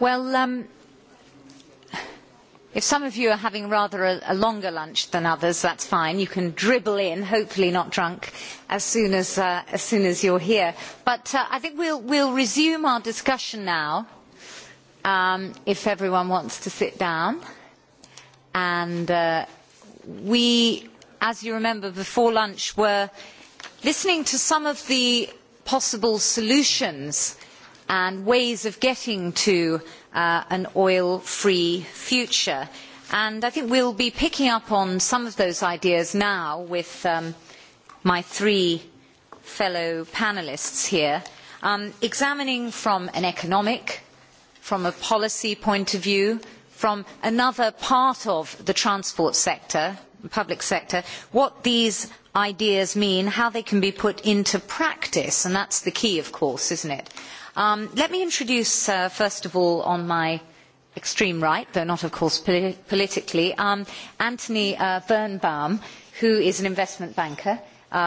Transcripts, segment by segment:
Well, if some of you are having rather a longer lunch than others, that's fine. You can dribble in, hopefully not drunk, as soon as you're here. But I think we'll resume our discussion now, if everyone wants to sit down. And we, as you remember, before lunch were listening to some of the possible solutions and ways of getting to an oil free future. And I think we will be picking up on some of those ideas now with my three fellow panelists here, examining from an economic, from a policy point of view, from another part of the transport sector, the public sector, what these ideas mean, how they can be put into practice, and that's the key, of course, isn't it? Let me introduce, first of all, on my extreme right, though not, of course, politically, Anthony Birnbaum, who is an investment banker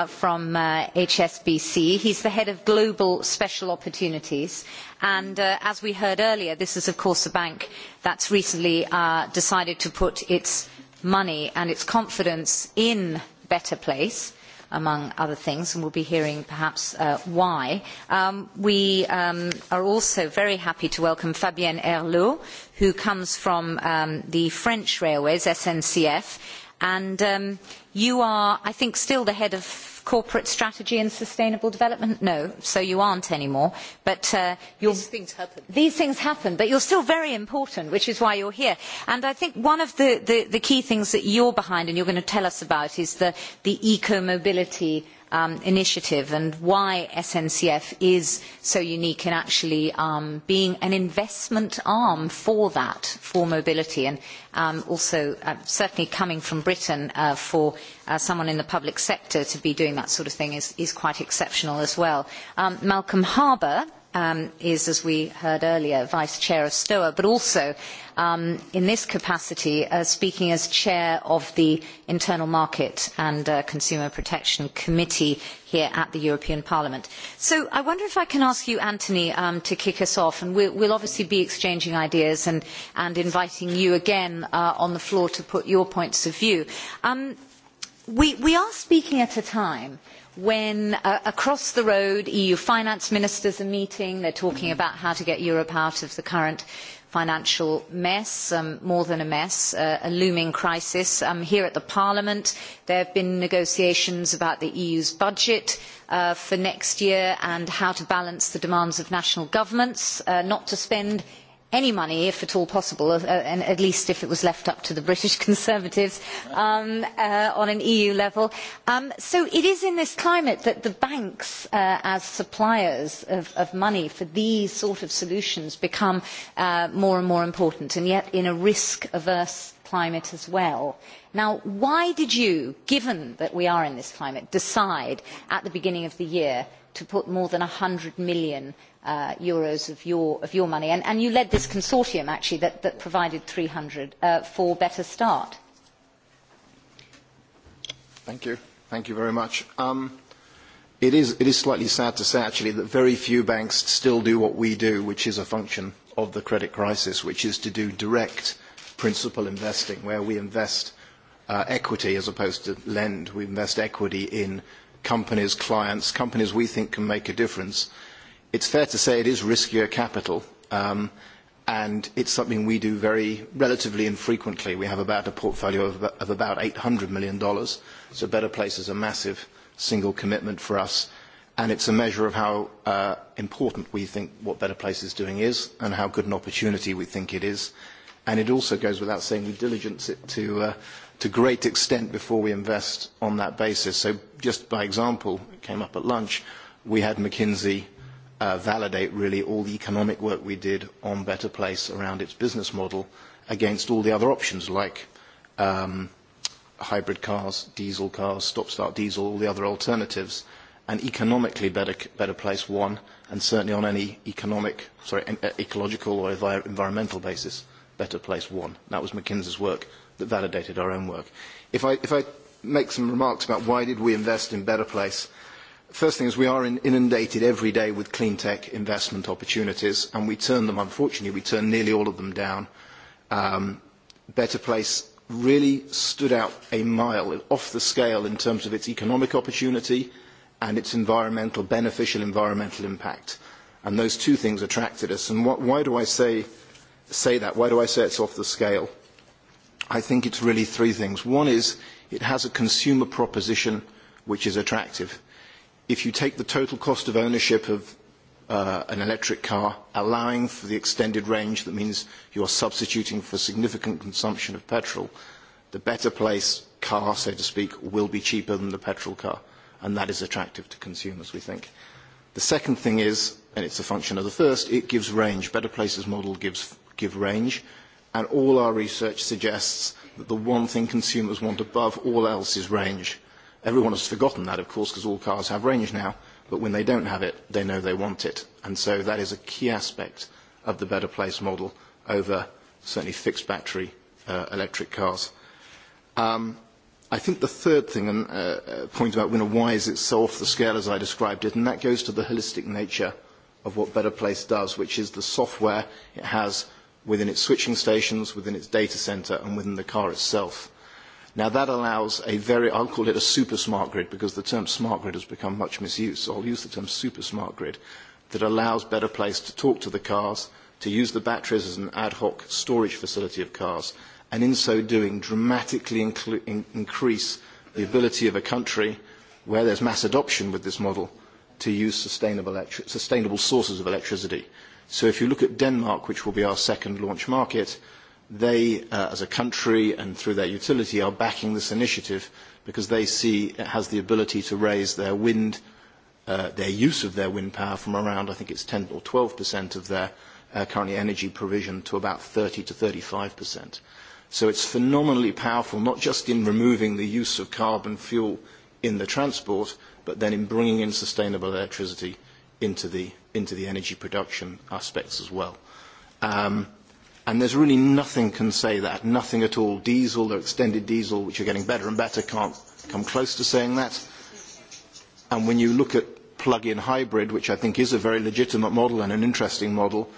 from HSBC. He's the head of Global Special Opportunities. And as we heard earlier, this is, of course, a bank that's recently decided to put its money and its confidence in Better Place among other things, and we'll be hearing perhaps why. We are also very happy to welcome Fabienne Herlot, who comes from the French Railways, SNCF, and you are, I think, still the head of corporate strategy and sustainable development? No, so you aren't anymore. But these things happen. These things happen, but you're still very important, which is why you're here. And I think one of the key things that you're behind and you're going to tell us about is the eco-mobility initiative and why SNCF is so unique in actually being an investment arm for that, for mobility, and also certainly coming from Britain for someone in the public sector to be doing that sort of thing is quite exceptional as well. Malcolm Harbour is, as we heard earlier, Vice Chair of STOA, but also in this capacity speaking as Chair of the Internal Market and Consumer Protection Committee here at the European Parliament. So I wonder if I can ask you, Anthony, to kick us off, and we will obviously be exchanging ideas and inviting you again on the floor to put your points of view. We are speaking at a time when across the road eu finance ministers are meeting they're talking about how to get europe out of the current financial mess more than a mess a looming crisis here at the parliament there have been negotiations about the eu's budget for next year and how to balance the demands of national governments not to spend any money, if at all possible, and at least if it was left up to the British Conservatives on an EU level. So it is in this climate that the banks, as suppliers of money for these sort of solutions, become more and more important, and yet in a risk-averse climate as well. Now, why did you, given that we are in this climate, decide at the beginning of the year to put more than 100 million euros of your money. And you led this consortium, actually, that provided 300 for Better Start. Thank you. Thank you very much. It is slightly sad to say, actually, that very few banks still do what we do, which is a function of the credit crisis, which is to do direct principal investing, where we invest equity as opposed to lend. We invest equity in companies, clients, companies we think can make a difference. It's fair to say it is riskier capital, and it's something we do very relatively infrequently. We have about a portfolio of about $800 million, so Better Place is a massive single commitment for us, and it's a measure of how important we think what Better Place is doing is and how good an opportunity we think it is. And it also goes without saying we diligence it to great extent before we invest on that basis just by example, it came up at lunch, we had McKinsey validate really all the economic work we did on Better Place around its business model against all the other options like hybrid cars, diesel cars, stop-start diesel, all the other alternatives. And economically Better Place won, and certainly on any economic, sorry, ecological or environmental basis, Better Place won. That was McKinsey's work that validated our own work. If I make some remarks about why did we invest in Better Place. First thing is we are inundated every day with clean tech investment opportunities, and we turn them, unfortunately, we turn nearly all of them down. Better Place really stood out a mile off the scale in terms of its economic opportunity and its environmental, beneficial environmental impact. And those two things attracted us. And why do I say that? Why do I say it's off the scale? I think it's really three things. One is it has a consumer proposition which is attractive. If you take the total cost of ownership of an electric car, allowing for the extended range, that means you are substituting for significant consumption of petrol, the better place car, so to speak, will be cheaper than the petrol car, and that is attractive to consumers, we think. The second thing is, and it's a function of the first, it gives range. Better Places model gives range, and all our research suggests that the one thing consumers want above all else is range. Everyone has forgotten that, of course, because all cars have range now, but when they don't have it, they know they want it. And so that is a key aspect of the Better Place model over certainly fixed battery electric cars. I think the third thing, and point about why is it so off the scale as I described it, and that goes to the holistic nature of what Better Place does, which is the software it has within its switching stations, within its data center, and within the car itself. Now, that allows a very, I'll call it a super smart grid because the term smart grid has become much misused, so I'll use the term super smart grid, that allows Better Place to talk to the cars, to use the batteries as an ad hoc storage facility of cars, and in so doing dramatically increase the ability of a country where there's mass adoption with this model to use sustainable sources of electricity So if you look at Denmark, which will be our second launch market, they, as a country and through their utility, are backing this initiative because they see it has the ability to raise their wind, their use of their wind power from around, I think it's 10 or 12% of their current energy provision to about 30 to 35%. So it's phenomenally powerful, not just in removing the use of carbon fuel in the transport, but then in bringing in sustainable electricity into the into the energy production aspects as well. And there's really nothing can say that, nothing at all. Diesel or extended diesel, which are getting better and better, can't come close to saying that. And when you look at plug-in hybrid, which I think is a very legitimate model and an interesting model,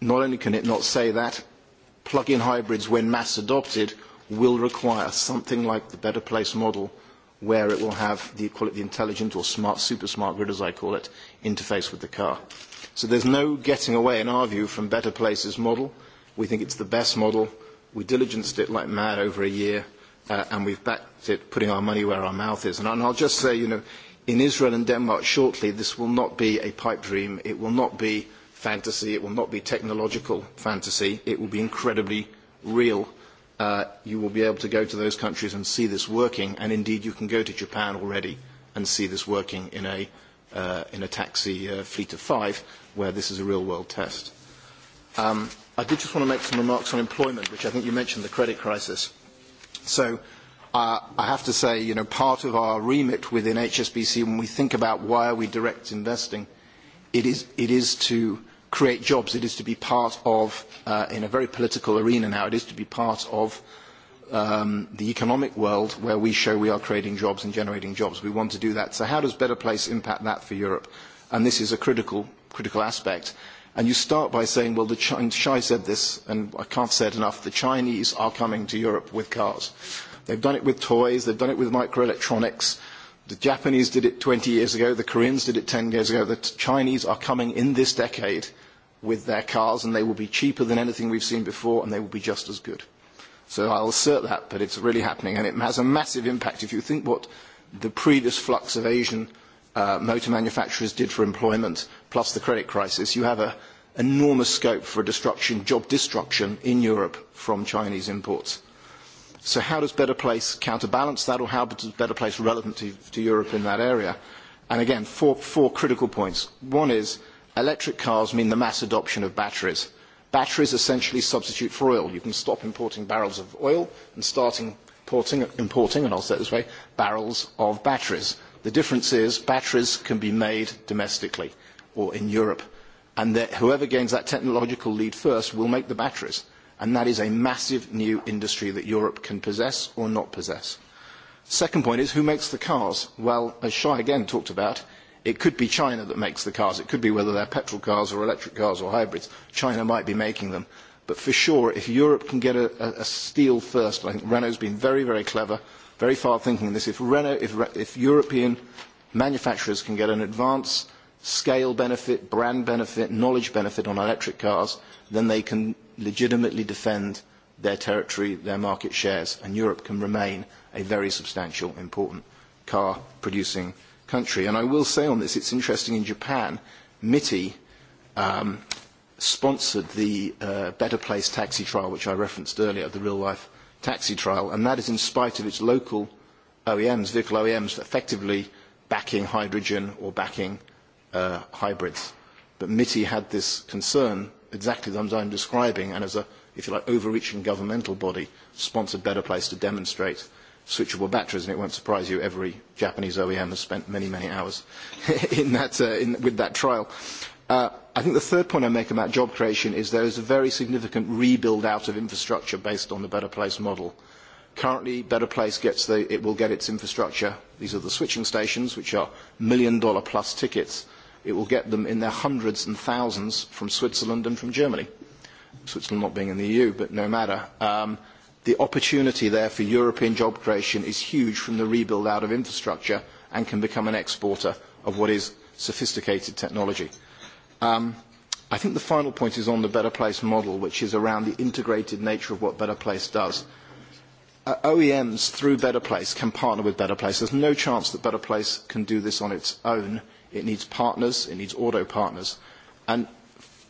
not only can it not say that, plug-in hybrids, when mass adopted, will require something like the Better Place model where it will have the, call it the intelligent or smart, super smart grid, as I call it, interface with the car. So there's no getting away, in our view, from Better Places model. We think it's the best model. We diligenced it like mad over a year, and we've backed it, putting our money where our mouth is. And I'll just say, you know, in Israel and Denmark shortly, this will not be a pipe dream. It will not be fantasy. It will not be technological fantasy. It will be incredibly real you will be able to go to those countries and see this working, and indeed you can go to Japan already and see this working in a taxi fleet of five, where this is a real-world test. I did just want to make some remarks on employment, which I think you mentioned the credit crisis. So I have to say, you know, part of our remit within HSBC, when we think about why are we direct investing, it is to create jobs. It is to be part of, in a very political arena now, it is to be part of the economic world where we show we are creating jobs and generating jobs. We want to do that. So how does Better Place impact that for Europe? And this is a critical critical aspect. And you start by saying, well, Shai said this, and I can't say it enough, the Chinese are coming to Europe with cars. They've done it with toys, they've done it with microelectronics, The Japanese did it 20 years ago. The Koreans did it 10 years ago. The Chinese are coming in this decade with their cars, and they will be cheaper than anything we've seen before, and they will be just as good. So I will assert that, but it's really happening, and it has a massive impact. If you think what the previous flux of Asian motor manufacturers did for employment, plus the credit crisis, you have an enormous scope for job destruction in Europe from Chinese imports. So how does Better Place counterbalance that, or how does Better Place relevant to Europe in that area? And again, four critical points. One is electric cars mean the mass adoption of batteries. Batteries essentially substitute for oil. You can stop importing barrels of oil and start importing, and I'll say it this way, barrels of batteries. The difference is batteries can be made domestically or in Europe, and whoever gains that technological lead first will make the batteries and that is a massive new industry that Europe can possess or not possess. Second point is who makes the cars? Well, as Shai again talked about, it could be China that makes the cars. It could be whether they're petrol cars or electric cars or hybrids. China might be making them. But for sure, if Europe can get a steel first, I think Renault's been very, very clever, very far thinking in this. If Renault, if European manufacturers can get an advance scale benefit, brand benefit, knowledge benefit on electric cars, then they can legitimately defend their territory, their market shares, and Europe can remain a very substantial, important car-producing country. And I will say on this, it's interesting in Japan, MITI sponsored the Better Place taxi trial, which I referenced earlier, the real-life taxi trial, and that is in spite of its local OEMs, vehicle OEMs, effectively backing hydrogen or backing hybrids. But MITI had this concern exactly the as I'm describing and as a, if you like, overreaching governmental body sponsored Better Place to demonstrate switchable batteries. And it won't surprise you, every Japanese OEM has spent many, many hours in that, in, with that trial. I think the third point I make about job creation is there is a very significant rebuild out of infrastructure based on the Better Place model. Currently, Better Place gets the, it will get its infrastructure. These are the switching stations, which are million dollar plus tickets it will get them in their hundreds and thousands from Switzerland and from Germany. Switzerland not being in the EU, but no matter. The opportunity there for European job creation is huge from the rebuild out of infrastructure and can become an exporter of what is sophisticated technology. I think the final point is on the Better Place model, which is around the integrated nature of what Better Place does. OEMs through Better Place can partner with Better Place. There's no chance that Better Place can do this on its own. It needs partners. It needs auto partners. And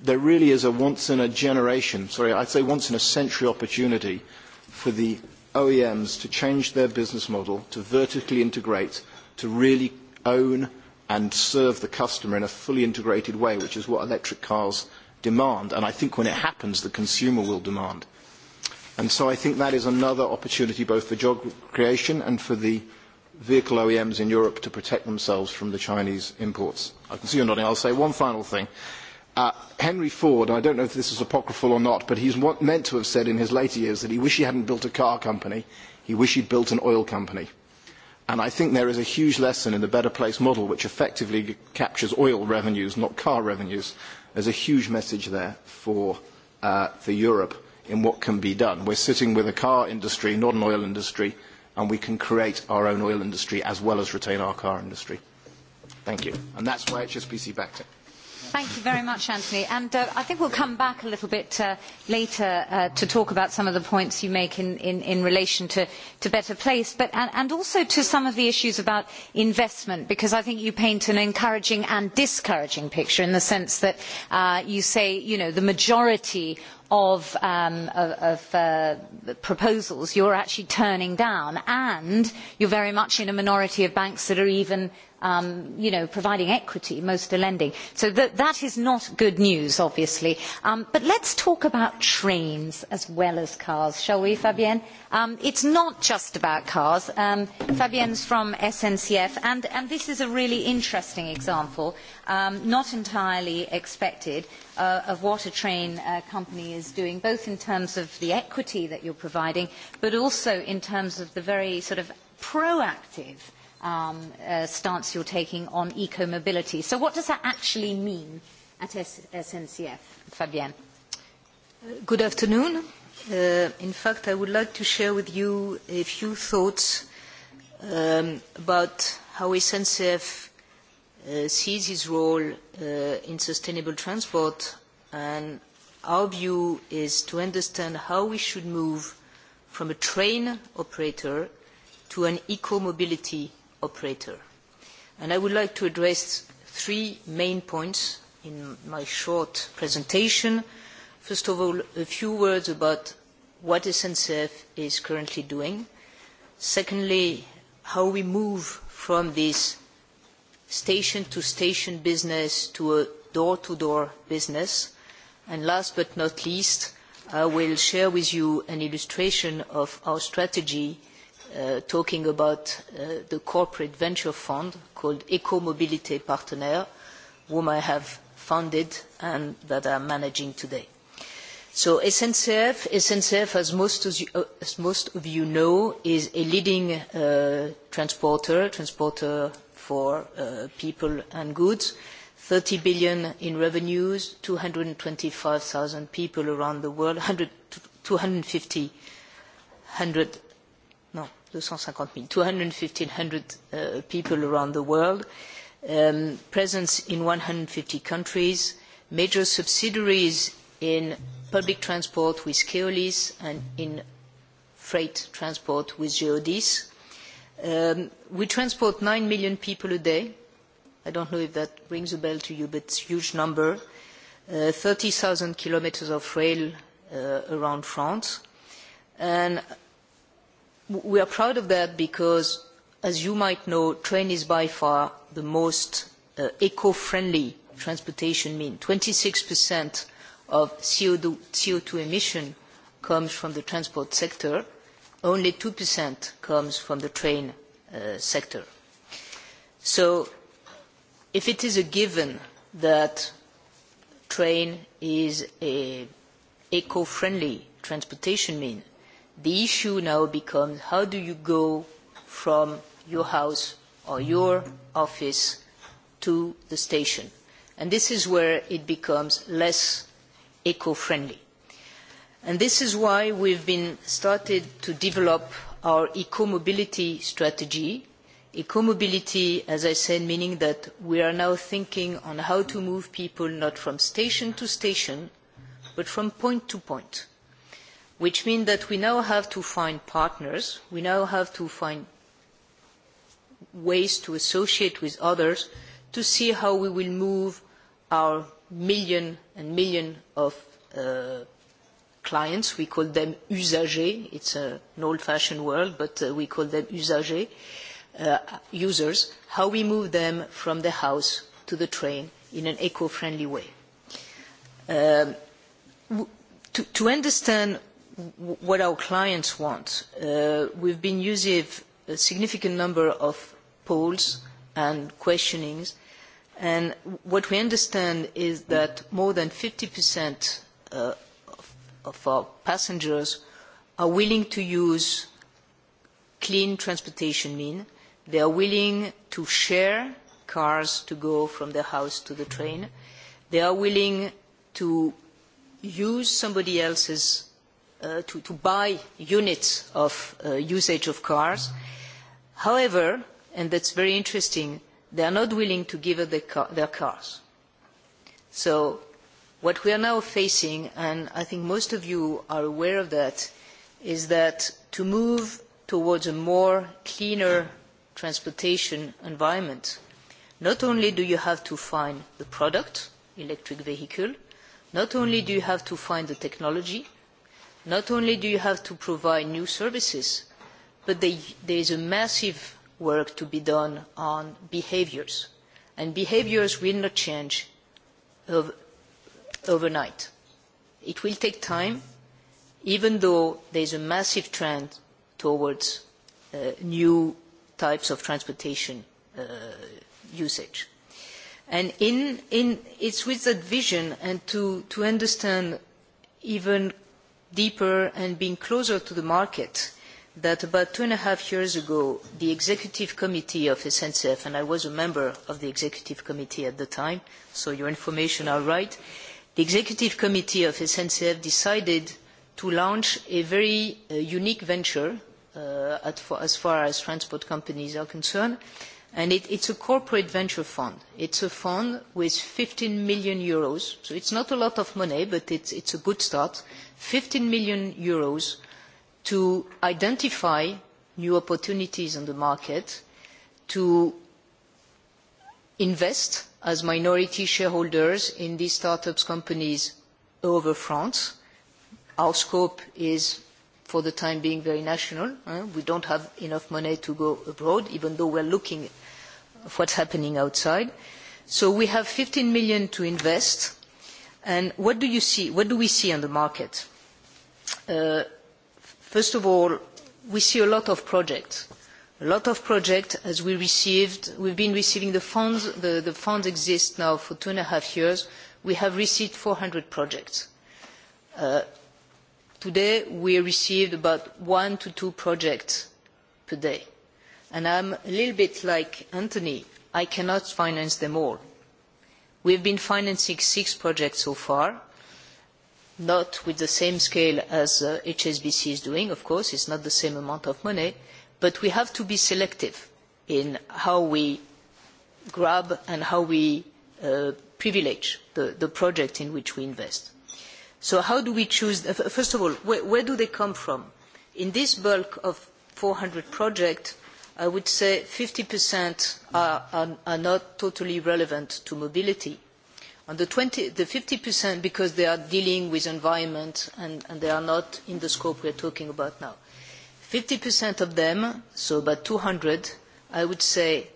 there really is a once in a generation, sorry, I'd say once in a century opportunity for the OEMs to change their business model, to vertically integrate, to really own and serve the customer in a fully integrated way, which is what electric cars demand. And I think when it happens, the consumer will demand. And so I think that is another opportunity both for job creation and for the vehicle OEMs in Europe to protect themselves from the Chinese imports. I can see you nodding. I'll say one final thing. Henry Ford, I don't know if this is apocryphal or not, but he's meant to have said in his later years that he wished he hadn't built a car company, he wished he'd built an oil company. And I think there is a huge lesson in the Better Place model, which effectively captures oil revenues, not car revenues. There's a huge message there for Europe in what can be done. We're sitting with a car industry, not an oil industry and we can create our own oil industry as well as retain our car industry. Thank you. And that's why HSBC backed it. Thank you very much, Anthony. And I think we'll come back a little bit later to talk about some of the points you make in relation to Better Place, and also to some of the issues about investment, because I think you paint an encouraging and discouraging picture in the sense that you say, you know, the majority of proposals are actually turning down and you are very much in a minority of banks that are even you know, providing equity most are lending. So that is not good news, obviously. But let's talk about trains as well as cars, shall we, Fabienne? It's not just about cars. Fabienne's from SNCF, and this is a really interesting example, not entirely expected, of what a train company is doing, both in terms of the equity that you're providing, but also in terms of the very sort of proactive stance you're taking on eco-mobility. So what does that actually mean at SNCF? Fabienne. Good afternoon. In fact, I would like to share with you a few thoughts about how SNCF sees its role in sustainable transport and our view is to understand how we should move from a train operator to an eco-mobility operator. And I would like to address three main points in my short presentation. First of all, a few words about what SNCF is currently doing. Secondly, how we move from this station-to-station business to a door-to-door business. And last but not least, I will share with you an illustration of our strategy talking about the corporate venture fund called eco mobility Partner, whom I have founded and that I am managing today. So SNCF, as most of you know, is a leading transporter, transporter for people and goods, 30 billion in revenues, 225,000 people around the world, 250 250,000, hundred people around the world, presence in 150 countries, major subsidiaries in public transport with Keolis and in freight transport with Geodis. We transport 9 million people a day. I don't know if that rings a bell to you, but it's a huge number. 30,000 kilometers of rail around France. And We are proud of that because, as you might know, train is by far the most eco-friendly transportation mean. 26% of CO2 emission comes from the transport sector. Only 2% comes from the train sector. So if it is a given that train is an eco-friendly transportation mean, The issue now becomes how do you go from your house or your office to the station. And this is where it becomes less eco-friendly. And this is why we've been started to develop our eco-mobility strategy. Eco-mobility, as I said, meaning that we are now thinking on how to move people not from station to station, but from point to point which means that we now have to find partners, we now have to find ways to associate with others to see how we will move our million and million of clients, we call them usagers, it's an old-fashioned word, but we call them usagers, users, how we move them from the house to the train in an eco-friendly way. To understand what our clients want. We've been using a significant number of polls and questionings, and what we understand is that more than 50% of our passengers are willing to use clean transportation means. They are willing to share cars to go from their house to the train. They are willing to use somebody else's to buy units of usage of cars. However, and that's very interesting, they are not willing to give up their cars. So what we are now facing, and I think most of you are aware of that, is that to move towards a more cleaner transportation environment, not only do you have to find the product, electric vehicle, not only do you have to find the technology, Not only do you have to provide new services, but there is a massive work to be done on behaviours, and behaviours will not change overnight. It will take time, even though there is a massive trend towards new types of transportation usage. And it's with that vision and to understand even deeper and being closer to the market that about two and a half years ago the executive committee of SNCF, and I was a member of the executive committee at the time, so your information are right, the executive committee of SNCF decided to launch a very unique venture as far as transport companies are concerned and it's a corporate venture fund. It's a fund with 15 million euros, so it's not a lot of money, but it's a good start. 15 million euros to identify new opportunities on the market, to invest as minority shareholders in these startups companies over France. Our scope is for the time being very national. We don't have enough money to go abroad, even though we're looking of what's happening outside. So we have 15 million to invest. And what do you see? What do we see on the market? First of all, we see a lot of projects. A lot of projects as we received. We've been receiving the funds. The funds exist now for two and a half years. We have received 400 projects. Today we received about one to two projects per day and I am a little bit like Anthony, I cannot finance them all. We have been financing six projects so far, not with the same scale as HSBC is doing, of course, it is not the same amount of money, but we have to be selective in how we grab and how we privilege the project in which we invest. So how do we choose? First of all, where do they come from? In this bulk of 400 projects, I would say 50% are not totally relevant to mobility. and the 50% because they are dealing with environment and they are not in the scope we are talking about now. 50% of them, so about 200, I would say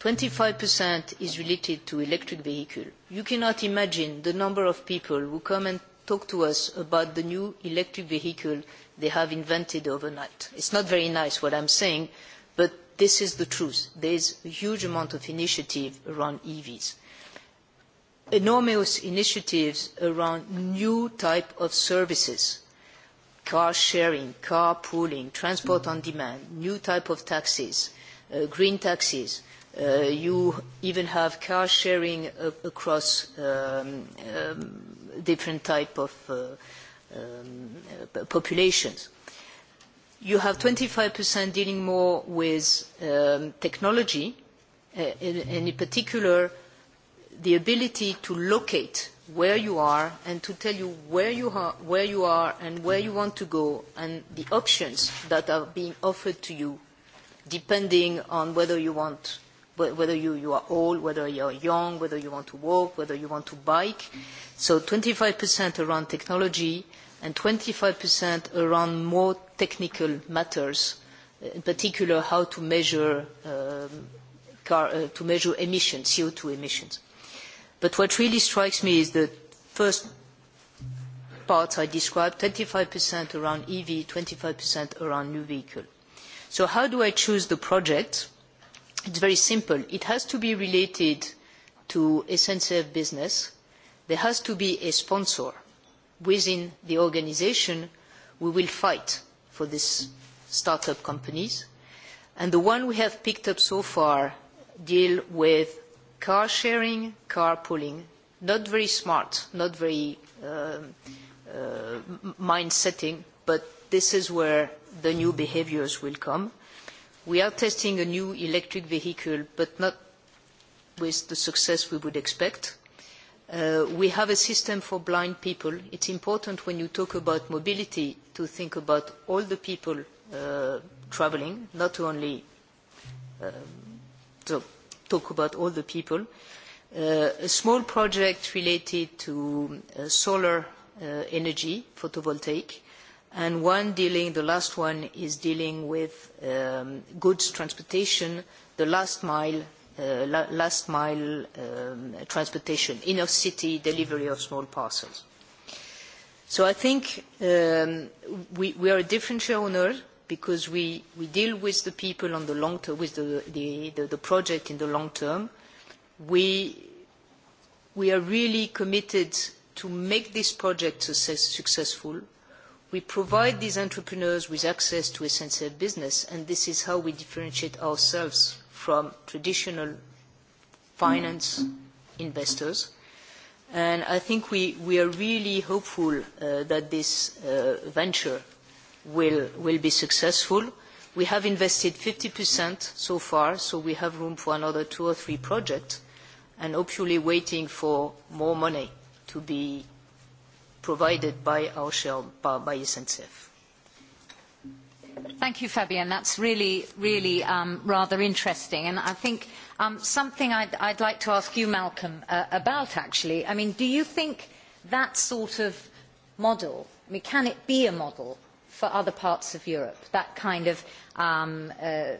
25% is related to electric vehicles. You cannot imagine the number of people who come and talk to us about the new electric vehicle they have invented overnight. It's not very nice what I'm saying but this is the truth. There is a huge amount of initiative around EVs. Enormous initiatives around new type of services, car sharing, car pooling, transport on demand, new type of taxis, green taxis. You even have car sharing across different type of populations You have 25% dealing more with technology, and in particular, the ability to locate where you are and to tell you where you are and where you want to go and the options that are being offered to you, depending on whether you want, whether you are old, whether you are young, whether you want to walk, whether you want to bike. So 25% around technology and 25% around more technical matters, in particular how to measure to measure emissions, CO2 emissions. But what really strikes me is the first part I described, 25% around EV, 25% around new vehicle. So how do I choose the project? It's very simple. It has to be related to SNCF business. There has to be a sponsor within the organisation we will fight for these start up companies and the one we have picked up so far deal with car sharing car pooling not very smart not very mind setting but this is where the new behaviours will come we are testing a new electric vehicle but not with the success we would expect We have a system for blind people. It's important when you talk about mobility to think about all the people travelling, not only to talk about all the people. A small project related to solar energy, photovoltaic, and one dealing, the last one is dealing with goods transportation, the last mile last mile transportation, inner city delivery of small parcels. So I think we are a different owner because we deal with the people on the long term, with the project in the long term. We are really committed to make this project successful. We provide these entrepreneurs with access to a essential business, and this is how we differentiate ourselves from traditional finance investors. And I think we we are really hopeful that this venture will be successful. We have invested 50% so far, so we have room for another two or three projects, and hopefully waiting for more money to be provided by our SNCF. Thank you, Fabian. That's really, really rather interesting. And I think something I'd like to ask you, Malcolm, about actually. I mean, do you think that sort of model, I mean, can it be a model for other parts of Europe, that kind of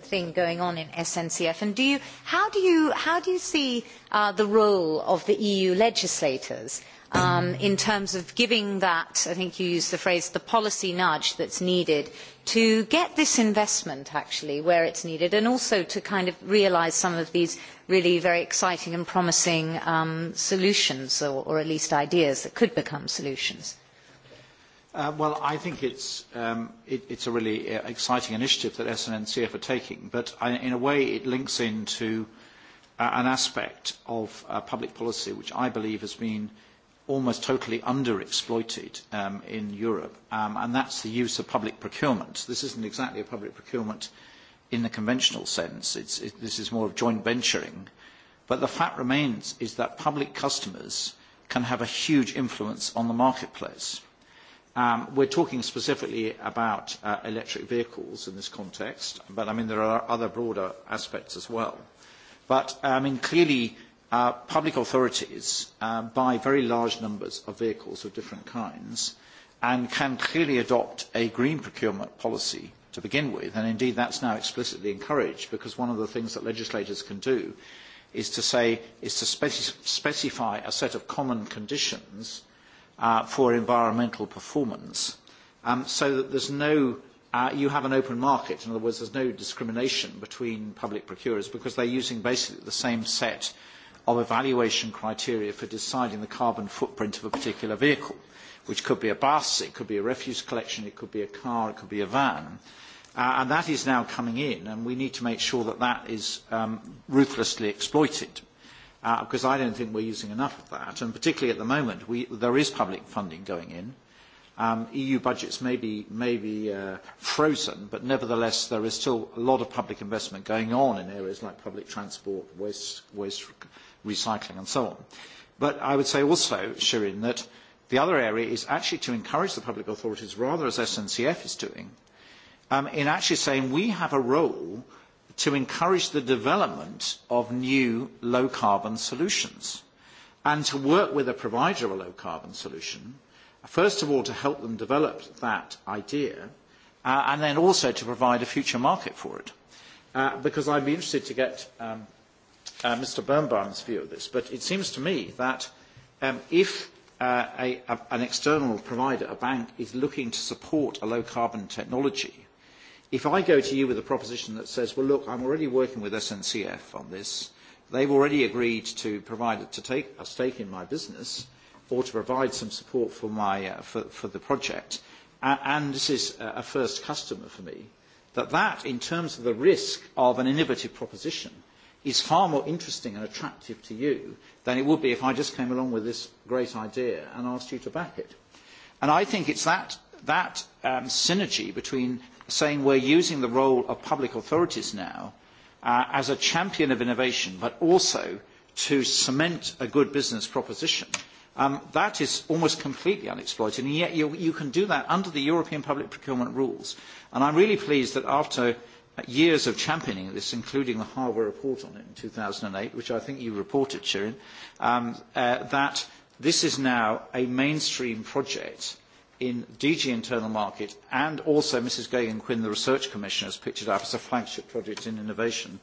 thing going on in SNCF? And do you, how do you, how do you see the role of the EU legislators? in terms of giving that, I think you used the phrase, the policy nudge that's needed to get this investment actually where it's needed and also to kind of realise some of these really very exciting and promising solutions or at least ideas that could become solutions? Well, I think it's a really exciting initiative that SNNCF are taking, but in a way it links into an aspect of public policy which I believe has been almost totally underexploited in Europe, and that's the use of public procurement. This isn't exactly a public procurement in the conventional sense. This is more of joint venturing. But the fact remains is that public customers can have a huge influence on the marketplace. We're talking specifically about electric vehicles in this context, but I mean there are other broader aspects as well. But I mean clearly public authorities buy very large numbers of vehicles of different kinds and can clearly adopt a green procurement policy to begin with, and indeed that's now explicitly encouraged because one of the things that legislators can do is to say is to specify a set of common conditions for environmental performance so that there's no you have an open market in other words there's no discrimination between public procurers because they're using basically the same set of evaluation criteria for deciding the carbon footprint of a particular vehicle, which could be a bus, it could be a refuse collection, it could be a car, it could be a van. And that is now coming in, and we need to make sure that that is ruthlessly exploited, because I don't think we're using enough of that. And particularly at the moment, we there is public funding going in. EU budgets may be frozen, but nevertheless there is still a lot of public investment going on in areas like public transport, waste waste recycling and so on. But I would say also, Shirin, that the other area is actually to encourage the public authorities, rather as SNCF is doing, in actually saying we have a role to encourage the development of new low-carbon solutions and to work with a provider of a low-carbon solution, first of all to help them develop that idea and then also to provide a future market for it. Because I'd be interested to get Mr. Birnbaum's view of this, but it seems to me that if an external provider, a bank, is looking to support a low-carbon technology, if I go to you with a proposition that says, well, look, I'm already working with SNCF on this, they've already agreed to provide to take a stake in my business or to provide some support for my for the project, and this is a first customer for me, that that, in terms of the risk of an innovative proposition, is far more interesting and attractive to you than it would be if I just came along with this great idea and asked you to back it. And I think it's that synergy between saying we're using the role of public authorities now as a champion of innovation, but also to cement a good business proposition, that is almost completely unexploited. And yet you can do that under the European public procurement rules. And I'm really pleased that after years of championing this, including the Harbour report on it in 2008, which I think you reported, Shirin, that this is now a mainstream project in DG Internal Market and also Mrs. Gagan-Quinn, the Research Commissioner, has picked it up as a flagship project in innovation.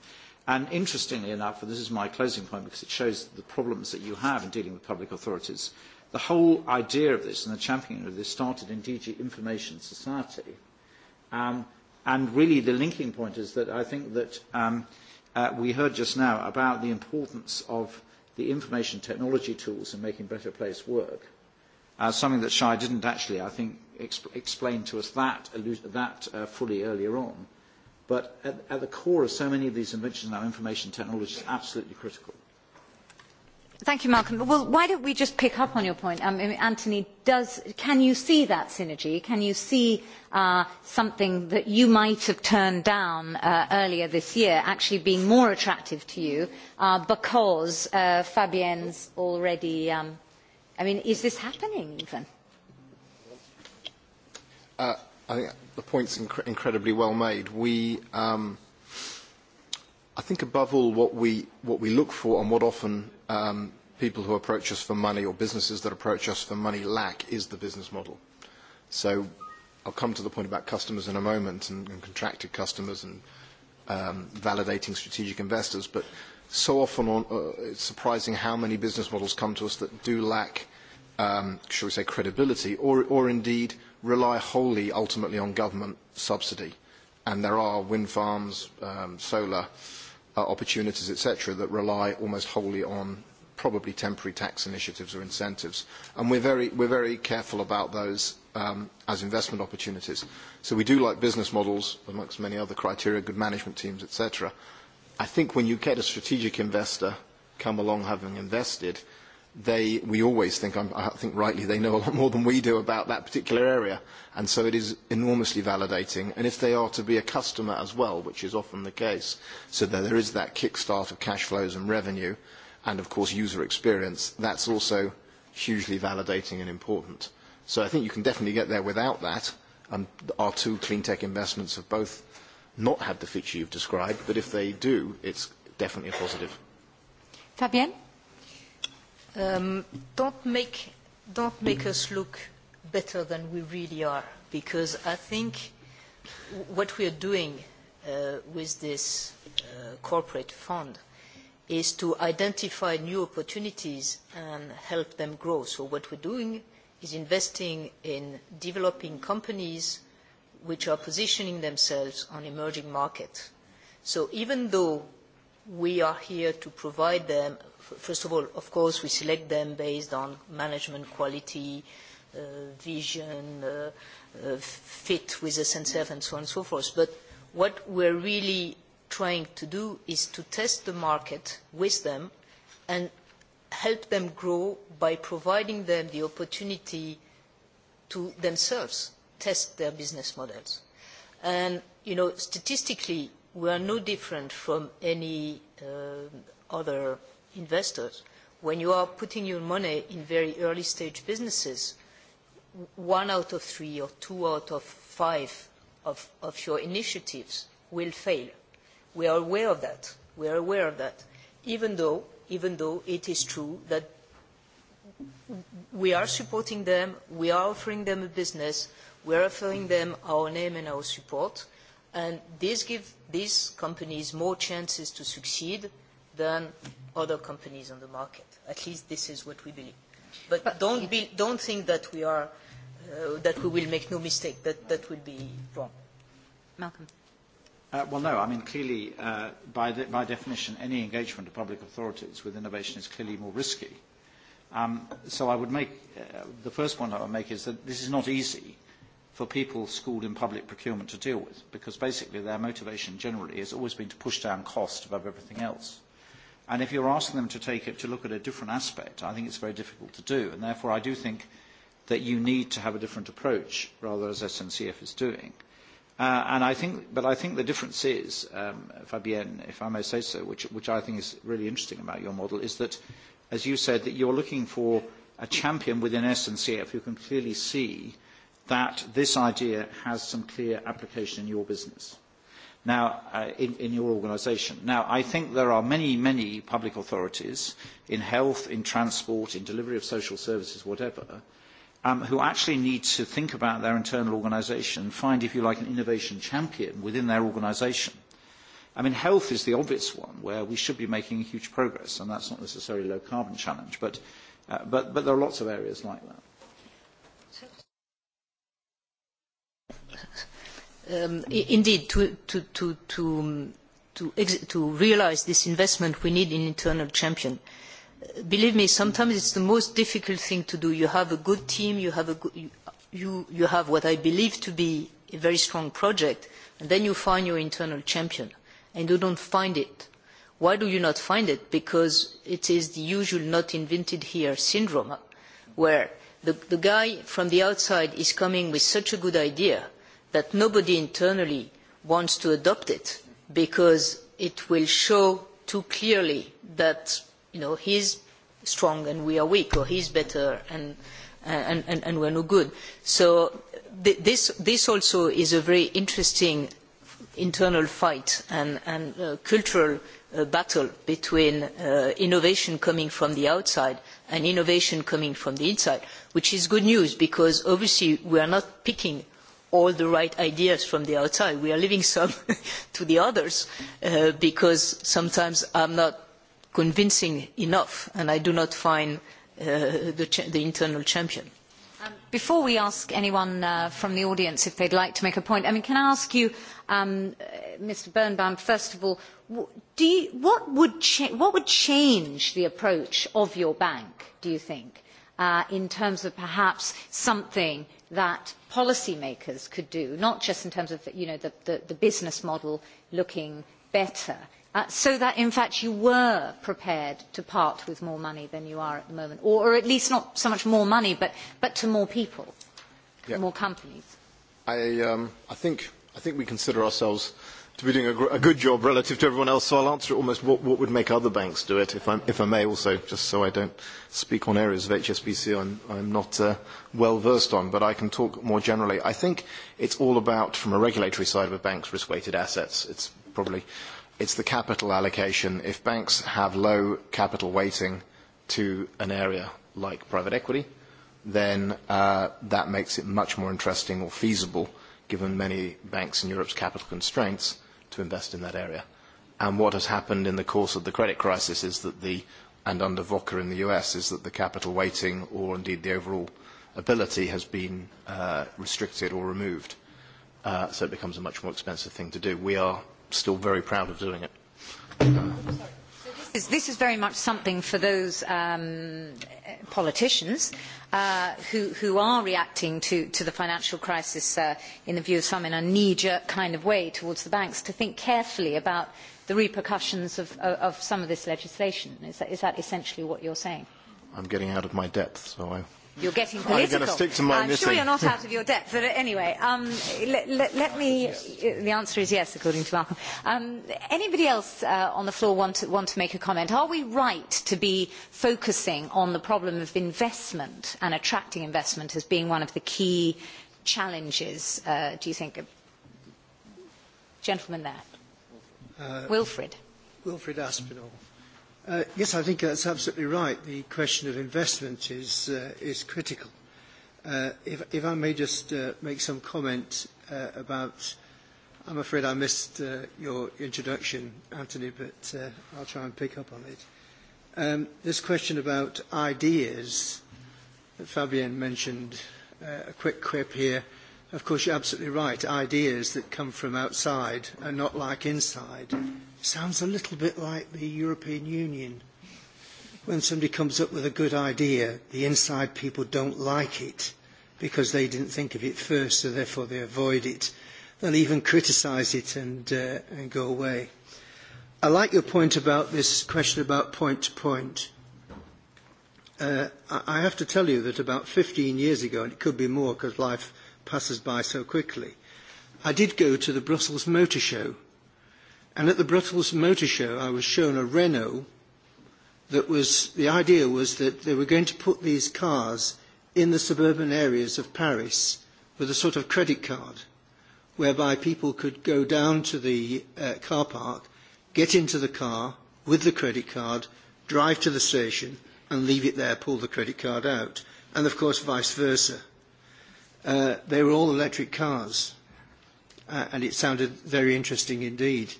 And interestingly enough, and this is my closing point because it shows the problems that you have in dealing with public authorities, the whole idea of this and the championing of this started in DG Information Society And really the linking point is that I think that we heard just now about the importance of the information technology tools in making better place work. Something that Shai didn't actually, I think, explain to us that fully earlier on. But at the core of so many of these inventions now, information technology is absolutely critical. Thank you, Malcolm. Well, why don't we just pick up on your point? Anthony, can you see that synergy? Can you see something that you might have turned down earlier this year actually being more attractive to you because Fabienne's already... I mean, is this happening even? I think the point's incredibly well made. We... I think above all what we what we look for and what often people who approach us for money or businesses that approach us for money lack is the business model. So I'll come to the point about customers in a moment and contracted customers and validating strategic investors, but so often it's surprising how many business models come to us that do lack, shall we say, credibility or indeed rely wholly ultimately on government subsidy. And there are wind farms, solar opportunities, etc., that rely almost wholly on probably temporary tax initiatives or incentives. And we're very, very careful about those as investment opportunities. So we do like business models, amongst many other criteria, good management teams, etc. I think when you get a strategic investor come along having invested, they we always think I think rightly they know a lot more than we do about that particular area and so it is enormously validating and if they are to be a customer as well which is often the case so that there is that kickstart of cash flows and revenue and of course user experience that's also hugely validating and important so I think you can definitely get there without that and our two clean tech investments have both not had the feature you've described but if they do it's definitely a positive Fabienne don't make us look better than we really are, because I think what we are doing with this corporate fund is to identify new opportunities and help them grow. So what we are doing is investing in developing companies which are positioning themselves on emerging markets. So even though we are here to provide them First of all, of course, we select them based on management quality, vision, fit with the SNCF, and so on and so forth. But what we're really trying to do is to test the market with them and help them grow by providing them the opportunity to themselves test their business models. And, you know, statistically, we are no different from any other investors. When you are putting your money in very early stage businesses, one out of three or two out of five of your initiatives will fail. We are aware of that. We are aware of that. Even though, even though it is true that we are supporting them, we are offering them a business, we are offering them our name and our support, and this gives these companies more chances to succeed than other companies on the market. At least this is what we believe. But don't don't think that we are that we will make no mistake. That that would be wrong. Malcolm. Well, no. I mean, clearly, by definition, any engagement of public authorities with innovation is clearly more risky. So I would make the first point I would make is that this is not easy for people schooled in public procurement to deal with, because basically their motivation generally has always been to push down cost above everything else. And if you're asking them to take it to look at a different aspect, I think it's very difficult to do. And therefore, I do think that you need to have a different approach, rather as SNCF is doing. but I think the difference is, Fabienne, if I may say so, which which I think is really interesting about your model, is that, as you said, that you're looking for a champion within SNCF who can clearly see that this idea has some clear application in your business now in your organisation. Now, I think there are many, many public authorities in health, in transport, in delivery of social services, whatever, who actually need to think about their internal organisation and find, if you like, an innovation champion within their organisation. I mean, health is the obvious one where we should be making huge progress, and that's not necessarily a low-carbon challenge, but there are lots of areas like that. Indeed, to realise this investment, we need an internal champion. Believe me, sometimes it's the most difficult thing to do. You have a good team, you have what I believe to be a very strong project, and then you find your internal champion, and you don't find it. Why do you not find it? Because it is the usual not invented here syndrome, where the guy from the outside is coming with such a good idea that nobody internally wants to adopt it because it will show too clearly that he is strong and we are weak or he is better and we are no good. So this also is a very interesting internal fight and cultural battle between innovation coming from the outside and innovation coming from the inside, which is good news because obviously we are not picking all the right ideas from the outside. We are leaving some to the others because sometimes I'm not convincing enough and I do not find the internal champion. Before we ask anyone from the audience if they'd like to make a point, I can I ask you, Mr. Birnbaum, first of all, what would change the approach of your bank, do you think, in terms of perhaps something that policymakers could do, not just in terms of the business model looking better, so that in fact you were prepared to part with more money than you are at the moment, or at least not so much more money, but to more people, more companies. I think we consider ourselves to be doing a good job relative to everyone else, so I'll answer almost what would make other banks do it, if I may also, just so I don't speak on areas of HSBC I'm not well versed on, but I can talk more generally. I think it's all about, from a regulatory side of a bank's risk-weighted assets, it's probably, it's the capital allocation. If banks have low capital weighting to an area like private equity, then that makes it much more interesting or feasible, given many banks in Europe's capital constraints to invest in that area. And what has happened in the course of the credit crisis is that the, and under VOCA in the US, is that the capital weighting or indeed the overall ability has been restricted or removed. So it becomes a much more expensive thing to do. We are still very proud of doing it. This is very much something for those politicians who are reacting to the financial crisis, in the view of some, in a knee-jerk kind of way towards the banks, to think carefully about the repercussions of some of this legislation. Is that essentially what you're saying? I'm getting out of my depth, so I You're getting political. I'm stick to my I'm sure you're not out of your depth. But anyway, let me. The answer is yes, according to Malcolm. Anybody else on the floor want to want to make a comment? Are we right to be focusing on the problem of investment and attracting investment as being one of the key challenges? Do you think, gentleman there, Wilfred? Wilfred Aspinall. Yes, I think that's absolutely right. The question of investment is is critical. If I may just make some comment about, I'm afraid I missed your introduction, Anthony, but I'll try and pick up on it. This question about ideas that Fabienne mentioned, a quick quip here Of course, you're absolutely right. Ideas that come from outside are not like inside. Sounds a little bit like the European Union. When somebody comes up with a good idea, the inside people don't like it because they didn't think of it first, so therefore they avoid it. They'll even criticise it and, and go away. I like your point about this question about point to point. I have to tell you that about 15 years ago, and it could be more because life passes by so quickly. I did go to the Brussels Motor Show, and at the Brussels Motor Show I was shown a Renault that was, the idea was that they were going to put these cars in the suburban areas of Paris with a sort of credit card whereby people could go down to the car park, get into the car with the credit card, drive to the station and leave it there, pull the credit card out, and of course vice versa. They were all electric cars, and it sounded very interesting indeed.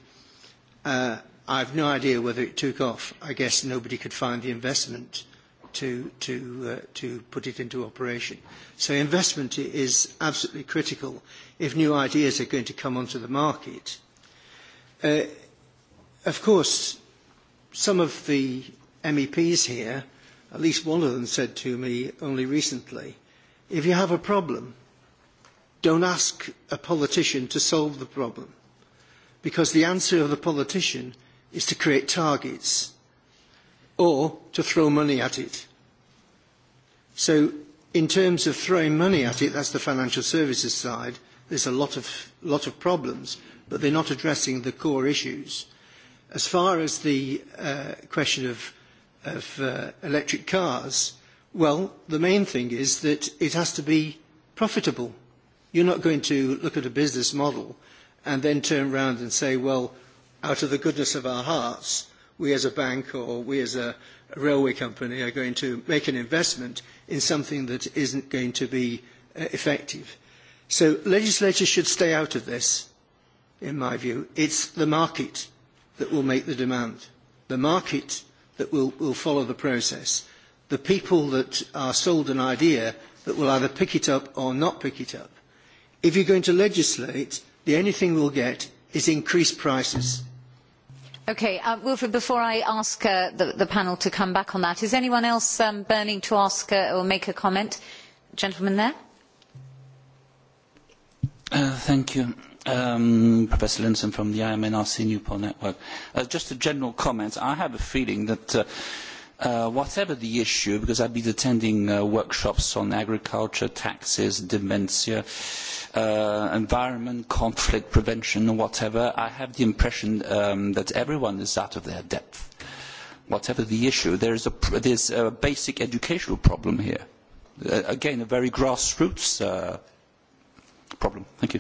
I have no idea whether it took off. I guess nobody could find the investment to to to put it into operation. So investment is absolutely critical if new ideas are going to come onto the market. Of course, some of the MEPs here, at least one of them said to me only recently If you have a problem, don't ask a politician to solve the problem, because the answer of the politician is to create targets or to throw money at it. So in terms of throwing money at it, that's the financial services side, there's a lot of problems, but they're not addressing the core issues. As far as the question of electric cars, Well, the main thing is that it has to be profitable. You're not going to look at a business model and then turn around and say, well, out of the goodness of our hearts, we as a bank or we as a railway company are going to make an investment in something that isn't going to be effective. So legislators should stay out of this, in my view. It's the market that will make the demand. The market that will follow the process the people that are sold an idea that will either pick it up or not pick it up. If you're going to legislate, the only thing we'll get is increased prices. Okay, Wilfred, before I ask the panel to come back on that, is anyone else burning to ask or make a comment? Gentleman there. Thank you. Professor Linson from the IMNRC Newport Network. Just a general comment. I have a feeling that Whatever the issue, because I've been attending workshops on agriculture, taxes, dementia, environment, conflict prevention, whatever, I have the impression that everyone is out of their depth. Whatever the issue, there is a basic educational problem here. Again, a very grassroots problem. Thank you.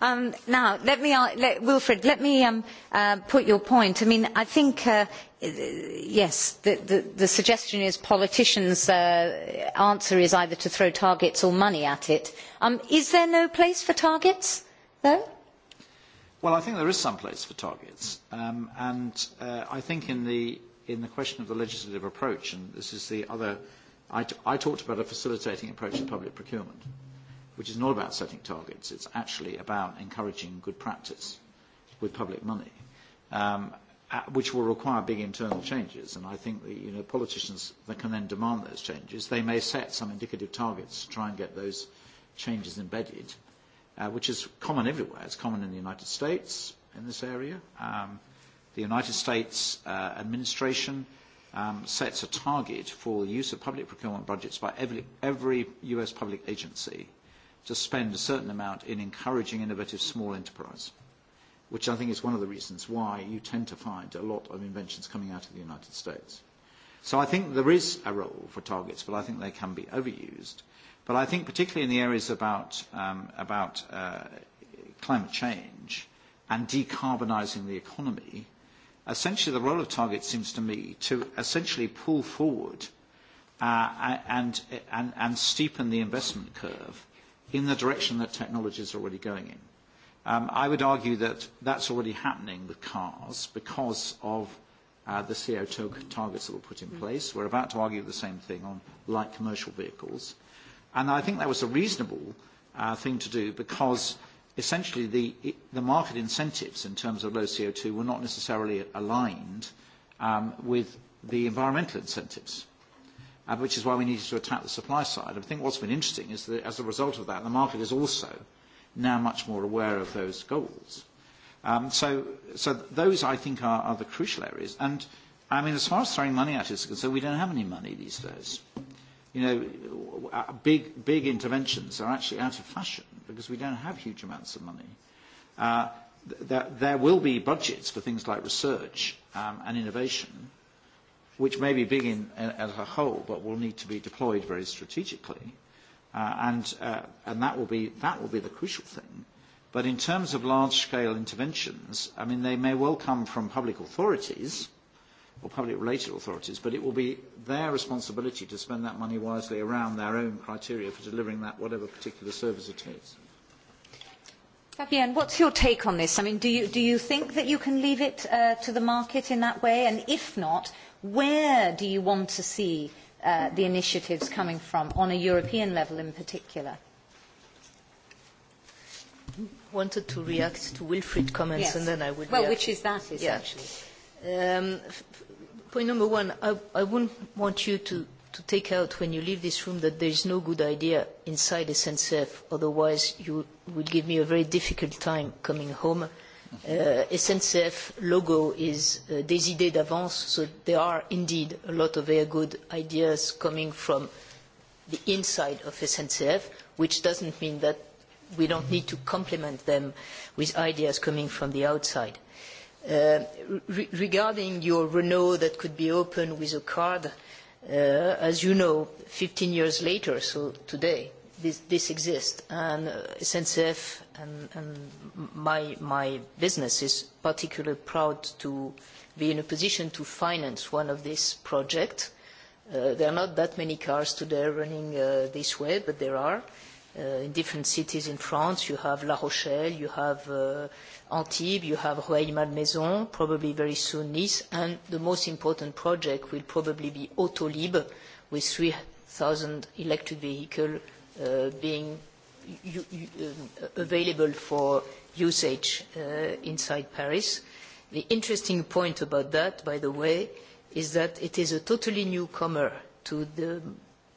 Now, Wilfred, let me put your point. I mean, I think, yes, the suggestion is politicians' answer is either to throw targets or money at it. Is there no place for targets, though? Well, I think there is some place for targets. And I think in the question of the legislative approach, and this is the other, I talked about a facilitating approach to public procurement which is not about setting targets. It's actually about encouraging good practice with public money, which will require big internal changes. And I think that, you know, politicians that can then demand those changes, they may set some indicative targets to try and get those changes embedded, which is common everywhere. It's common in the United States in this area. The United States administration sets a target for the use of public procurement budgets by every U.S. public agency to spend a certain amount in encouraging innovative small enterprise, which I think is one of the reasons why you tend to find a lot of inventions coming out of the United States. So I think there is a role for targets, but I think they can be overused. But I think particularly in the areas about climate change and decarbonising the economy, essentially the role of targets seems to me to essentially pull forward and steepen the investment curve in the direction that technology is already going in. I would argue that that's already happening with cars because of the CO2 targets that were put in place. We're about to argue the same thing on light commercial vehicles. And I think that was a reasonable thing to do because essentially the market incentives in terms of low CO2 were not necessarily aligned with the environmental incentives which is why we needed to attack the supply side. I think what's been interesting is that as a result of that, the market is also now much more aware of those goals. So those, I think, are the crucial areas. And, I mean, as far as throwing money at it is concerned, we don't have any money these days. You know, big, big interventions are actually out of fashion because we don't have huge amounts of money. There will be budgets for things like research and innovation which may be big in as a whole but will need to be deployed very strategically and and that will be that will be the crucial thing but in terms of large scale interventions i mean they may well come from public authorities or public related authorities but it will be their responsibility to spend that money wisely around their own criteria for delivering that whatever particular service it is Fabienne, what's your take on this? I mean, do you, do you think that you can leave it to the market in that way? And if not, where do you want to see the initiatives coming from, on a European level in particular? wanted to react to Wilfried's comments and then I would Well, which is that, essentially. Point number one, I wouldn't want you to take out when you leave this room that there is no good idea inside SNCF. Otherwise, you will give me a very difficult time coming home SNCF logo is des idées d'avance, so there are indeed a lot of very good ideas coming from the inside of SNCF, which doesn't mean that we don't need to complement them with ideas coming from the outside. Regarding your Renault that could be opened with a card, as you know, 15 years later, so today, this exists. And SNCF and my business is particularly proud to be in a position to finance one of these projects. There are not that many cars today running this way, but there are. In different cities in France, you have La Rochelle, you have Antibes, you have Rueil-Malmaison, probably very soon Nice, and the most important project will probably be Autolib, with 3,000 electric vehicles being available for usage inside Paris. The interesting point about that, by the way, is that it is a totally newcomer to the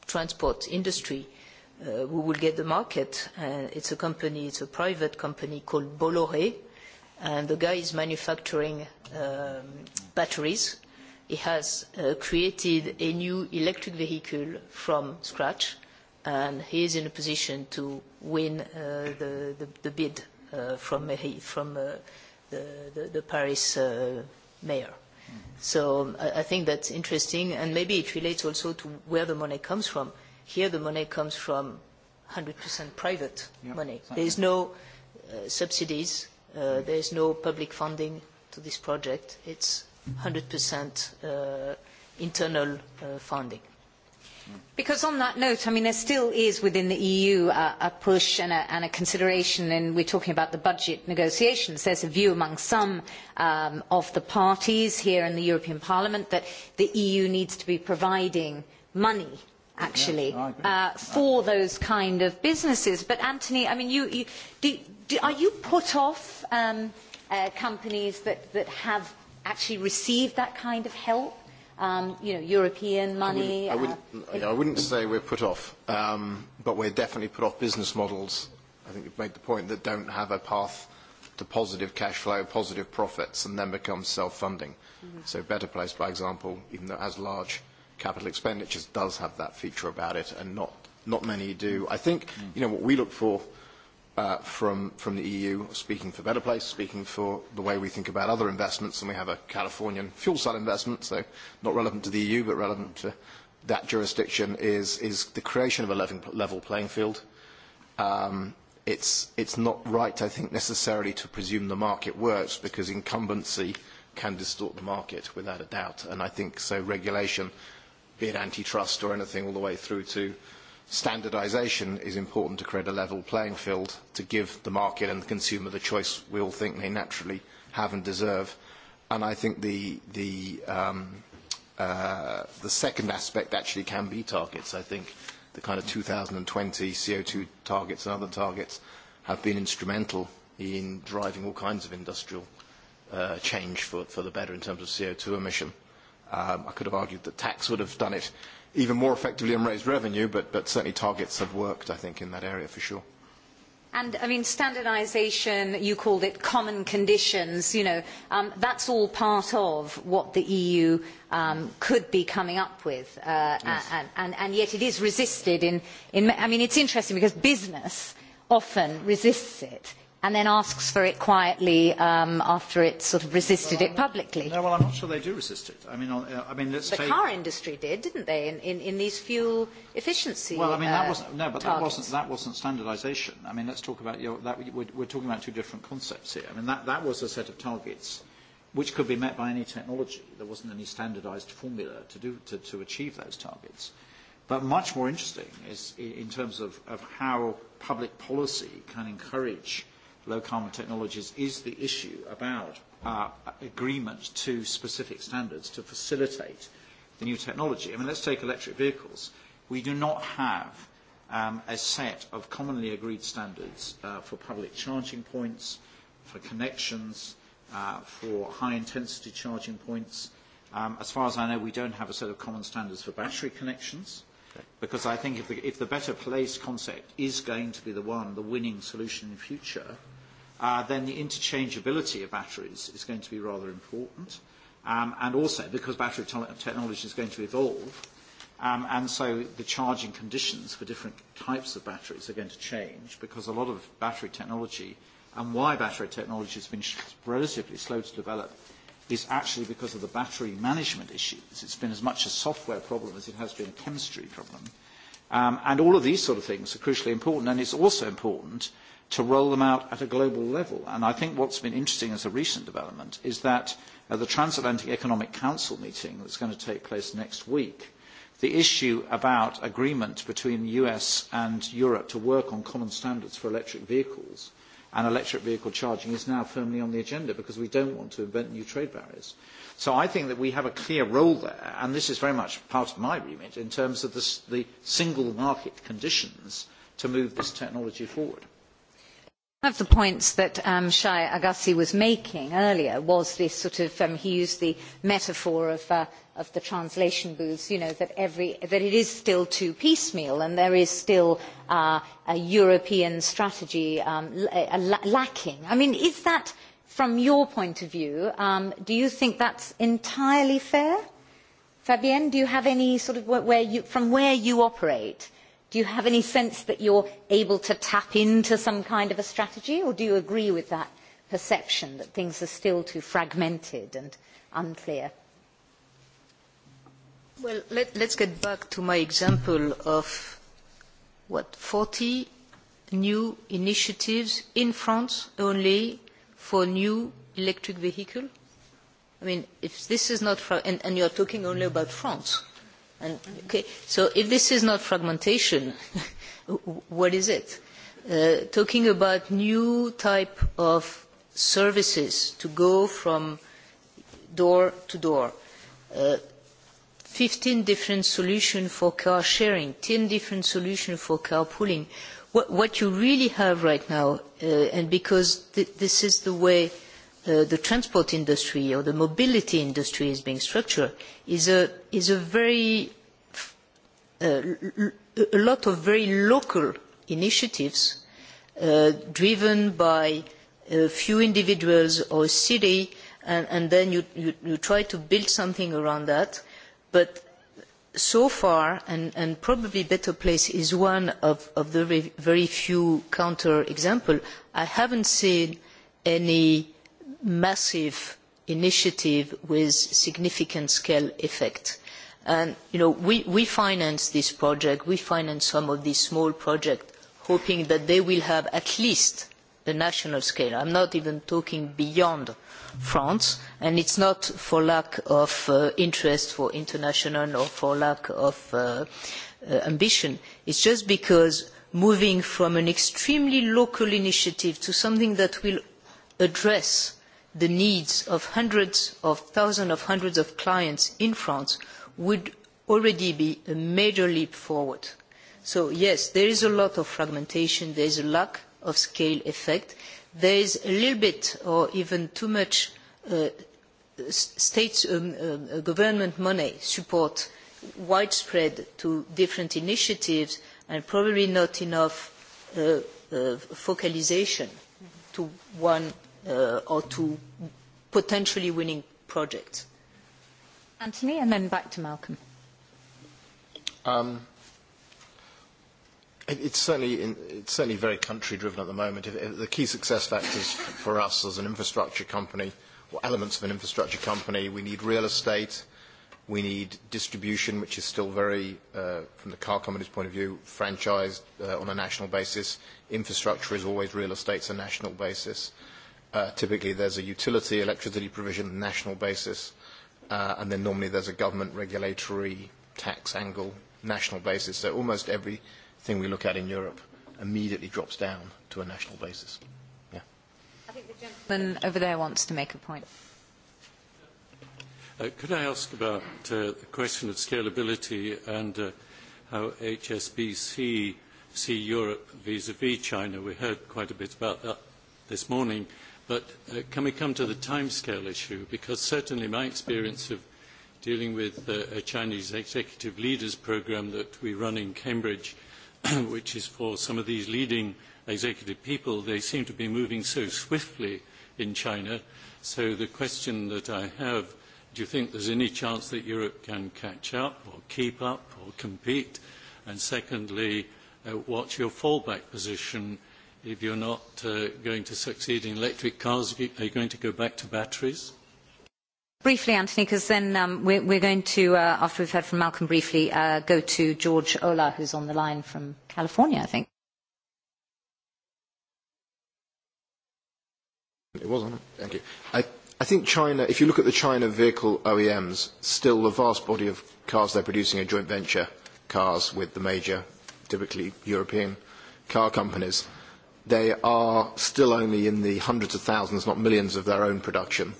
transport industry who will get the market. It's a company, it's a private company called Bolloré, and the guy is manufacturing batteries. He has created a new electric vehicle from scratch and he is in a position to win the bid from the Paris mayor. So I think that's interesting, and maybe it relates also to where the money comes from. Here the money comes from 100% private money. There is no subsidies, there is no public funding to this project. It's 100% internal funding. Because on that note, I mean, there still is within the EU a push and a consideration, and we're talking about the budget negotiations. There's a view among some of the parties here in the European Parliament that the EU needs to be providing money, actually, for those kind of businesses. But, Anthony, I mean, are you put off companies that have actually received that kind of help? you know, European money. I wouldn't, I wouldn't say we're put off, um, but we're definitely put off business models. I think you've made the point that don't have a path to positive cash flow, positive profits, and then become self-funding. So Better Place, by example, even though it has large capital expenditures, does have that feature about it, and not, not many do. I think, you know, what we look for from the EU, speaking for Better Place, speaking for the way we think about other investments, and we have a Californian fuel cell investment, so not relevant to the EU, but relevant to that jurisdiction, is the creation of a level playing field. It's not right, I think, necessarily to presume the market works, because incumbency can distort the market, without a doubt, and I think so regulation, be it antitrust or anything, all the way through to standardisation is important to create a level playing field to give the market and the consumer the choice we all think they naturally have and deserve. And I think the second aspect actually can be targets. I think the kind of 2020 CO2 targets and other targets have been instrumental in driving all kinds of industrial change for the better in terms of CO2 emission. I could have argued that tax would have done it even more effectively and raise revenue, but certainly targets have worked, I think, in that area for sure. And, I mean, standardization, you called it common conditions, you know, that's all part of what the EU could be coming up with. And yet it is resisted in, I mean, it's interesting because business often resists it and then asks for it quietly after it sort of resisted it publicly. No, well, I'm not sure they do resist it. I mean, I mean, let's The car industry did, didn't they, in, in, these fuel efficiency Well, I mean, that wasn't, no, but that wasn't, that wasn't standardization. I mean, let's talk about, your that, we're, we're talking about two different concepts here. I mean, that, that was a set of targets which could be met by any technology. There wasn't any standardized formula to, do, to, to achieve those targets. But much more interesting is in terms of, of how public policy can encourage low carbon technologies is the issue about agreement to specific standards to facilitate the new technology. I mean, let's take electric vehicles. We do not have a set of commonly agreed standards for public charging points, for connections, for high-intensity charging points. As far as I know, we don't have a set of common standards for battery connections, because I think if the better place concept is going to be the one, the winning solution in future, then the interchangeability of batteries is going to be rather important, and also because battery technology is going to evolve, and so the charging conditions for different types of batteries are going to change, because a lot of battery technology and why battery technology has been relatively slow to develop is actually because of the battery management issues. It's been as much a software problem as it has been a chemistry problem. And all of these sort of things are crucially important, and it's also important to roll them out at a global level. And I think what's been interesting as a recent development is that at the Transatlantic Economic Council meeting that's going to take place next week, the issue about agreement between the US and Europe to work on common standards for electric vehicles and electric vehicle charging is now firmly on the agenda because we don't want to invent new trade barriers. So I think that we have a clear role there, and this is very much part of my remit, in terms of the single market conditions to move this technology forward. One of the points that Shai Agassi was making earlier was this sort of, he used the metaphor of the translation booths, you know, that it is still too piecemeal and there is still a European strategy lacking. I mean, is that, from your point of view, do you think that's entirely fair? Fabienne, do you have any sort of, from where you operate? Do you have any sense that you're able to tap into some kind of a strategy, or do you agree with that perception that things are still too fragmented and unclear? Well, let's get back to my example of, what, 40 new initiatives in France only for new electric vehicles? I mean, if this is not, and you're talking only about France Okay, so if this is not fragmentation, what is it? Talking about new type of services to go from door to door, 15 different solutions for car sharing, 10 different solutions for car pooling. What you really have right now, and because this is the way the transport industry or the mobility industry is being structured is a very a lot of very local initiatives driven by a few individuals or a city and then you try to build something around that. But so far, and probably Better Place is one of the very few counter examples, I haven't seen any massive initiative with significant scale effect. And, you know, we finance this project, we finance some of these small projects, hoping that they will have at least the national scale. I'm not even talking beyond France, and it's not for lack of interest for international or for lack of ambition. It's just because moving from an extremely local initiative to something that will address the needs of hundreds of thousands of hundreds of clients in France would already be a major leap forward. So yes, there is a lot of fragmentation, there is a lack of scale effect, there is a little bit or even too much state government money support widespread to different initiatives and probably not enough focalisation to one or to potentially winning projects. Anthony, and then back to Malcolm. It's certainly certainly very country-driven at the moment. The key success factors for us as an infrastructure company, or elements of an infrastructure company, we need real estate, we need distribution, which is still very, from the car company's point of view, franchised on a national basis. Infrastructure is always real estate estate's a national basis. Typically, there's a utility electricity provision national basis, and then normally there's a government regulatory tax angle national basis. So almost everything we look at in Europe immediately drops down to a national basis. Yeah. I think the gentleman over there wants to make a point. Could I ask about the question of scalability and how HSBC see Europe vis-à-vis China? We heard quite a bit about that this morning But can we come to the timescale issue? Because certainly my experience of dealing with a Chinese executive leaders program that we run in Cambridge, which is for some of these leading executive people, they seem to be moving so swiftly in China. So the question that I have, do you think there's any chance that Europe can catch up or keep up or compete? And secondly, what's your fallback position if you're not going to succeed in electric cars, are you going to go back to batteries? Briefly, Anthony, because then we're going to, after we've heard from Malcolm briefly, go to George Ola, who's on the line from California, I think. It was Thank you. I think China, if you look at the China vehicle OEMs, still the vast body of cars they're producing are joint venture cars with the major, typically European car companies They are still only in the hundreds of thousands, not millions, of their own production,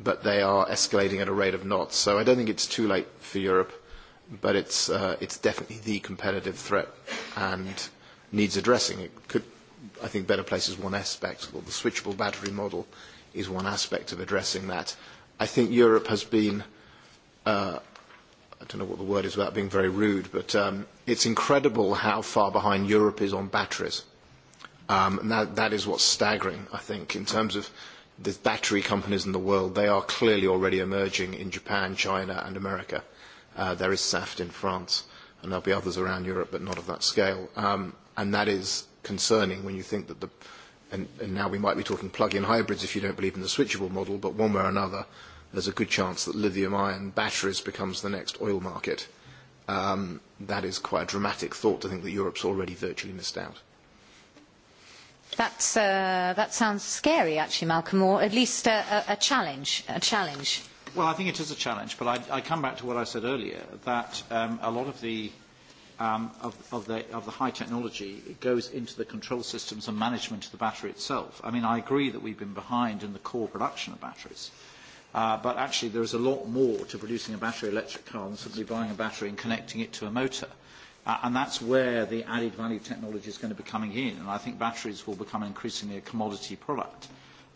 but they are escalating at a rate of knots. So I don't think it's too late for Europe, but it's definitely the competitive threat and needs addressing. It could, I think, better place is one aspect, or the switchable battery model is one aspect of addressing that. I think Europe has been, I don't know what the word is without being very rude, but it's incredible how far behind Europe is on batteries And that is what's staggering, I think, in terms of the battery companies in the world. They are clearly already emerging in Japan, China, and America. There is Saft in France, and there'll be others around Europe, but not of that scale. And that is concerning when you think that the. And now we might be talking plug-in hybrids if you don't believe in the switchable model, but one way or another, there's a good chance that lithium-ion batteries becomes the next oil market. That is quite a dramatic thought to think that Europe's already virtually missed out. That sounds scary, actually, Malcolm, or at least a challenge. A challenge. Well, I think it is a challenge, but I come back to what I said earlier, that a lot of the of the high technology goes into the control systems and management of the battery itself. I mean, I agree that we've been behind in the core production of batteries, but actually there is a lot more to producing a battery electric car than simply buying a battery and connecting it to a motor. And that's where the added value technology is going to be coming in. And I think batteries will become increasingly a commodity product.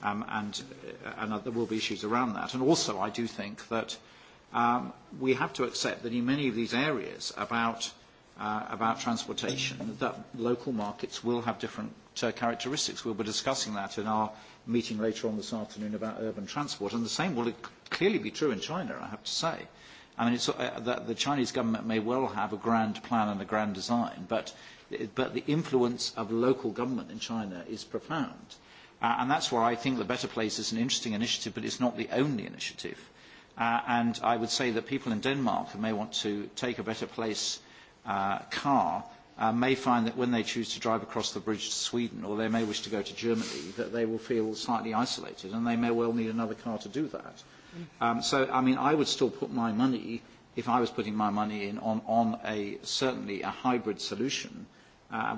And there will be issues around that. And also, I do think that we have to accept that in many of these areas about transportation, that local markets will have different characteristics. We'll be discussing that in our meeting later on this afternoon about urban transport. And the same will clearly be true in China, I have to say. I mean, the Chinese government may well have a grand plan and a grand design, but the influence of local government in China is profound. And that's why I think the Better Place is an interesting initiative, but it's not the only initiative. And I would say that people in Denmark who may want to take a Better Place car may find that when they choose to drive across the bridge to Sweden, or they may wish to go to Germany, that they will feel slightly isolated, and they may well need another car to do that. So, I mean, I would still put my money, if I was putting my money in, on a certainly a hybrid solution,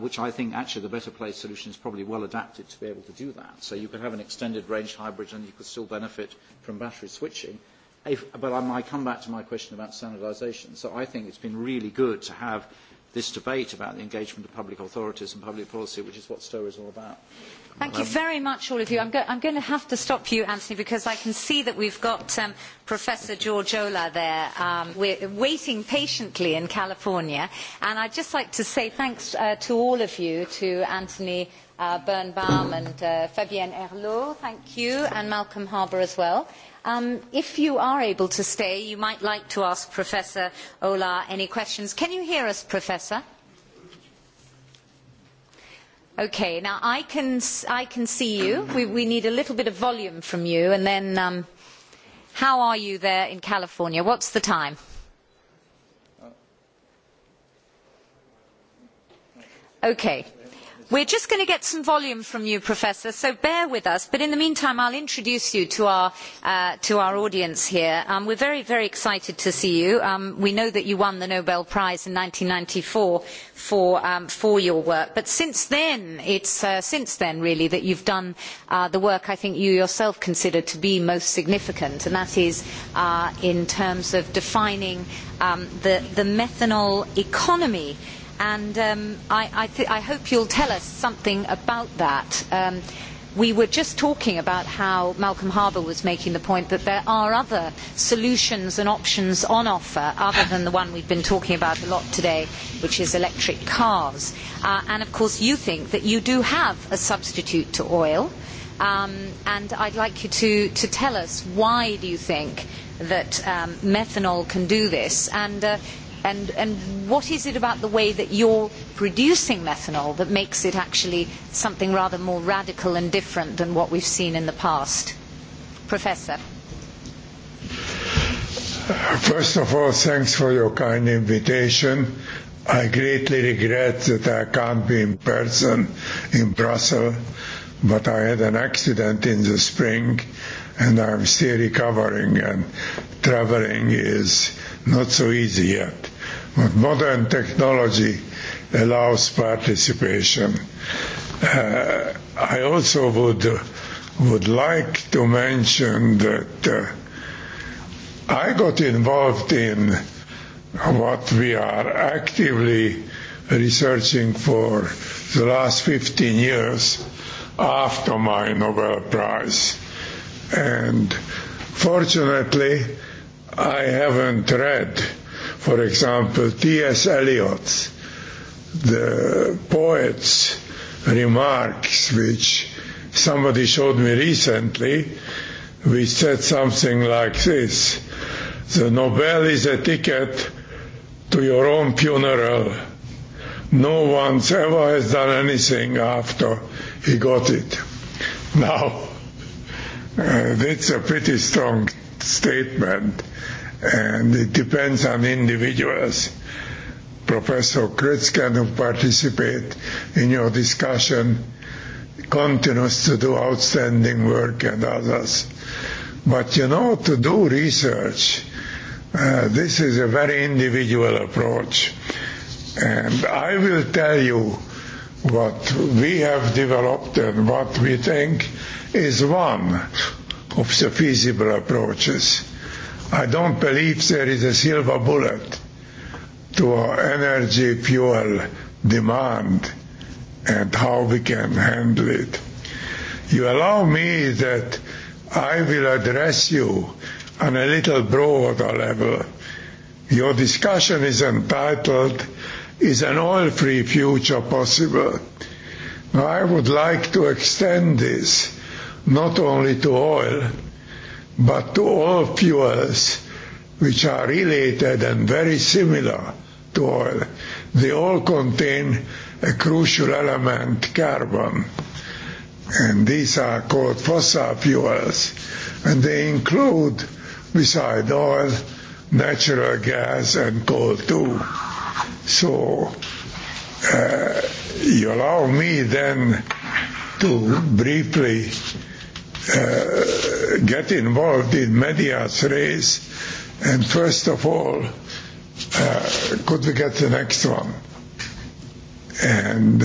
which I think actually the better place solution is probably well adapted to be able to do that. So you could have an extended range hybrid and you could still benefit from battery switching. But I might come back to my question about standardisation. So I think it's been really good to have this debate about the engagement of public authorities and public policy, which is what STOA is all about. Thank you very much, all of you. I'm going to have to stop you, Anthony, because I can see that we've got Professor Ola there We're waiting patiently in California. And I'd just like to say thanks to all of you, to Anthony Birnbaum and Fabienne Herlot, thank you, and Malcolm Harbour as well. If you are able to stay, you might like to ask Professor Ola any questions. Can you hear us, Professor? Okay, now I can I can see you. We need a little bit of volume from you. And then, how are you there in California? What's the time? Okay. We're just going to get some volume from you, Professor, so bear with us. But in the meantime, I'll introduce you to our audience here. We're very, very excited to see you. We know that you won the Nobel Prize in 1994 for your work. But since then, it's since then, really, that you've done the work I think you yourself consider to be most significant, and that is in terms of defining the methanol economy and I hope you'll tell us something about that. We were just talking about how Malcolm Harbour was making the point that there are other solutions and options on offer other than the one we've been talking about a lot today, which is electric cars. And of course you think that you do have a substitute to oil, and I'd like you to tell us why do you think that methanol can do this, and and what is it about the way that you're producing methanol that makes it actually something rather more radical and different than what we've seen in the past? Professor. First of all, thanks for your kind invitation. I greatly regret that I can't be in person in Brussels, but I had an accident in the spring and I'm still recovering and travelling is not so easy yet modern technology allows participation. I also would would like to mention that I got involved in what we are actively researching for the last 15 years after my Nobel Prize. And fortunately, I haven't read For example, T.S. Eliot, the poet's remarks, which somebody showed me recently, which said something like this. The Nobel is a ticket to your own funeral. No one ever has done anything after he got it. Now, that's a pretty strong statement and it depends on individuals. Professor Kritz who participate in your discussion, continues to do outstanding work and others. But you know, to do research, uh, this is a very individual approach. And I will tell you what we have developed and what we think is one of the feasible approaches I don't believe there is a silver bullet to our energy fuel demand and how we can handle it. You allow me that I will address you on a little broader level. Your discussion is entitled, Is an Oil-Free Future Possible? Now, I would like to extend this not only to oil, but to all fuels which are related and very similar to oil. They all contain a crucial element, carbon. And these are called fossil fuels. And they include, beside oil, natural gas and coal too. So, uh, you allow me then to briefly get involved in medias race and first of all could we get the next one and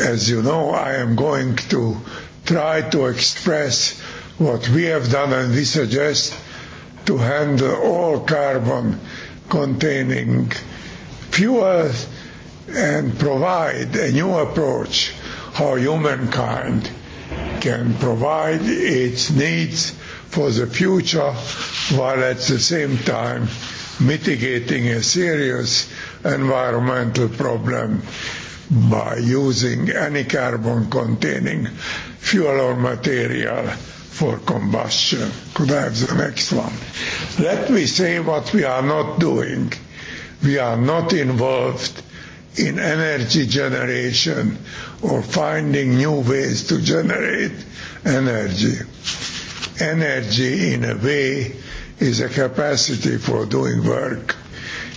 as you know I am going to try to express what we have done and we suggest to handle all carbon containing fuels and provide a new approach how humankind can provide its needs for the future while at the same time mitigating a serious environmental problem by using any carbon containing fuel or material for combustion. Could I have the next one? Let me say what we are not doing. We are not involved in energy generation or finding new ways to generate energy. Energy, in a way, is a capacity for doing work.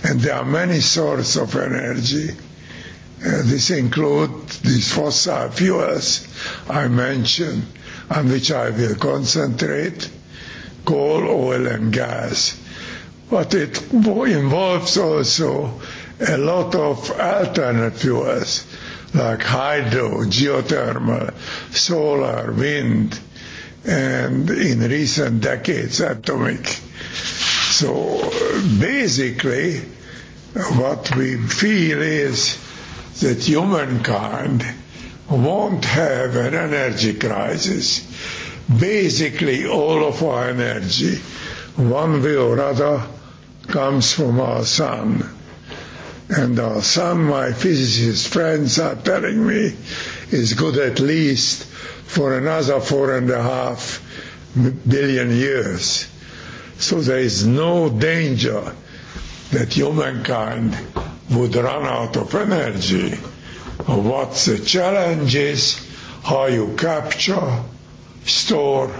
And there are many sources of energy. This include these fossil fuels I mentioned, on which I will concentrate, coal, oil and gas. But it involves also a lot of alternatives like hydro, geothermal, solar, wind, and in recent decades atomic. So basically what we feel is that humankind won't have an energy crisis. Basically all of our energy, one way or other, comes from our sun and uh, some of my physicist friends are telling me is good at least for another four and a half billion years. So there is no danger that humankind would run out of energy. What the challenge is, how you capture, store,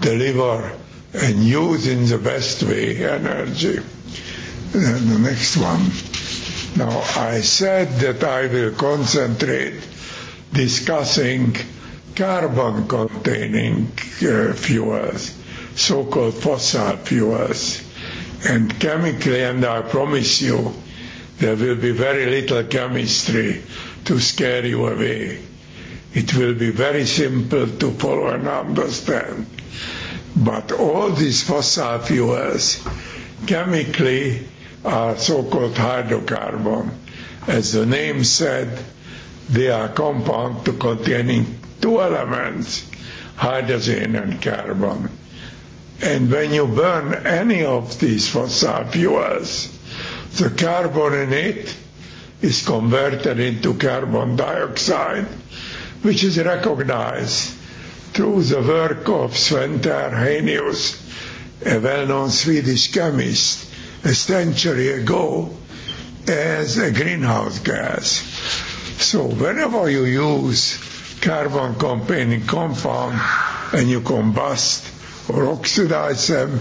deliver, and use in the best way energy. And the next one. Now, I said that I will concentrate discussing carbon containing fuels, so called fossil fuels, and chemically, and I promise you there will be very little chemistry to scare you away. It will be very simple to follow and understand. But all these fossil fuels, chemically, are so-called hydrocarbon. As the name said, they are compound to containing two elements, hydrogen and carbon. And when you burn any of these fossil fuels, the carbon in it is converted into carbon dioxide, which is recognized through the work of Sven Terhenius, a well-known Swedish chemist a century ago as a greenhouse gas. So whenever you use carbon containing compound and you combust or oxidize them,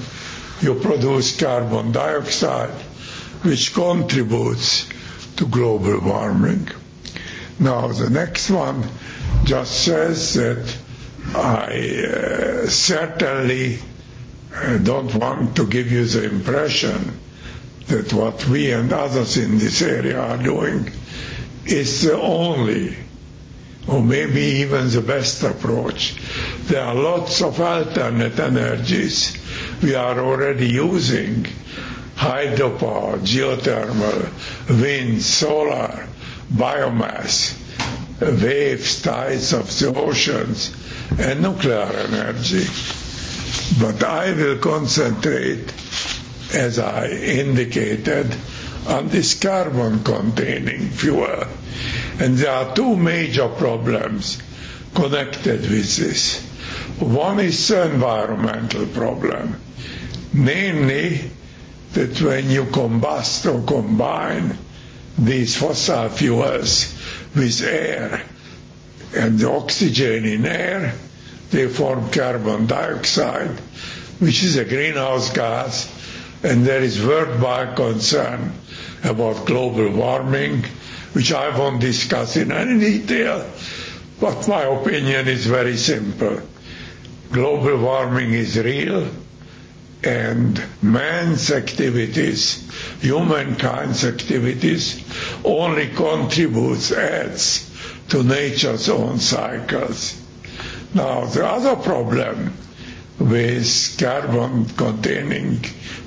you produce carbon dioxide, which contributes to global warming. Now the next one just says that I certainly don't want to give you the impression that what we and others in this area are doing is the only or maybe even the best approach. There are lots of alternate energies we are already using hydropower, geothermal, wind, solar, biomass, waves, tides of the oceans, and nuclear energy. But I will concentrate as I indicated, on this carbon containing fuel. And there are two major problems connected with this. One is the environmental problem, namely that when you combust or combine these fossil fuels with air and the oxygen in air, they form carbon dioxide, which is a greenhouse gas and there is worldwide concern about global warming, which I won't discuss in any detail, but my opinion is very simple. Global warming is real, and man's activities, humankind's activities, only contributes, adds to nature's own cycles. Now, the other problem with carbon containing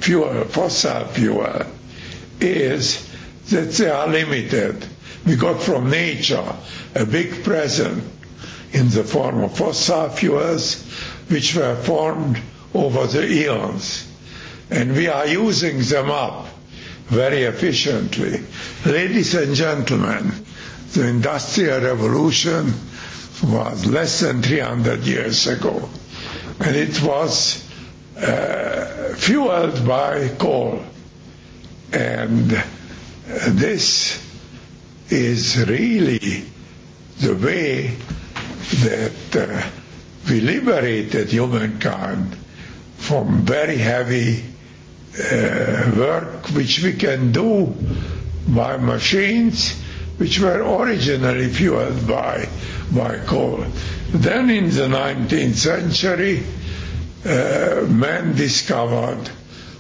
fuel, fossil fuel, is that they are limited. We got from nature a big present in the form of fossil fuels which were formed over the eons. And we are using them up very efficiently. Ladies and gentlemen, the Industrial Revolution was less than 300 years ago and it was fueled by coal. And this is really the way that we liberated humankind from very heavy work which we can do by machines which were originally fueled by by coal. Then in the 19th century, men discovered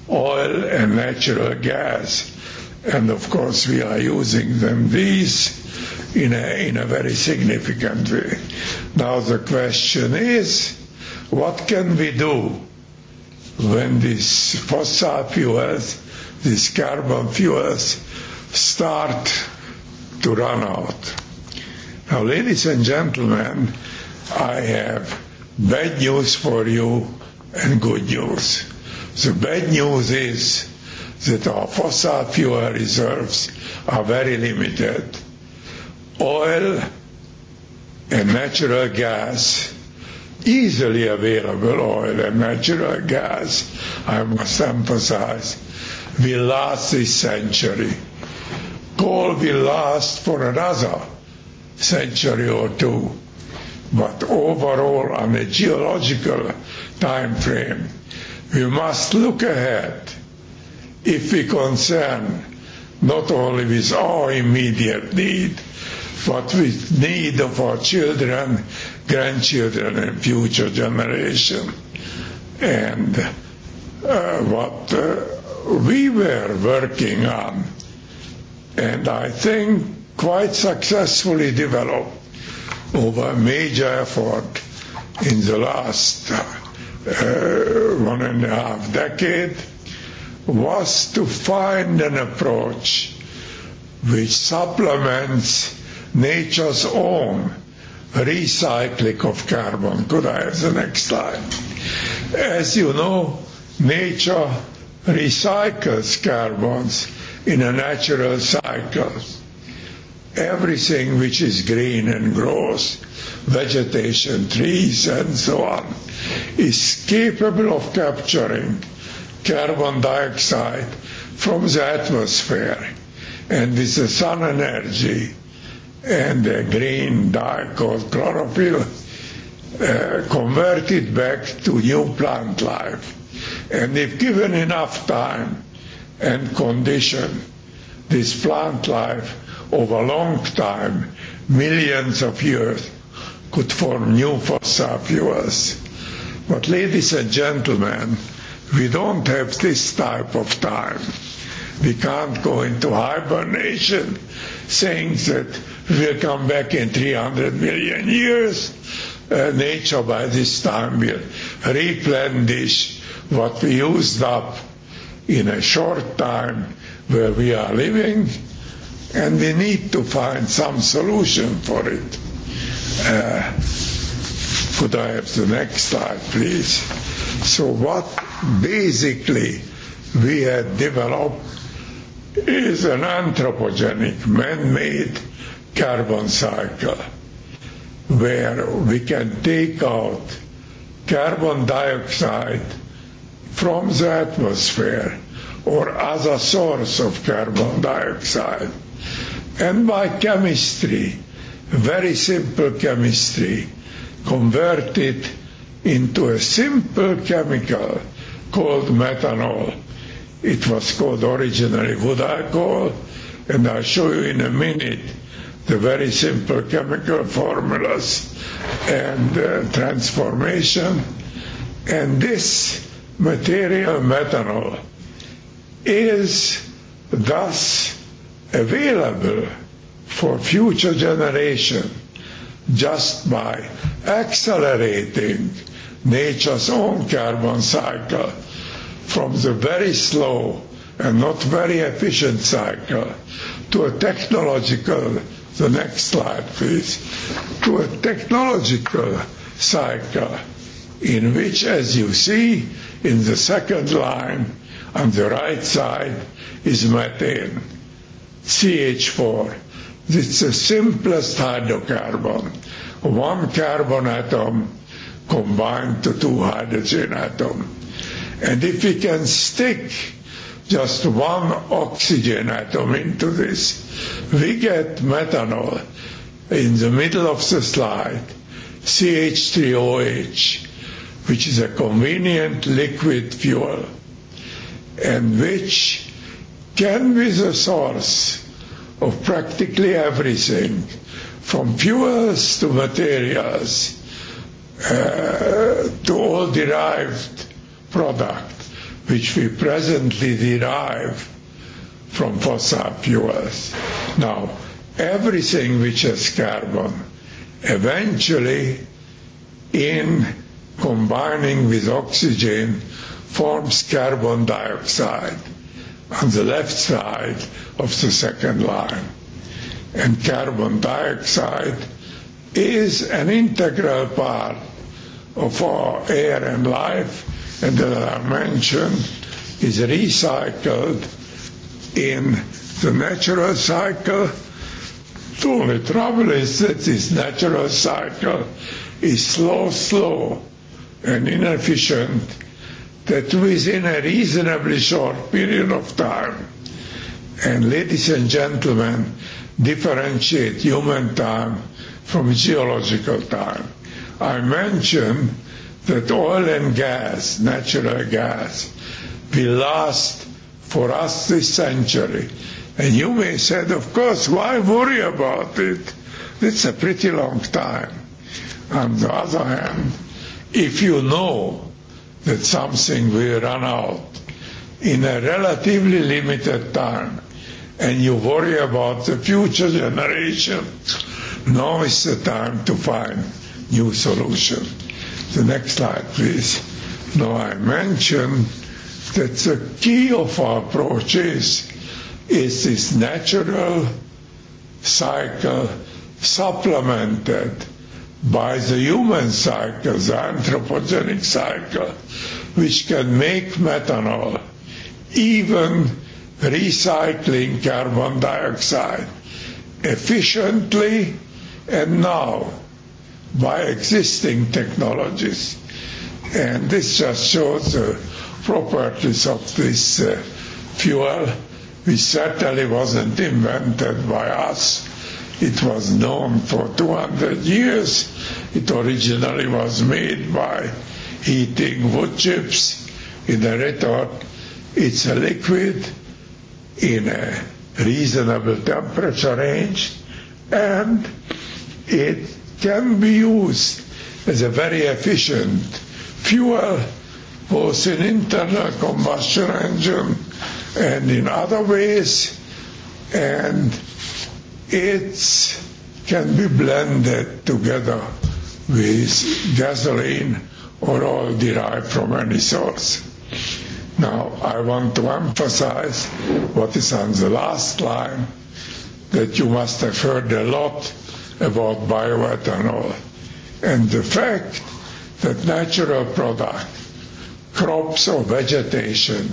oil and natural gas, and of course we are using them these in a in a very significant way. Now the question is, what can we do when these fossil fuels, these carbon fuels, start to run out. Now, ladies and gentlemen, I have bad news for you and good news. The bad news is that our fossil fuel reserves are very limited. Oil and natural gas, easily available oil and natural gas, I must emphasize, will last this century call will last for another century or two, but overall on a geological time frame, we must look ahead if we concern not only with our immediate need, but with need of our children, grandchildren and future generations, And what we were working on and I think quite successfully developed over a major effort in the last one and a half decade was to find an approach which supplements nature's own recycling of carbon. Could I have the next slide? As you know, nature recycles carbons in a natural cycle. Everything which is green and grows, vegetation, trees and so on, is capable of capturing carbon dioxide from the atmosphere. And with the sun energy and the green dye called chlorophyll, converted back to new plant life. And if given enough time, and condition this plant life over a long time, millions of years, could form new fossil fuels. But ladies and gentlemen, we don't have this type of time. We can't go into hibernation saying that we'll come back in 300 million years. nature by this time will replenish what we used up in a short time where we are living, and we need to find some solution for it. could I have the next slide, please? So what basically we had developed is an anthropogenic, man-made carbon cycle where we can take out carbon dioxide from the atmosphere or as a source of carbon dioxide. And by chemistry, very simple chemistry, converted into a simple chemical called methanol. It was called originally wood alcohol, and I'll show you in a minute the very simple chemical formulas and transformation. And this material metanol is thus available for future generation just by accelerating nature's own carbon cycle from the very slow and not very efficient cycle to a technological, the next slide please, to a technological cycle in which, as you see, in the second line on the right side is methane, CH4. It's the simplest hydrocarbon. One carbon atom combined to two hydrogen atoms. And if we can stick just one oxygen atom into this, we get methanol in the middle of the slide, CH3OH which is a convenient liquid fuel and which can be the source of practically everything from fuels to materials to all derived product which we presently derive from fossil fuels. Now, everything which has carbon eventually in combining with oxygen forms carbon dioxide on the left side of the second line. And carbon dioxide is an integral part of our air and life, and as I mentioned, is recycled in the natural cycle. The only trouble is that this natural cycle is slow, slow, and inefficient that within a reasonably short period of time, and ladies and gentlemen, differentiate human time from geological time. I mentioned that oil and gas, natural gas, will last for us this century. And you may say, of course, why worry about it? It's a pretty long time. On the other hand, if you know that something will run out in a relatively limited time and you worry about the future generation, now is the time to find new solutions. The next slide, please. Now I mentioned that the key of our approach is, is this natural cycle supplemented by the human cycle, the anthropogenic cycle, which can make methanol, even recycling carbon dioxide efficiently and now by existing technologies. And this just shows the properties of this fuel, which certainly wasn't invented by us It was known for 200 years. It originally was made by heating wood chips in a retort. It's a liquid in a reasonable temperature range and it can be used as a very efficient fuel both in internal combustion engine and in other ways and it can be blended together with gasoline or oil derived from any source. Now, I want to emphasize what is on the last line, that you must have heard a lot about bioethanol. And the fact that natural product, crops or vegetation,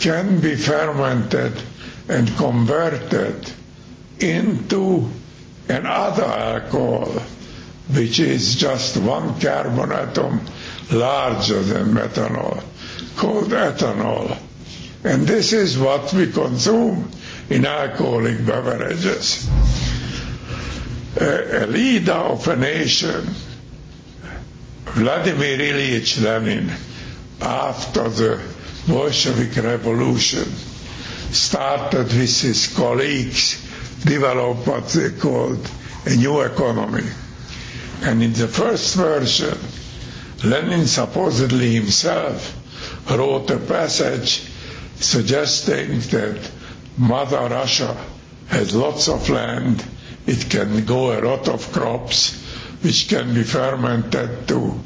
can be fermented and converted into another alcohol which is just one carbon atom larger than methanol called ethanol. And this is what we consume in alcoholic beverages. A leader of a nation, Vladimir Ilyich Lenin, after the Bolshevik Revolution, started with his colleagues develop what they called a new economy. And in the first version, Lenin supposedly himself wrote a passage suggesting that Mother Russia has lots of land, it can grow a lot of crops, which can be fermented to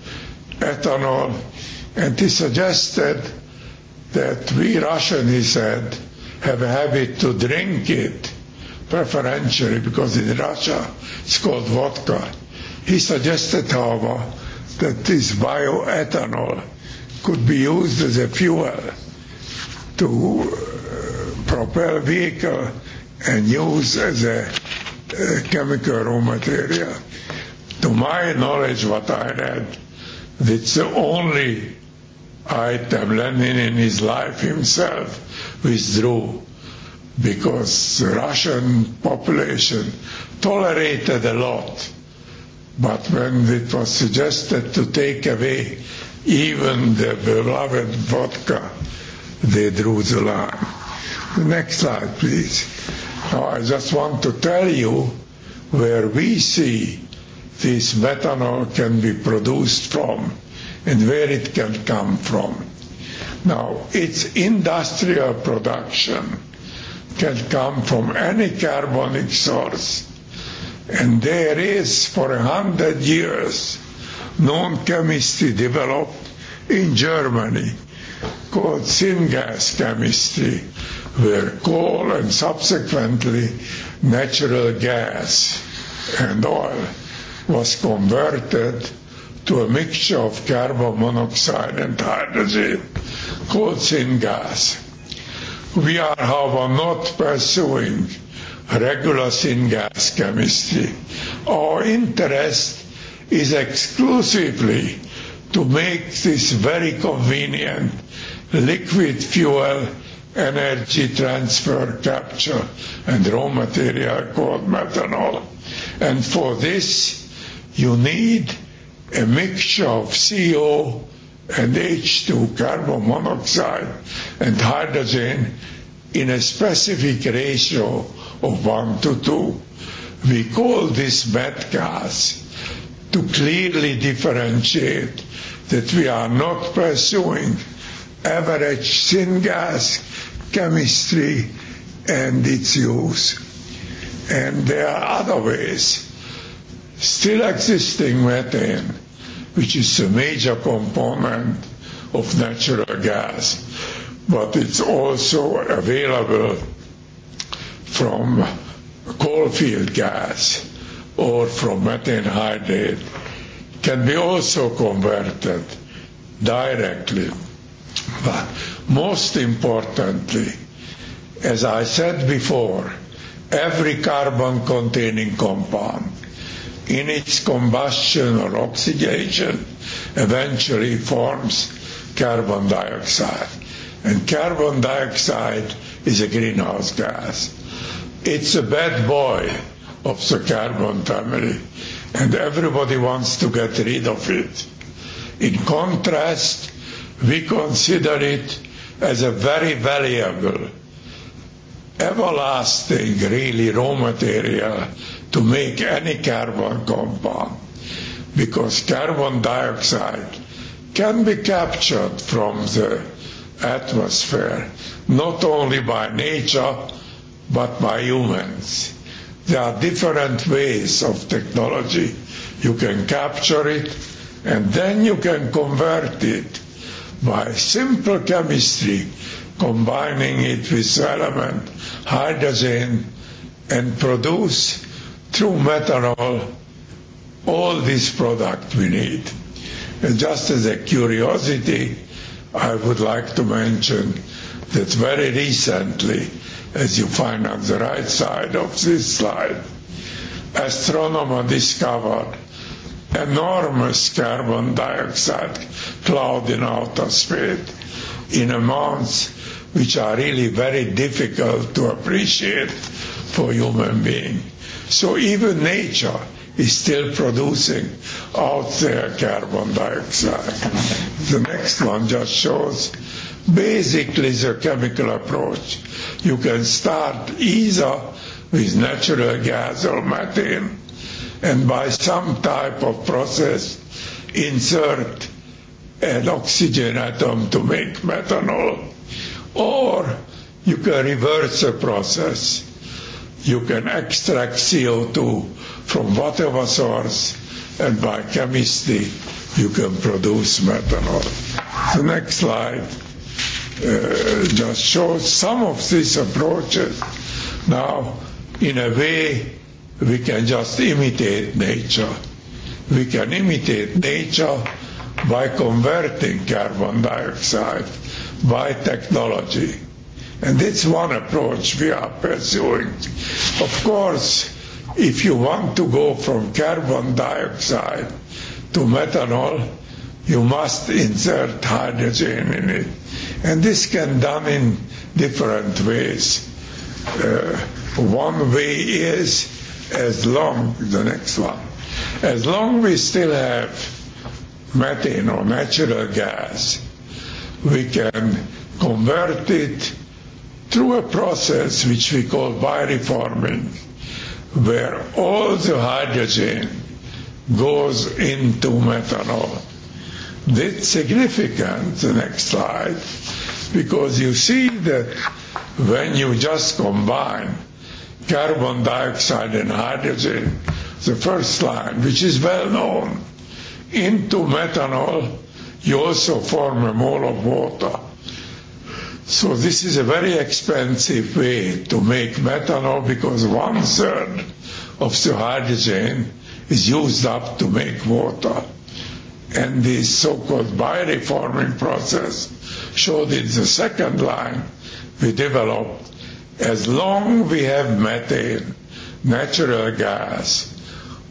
ethanol, and he suggested that we Russians, he said, have a habit to drink it preferentially because in Russia it's called vodka. He suggested, however, that this bioethanol could be used as a fuel to propel vehicle and use as a chemical raw material. To my knowledge, what I read, it's the only item Lenin in his life himself withdrew because the Russian population tolerated a lot. But when it was suggested to take away even the beloved vodka, they drew the line. next slide, please. Now, I just want to tell you where we see this methanol can be produced from and where it can come from. Now, it's industrial production can come from any carbonic source. And there is for a hundred years known chemistry developed in Germany called syngas chemistry, where coal and subsequently natural gas and oil was converted to a mixture of carbon monoxide and hydrogen called syngas we are, however, not pursuing regular syngas chemistry. Our interest is exclusively to make this very convenient liquid fuel energy transfer capture and raw material called methanol. And for this, you need a mixture of CO and H2 carbon monoxide and hydrogen in a specific ratio of 1 to 2. We call this wet gas to clearly differentiate that we are not pursuing average syngas chemistry and its use. And there are other ways. Still existing methane which is a major component of natural gas, but it's also available from coal-field gas or from methane hydrate, can be also converted directly. But most importantly, as I said before, every carbon-containing compound in its combustion or oxidation eventually forms carbon dioxide. And carbon dioxide is a greenhouse gas. It's a bad boy of the carbon family and everybody wants to get rid of it. In contrast, we consider it as a very valuable, everlasting, really raw material to make any carbon compound because carbon dioxide can be captured from the atmosphere not only by nature but by humans. There are different ways of technology. You can capture it and then you can convert it by simple chemistry combining it with element hydrogen and produce through methanol all this product we need. And just as a curiosity, I would like to mention that very recently, as you find on the right side of this slide, astronomers discovered enormous carbon dioxide cloud in outer space in amounts which are really very difficult to appreciate for human beings. So even nature is still producing out there carbon dioxide. The next one just shows basically the chemical approach. You can start either with natural gas or methane and by some type of process insert an oxygen atom to make methanol or you can reverse the process you can extract CO2 from whatever source and by chemistry you can produce methanol. The next slide just shows some of these approaches. Now, in a way, we can just imitate nature. We can imitate nature by converting carbon dioxide by technology And that's one approach we are pursuing. Of course, if you want to go from carbon dioxide to methanol, you must insert hydrogen in it. And this can done in different ways. One way is as long, the next one, as long we still have methane or natural gas, we can convert it through a process which we call bioreforming, where all the hydrogen goes into methanol. this is significant, the next slide, because you see that when you just combine carbon dioxide and hydrogen, the first line, which is well known, into methanol, you also form a mole of water So this is a very expensive way to make methanol because one third of the hydrogen is used up to make water. And this so-called bioreforming process showed in the second line we developed as long we have methane, natural gas,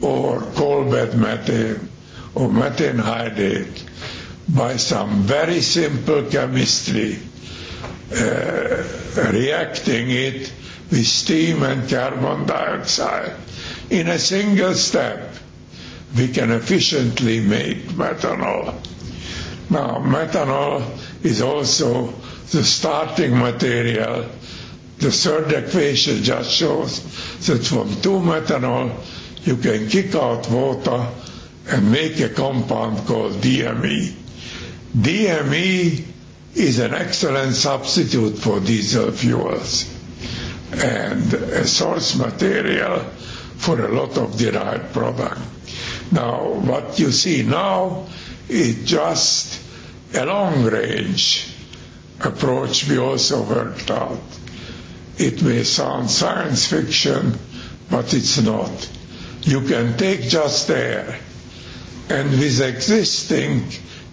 or coal bed methane, or methane hydrate, by some very simple chemistry, reacting it with steam and carbon dioxide. In a single step, we can efficiently make methanol. Now, methanol is also the starting material. The third equation just shows that from two methanol, you can kick out water and make a compound called DME. DME is an excellent substitute for diesel fuels and a source material for a lot of derived products. Now, what you see now is just a long-range approach we also worked out. It may sound science fiction, but it's not. You can take just air, and with existing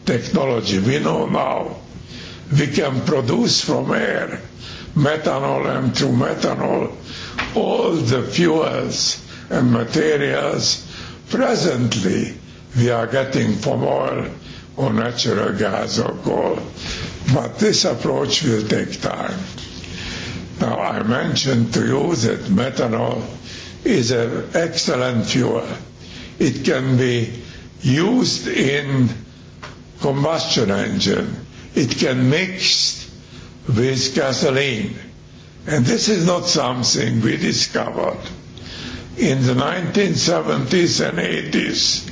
technology we know now, we can produce from air methanol and through methanol all the fuels and materials presently we are getting from oil or natural gas or coal. But this approach will take time. Now I mentioned to you that methanol is an excellent fuel. It can be used in combustion engine it can mix with gasoline. And this is not something we discovered. In the 1970s and 80s,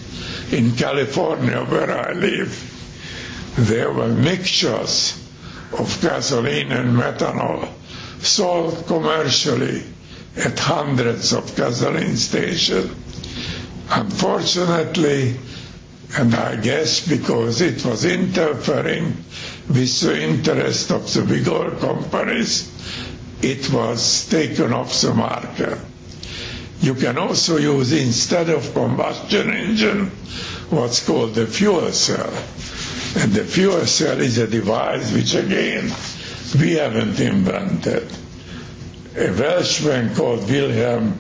in California, where I live, there were mixtures of gasoline and methanol sold commercially at hundreds of gasoline stations. Unfortunately, and I guess because it was interfering with the interest of the bigger companies, it was taken off the market. You can also use instead of combustion engine what's called the fuel cell. And the fuel cell is a device which again we haven't invented. A Welshman called Wilhelm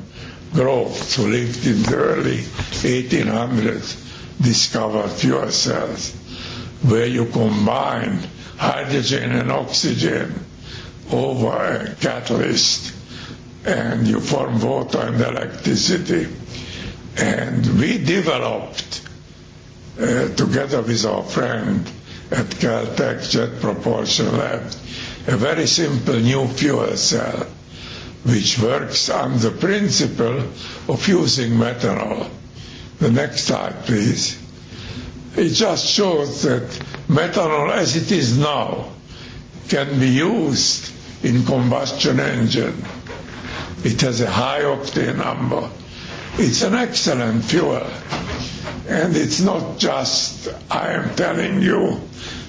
Grove, who lived in the early 1800s discovered fuel cells where you combine hydrogen and oxygen over a catalyst and you form water and electricity. And we developed, together with our friend at Caltech Jet Propulsion Lab, a very simple new fuel cell which works on the principle of using methanol The next slide, please. It just shows that methanol, as it is now, can be used in combustion engine. It has a high octane number. It's an excellent fuel. And it's not just I am telling you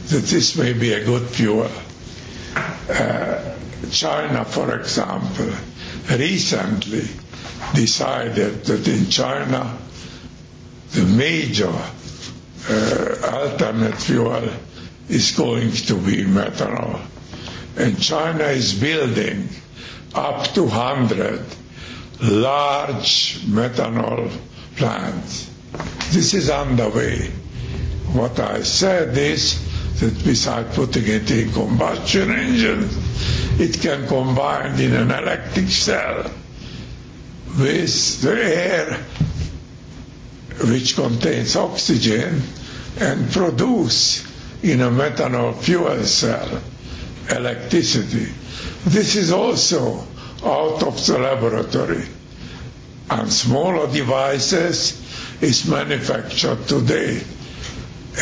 that this may be a good fuel. China, for example, recently decided that in China the major uh, alternate fuel is going to be methanol. And China is building up to 100 large methanol plants. This is underway. What I said is that besides putting it in combustion engines, it can combine in an electric cell with the air which contains oxygen and produce in a methanol fuel cell electricity. This is also out of the laboratory. And smaller devices is manufactured today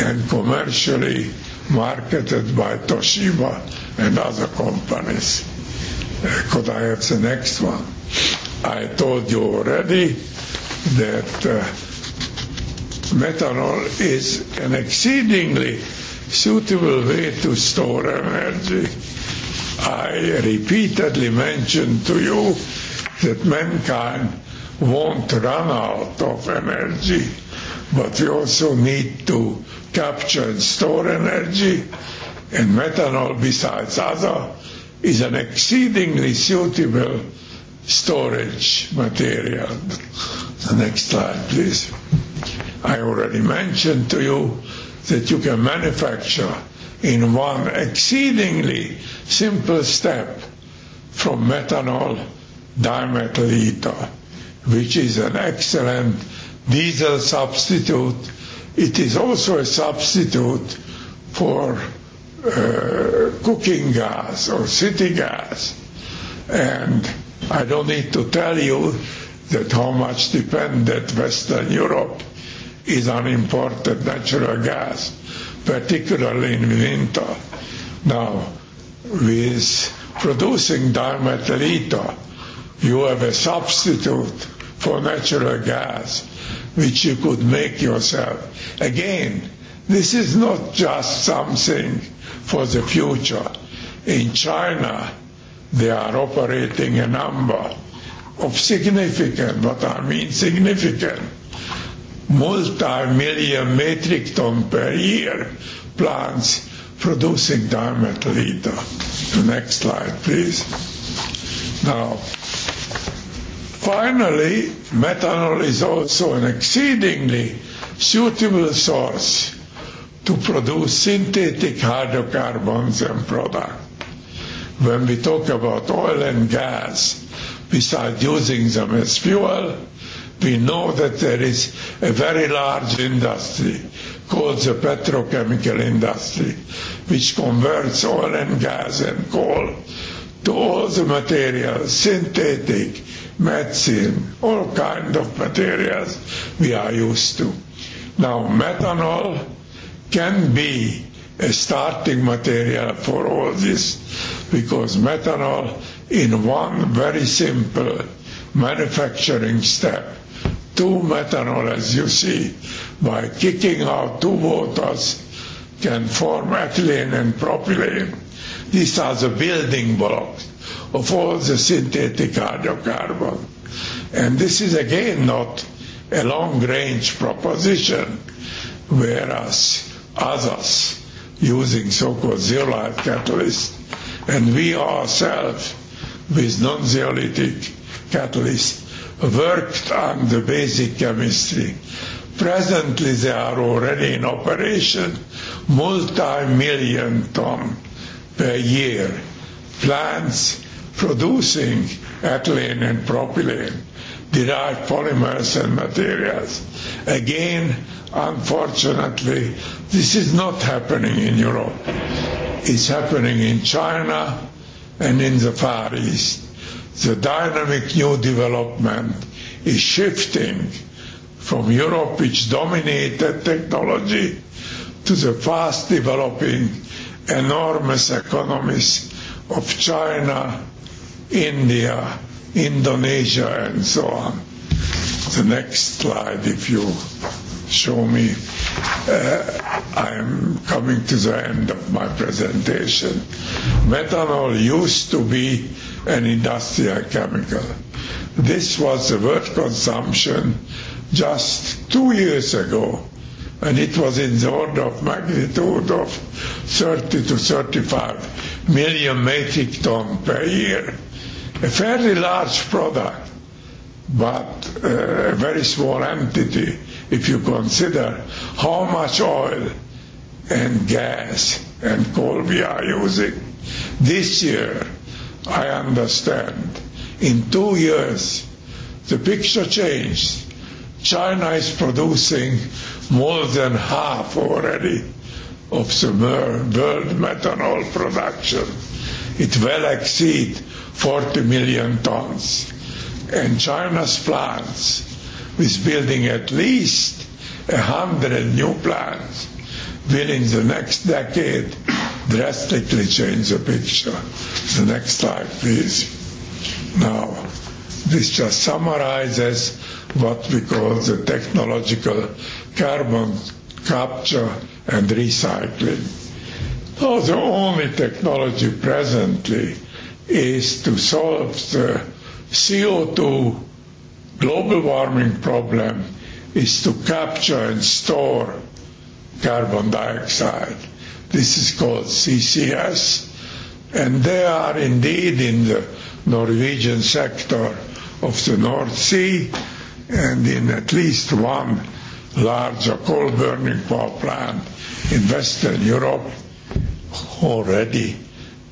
and commercially marketed by Toshiba and other companies. Could I have the next one? I told you already that methanol is an exceedingly suitable way to store energy. I repeatedly mentioned to you that mankind won't run out of energy, but we also need to capture and store energy, and methanol, besides other, is an exceedingly suitable storage material. The next slide, please. I already mentioned to you that you can manufacture in one exceedingly simple step from methanol dimethyl ether, which is an excellent diesel substitute. It is also a substitute for cooking gas or city gas. And I don't need to tell you that how much dependent Western Europe is on imported natural gas, particularly in winter. Now, with producing dimethyl you have a substitute for natural gas, which you could make yourself. Again, this is not just something for the future. In China, they are operating a number of significant, what I mean significant, multi-million metric ton per year plants producing diamond ether. The next slide, please. Now, finally, methanol is also an exceedingly suitable source to produce synthetic hydrocarbons and products. When we talk about oil and gas, besides using them as fuel, we know that there is a very large industry called the petrochemical industry, which converts oil and gas and coal to all the materials, synthetic, medicine, all kinds of materials we are used to. Now, methanol can be a starting material for all this because methanol in one very simple manufacturing step two as you see, by kicking out two waters can form ethylene and propylene. These are the building blocks of all the synthetic hydrocarbons. And this is again not a long-range proposition, whereas others using so-called zeolite catalysts and we ourselves with non-zeolitic catalysts worked on the basic chemistry. Presently they are already in operation, multi-million ton per year plants producing ethylene and propylene, derived polymers and materials. Again, unfortunately, this is not happening in Europe. It's happening in China and in the Far East the dynamic new development is shifting from Europe, which dominated technology, to the fast developing enormous economies of China, India, Indonesia, and so on. The next slide, if you show me. I'm coming to the end of my presentation. Methanol used to be and industrial chemical. This was the world consumption just two years ago, and it was in the order of magnitude of 30 to 35 million metric ton per year. A fairly large product, but a very small entity if you consider how much oil and gas and coal we are using. This year, I understand. In two years, the picture changed. China is producing more than half already of the world methanol production. It will exceed 40 million tons. And China's plants with building at least 100 new plants will in the next decade drastically change the picture. The next slide, please. Now, this just summarizes what we call the technological carbon capture and recycling. Now, the only technology presently is to solve the CO2 global warming problem is to capture and store carbon dioxide This is called CCS, and they are indeed in the Norwegian sector of the North Sea and in at least one larger coal-burning power plant in Western Europe already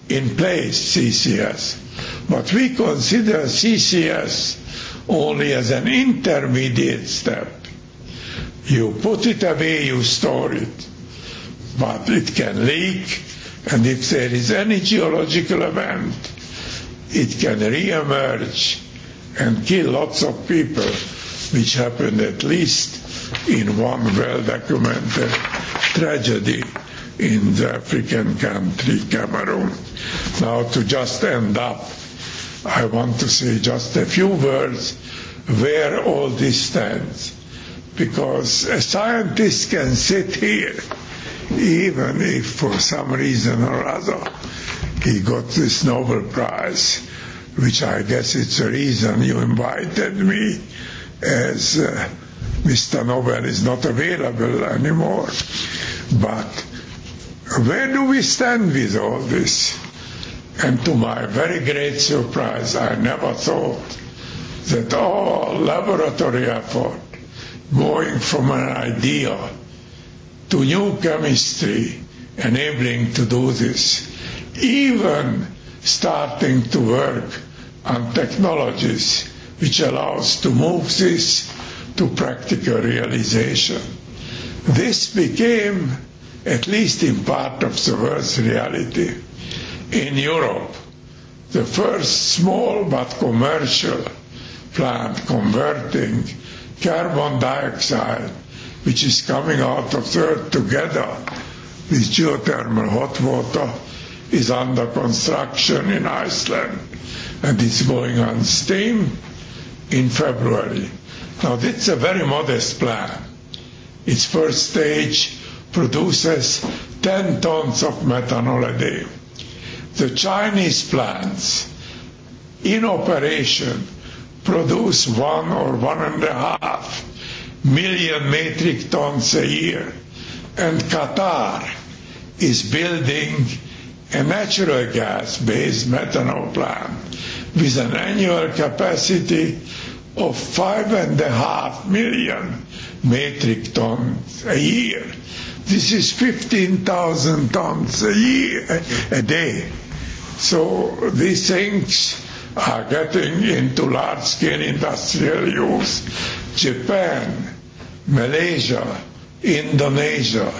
in place, CCS. But we consider CCS only as an intermediate step. You put it away, you store it but it can leak and if there is any geological event it can re-emerge and kill lots of people which happened at least in one well-documented tragedy in the African country Cameroon. Now to just end up, I want to say just a few words where all this stands because a scientist can sit here even if for some reason or other he got this Nobel Prize, which I guess it's the reason you invited me, as Mr. Nobel is not available anymore. But where do we stand with all this? And to my very great surprise, I never thought that all laboratory effort going from an idea to new chemistry enabling to do this, even starting to work on technologies which allows to move this to practical realization. This became, at least in part of the world's reality, in Europe, the first small but commercial plant converting carbon dioxide which is coming out of the Earth together with geothermal hot water is under construction in Iceland and it's going on steam in February. Now this is a very modest plan. Its first stage produces 10 tons of methanol a day. The Chinese plants in operation produce one or one and a half million metric tons a year. And Qatar is building a natural gas-based methanol plant with an annual capacity of five and a half million metric tons a year. This is 15,000 tons a year, a day. So these things are getting into large-scale industrial use. Japan Malaysia, Indonesia,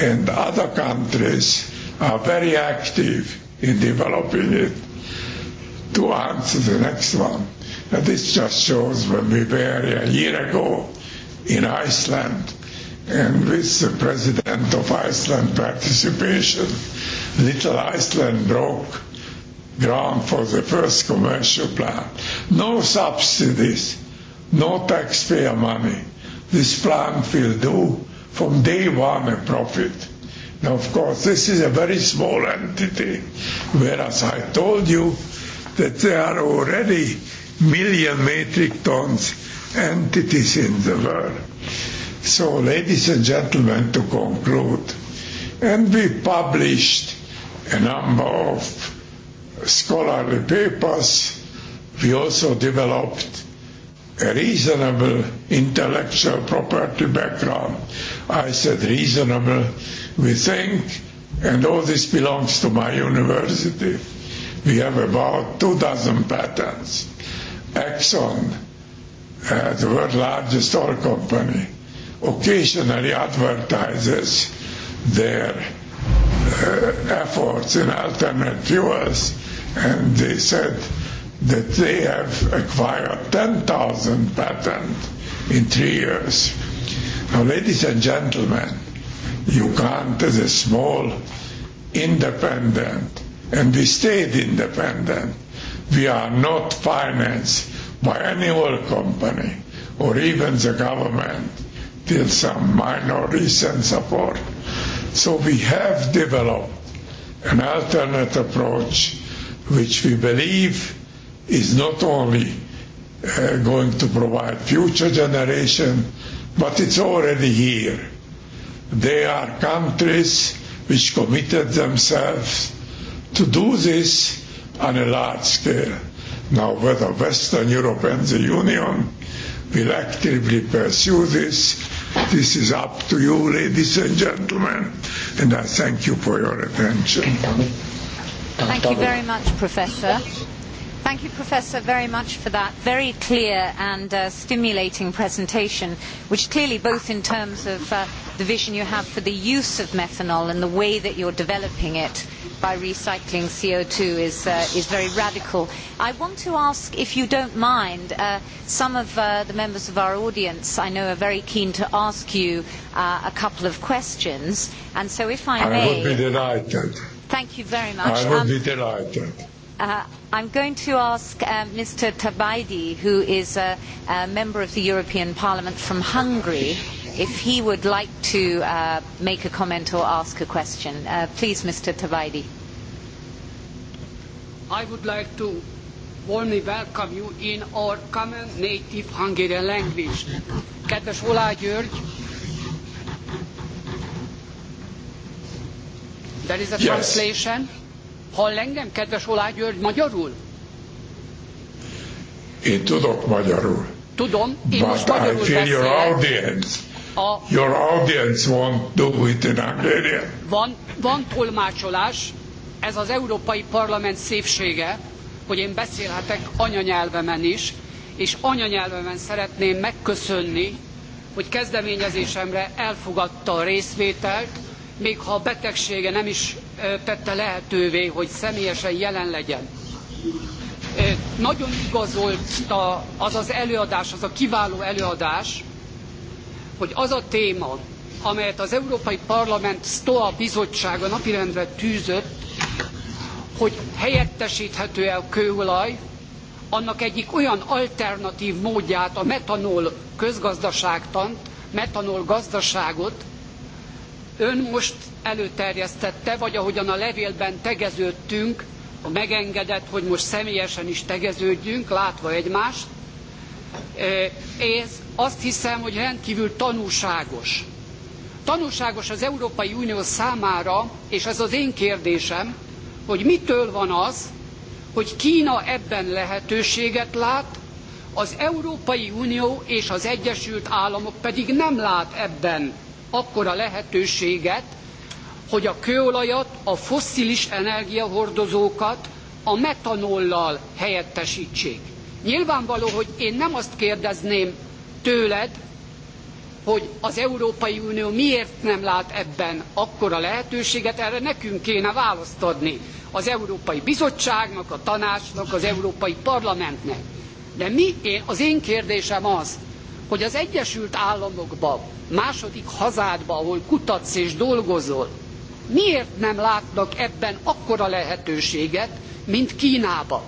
and other countries are very active in developing it. To answer the next one, this just shows when we were a year ago in Iceland and with the president of Iceland participation, Little Iceland broke ground for the first commercial plant. No subsidies, no taxpayer money this plant will do from day one a profit. Now, of course, this is a very small entity, whereas I told you that there are already million metric tons entities in the world. So, ladies and gentlemen, to conclude, and we published a number of scholarly papers. We also developed A reasonable intellectual property background. I said reasonable, we think, and all this belongs to my university. We have about two dozen patents. Exxon, the world's largest oil company, occasionally advertises their uh, efforts in alternate fuels, and they said that they have acquired 10,000 patents in three years. Now, ladies and gentlemen, you can't as a small, independent, and we stayed independent. We are not financed by any oil company or even the government till some minor recent support. So we have developed an alternate approach which we believe is not only uh, going to provide future generation, but it's already here. They are countries which committed themselves to do this on a large scale. Now, whether Western Europe and the Union will actively pursue this, this is up to you, ladies and gentlemen, and I thank you for your attention. Thank you very much, Professor. Thank you, Professor, very much for that very clear and stimulating presentation, which clearly both in terms of the vision you have for the use of methanol and the way that you're developing it by recycling CO2 is very radical. I want to ask, if you don't mind, some of the members of our audience I know are very keen to ask you a couple of questions, and so if I may. I would be delighted. Thank you very much. I would be delighted. I'm going to ask Mr. Tabaidi, who is a member of the European Parliament from Hungary, if he would like to make a comment or ask a question. Please, Mr. Tabaidi. I would like to warmly welcome you in our common native Hungarian language. Kedves there is a translation. Hall engem, kedves Olá György, magyarul? Én tudok magyarul. Tudom, én But most magyarul audience. A... Your audience won't do it in Hungarian. Van, van tolmácsolás, ez az Európai Parlament szépsége, hogy én beszélhetek anyanyelvemen is, és anyanyelvemen szeretném megköszönni, hogy kezdeményezésemre elfogadta a részvételt, még ha a betegsége nem is tette lehetővé, hogy személyesen jelen legyen. Nagyon igazolta az az előadás, az a kiváló előadás, hogy az a téma, amelyet az Európai Parlament STOA bizottsága napirendre tűzött, hogy helyettesíthető-e a kőolaj, annak egyik olyan alternatív módját, a metanol közgazdaságtant, metanol gazdaságot, Ön most előterjesztette, vagy ahogyan a levélben tegeződtünk, megengedett, hogy most személyesen is tegeződjünk, látva egymást. és azt hiszem, hogy rendkívül tanúságos. Tanúságos az Európai Unió számára, és ez az én kérdésem, hogy mitől van az, hogy Kína ebben lehetőséget lát, az Európai Unió és az Egyesült Államok pedig nem lát ebben akkora lehetőséget, hogy a kőolajat, a fosszilis energiahordozókat a metanollal helyettesítsék. Nyilvánvaló, hogy én nem azt kérdezném tőled, hogy az Európai Unió miért nem lát ebben akkora lehetőséget, erre nekünk kéne választ adni az Európai Bizottságnak, a tanácsnak, az Európai Parlamentnek. De mi, az én kérdésem az, hogy az Egyesült Államokban, második hazádba, ahol kutatsz és dolgozol, miért nem látnak ebben akkora lehetőséget, mint Kínában?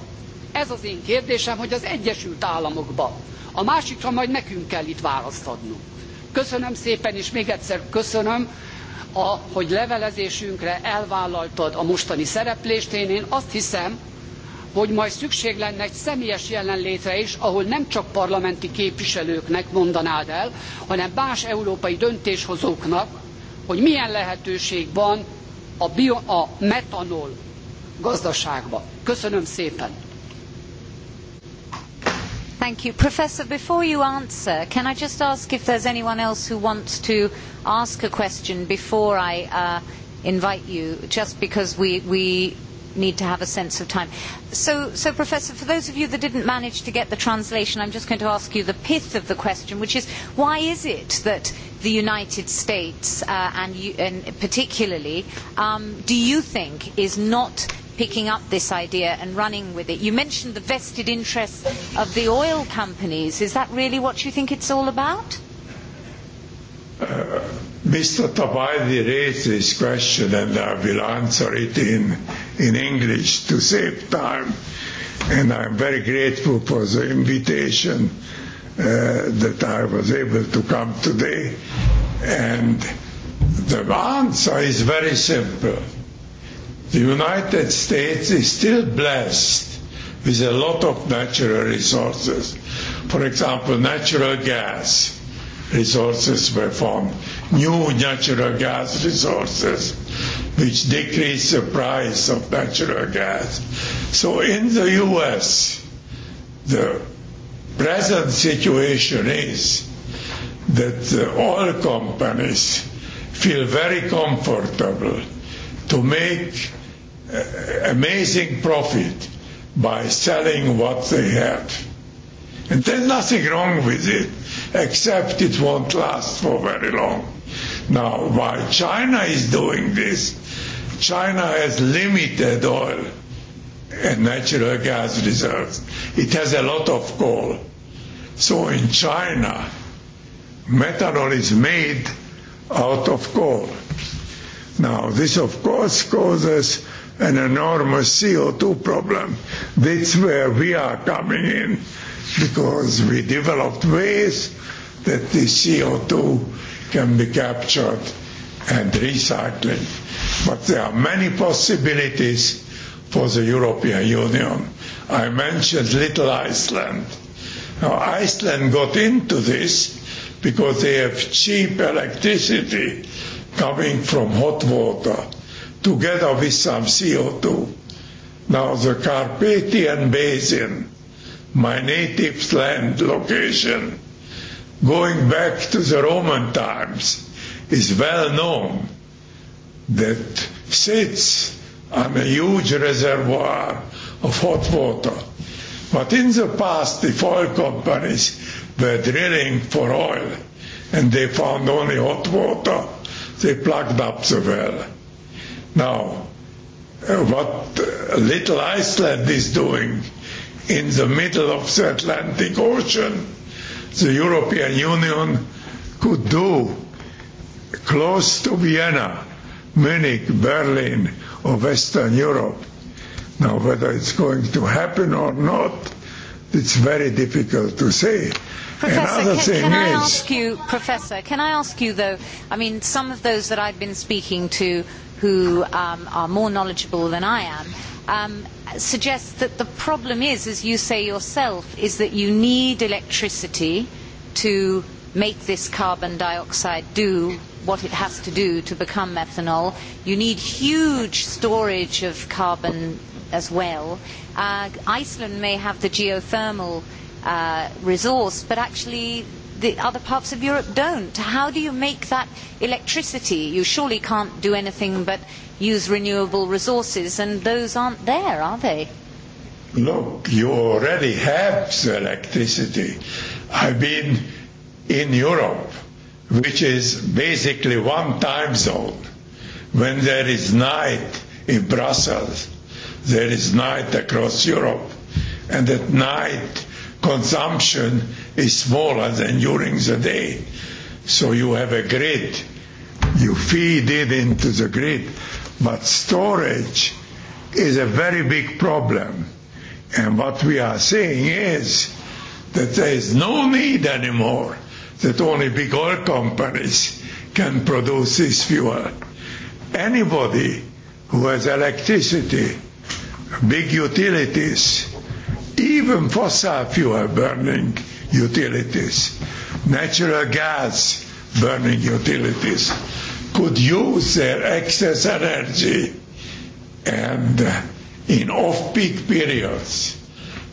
Ez az én kérdésem, hogy az Egyesült Államokban. A másikra majd nekünk kell itt választ adnunk. Köszönöm szépen, és még egyszer köszönöm, hogy levelezésünkre elvállaltad a mostani szereplést. Én, én azt hiszem, hogy majd szükség lenne egy személyes jelenlétre is ahol nem csak parlamenti képviselőknek mondanád el hanem más európai döntéshozóknak hogy milyen lehetőség van a, bio, a metanol gazdaságban. Köszönöm szépen! Thank you. Professor, before you answer, can I just ask if there's anyone else who wants to ask a question before I uh, invite you, just because we, we need to have a sense of time. So, Professor, for those of you that didn't manage to get the translation, I'm just going to ask you the pith of the question, which is why is it that the United States, and particularly, do you think is not picking up this idea and running with it? You mentioned the vested interests of the oil companies. Is that really what you think it's all about? Mr. Tabajdi raised this question and I will answer it in, in English to save time. And I'm very grateful for the invitation that I was able to come today. And the answer is very simple. The United States is still blessed with a lot of natural resources. For example, natural gas resources were formed, new natural gas resources, which decreased the price of natural gas. So in the U.S., the present situation is that the oil companies feel very comfortable to make amazing profit by selling what they have. And there's nothing wrong with it except it won't last for very long. Now, while China is doing this, China has limited oil and natural gas reserves. It has a lot of coal. So in China, methanol is made out of coal. Now, this of course causes an enormous CO2 problem. That's where we are coming in because we developed ways that the CO2 can be captured and recycled. But there are many possibilities for the European Union. I mentioned Little Iceland. Now Iceland got into this because they have cheap electricity coming from hot water together with some CO2. Now the Carpathian Basin, my native land location, going back to the Roman times, is well known that sits on a huge reservoir of hot water. But in the past, the oil companies were drilling for oil, and they found only hot water. They plugged up the well. Now, what little Iceland is doing in the middle of the Atlantic Ocean the European Union could do close to Vienna, Munich, Berlin or Western Europe. Now whether it's going to happen or not, it's very difficult to say. Professor, can, can I ask you, Professor, can I ask you though, I mean some of those that I've been speaking to who are more knowledgeable than I am, suggests that the problem is, as you say yourself, is that you need electricity to make this carbon dioxide do what it has to do to become methanol. You need huge storage of carbon as well. Iceland may have the geothermal resource, but actually the other parts of Europe don't. How do you make that electricity? You surely can't do anything but use renewable resources, and those aren't there, are they? Look, you already have the electricity. I've been in Europe, which is basically one time zone. When there is night in Brussels, there is night across Europe, and at night consumption is smaller than during the day. So you have a grid, you feed it into the grid, but storage is a very big problem. And what we are saying is that there is no need anymore that only big oil companies can produce this fuel. Anybody who has electricity, big utilities, even fossil fuel burning utilities, natural gas burning utilities could use their excess energy and in off-peak periods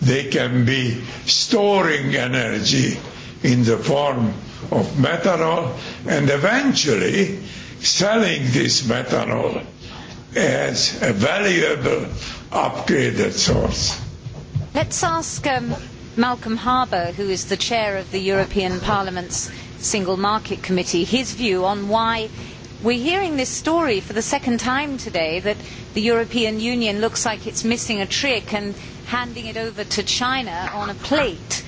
they can be storing energy in the form of methanol and eventually selling this methanol as a valuable upgraded source. Let's ask Malcolm Harbour, who is the chair of the European Parliament's Single Market Committee, his view on why we're hearing this story for the second time today that the European Union looks like it's missing a trick and handing it over to China on a plate.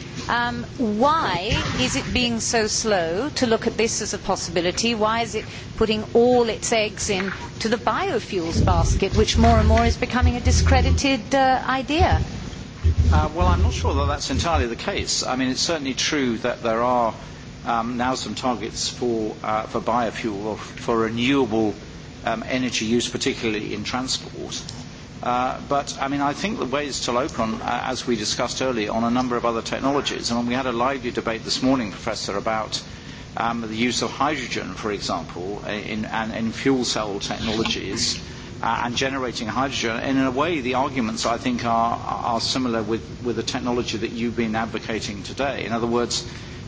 Why is it being so slow to look at this as a possibility? Why is it putting all its eggs into the biofuels basket, which more and more is becoming a discredited idea? Well, I'm not sure that that's entirely the case. I mean, it's certainly true that there are now some targets for for biofuel or for renewable energy use, particularly in transport. But, I mean, I think the way is to look on, as we discussed earlier, on a number of other technologies. And we had a lively debate this morning, Professor, about the use of hydrogen, for example, and in fuel cell technologies and generating hydrogen. And in a way, the arguments, I think, are similar with the technology that you've been advocating today. In other words,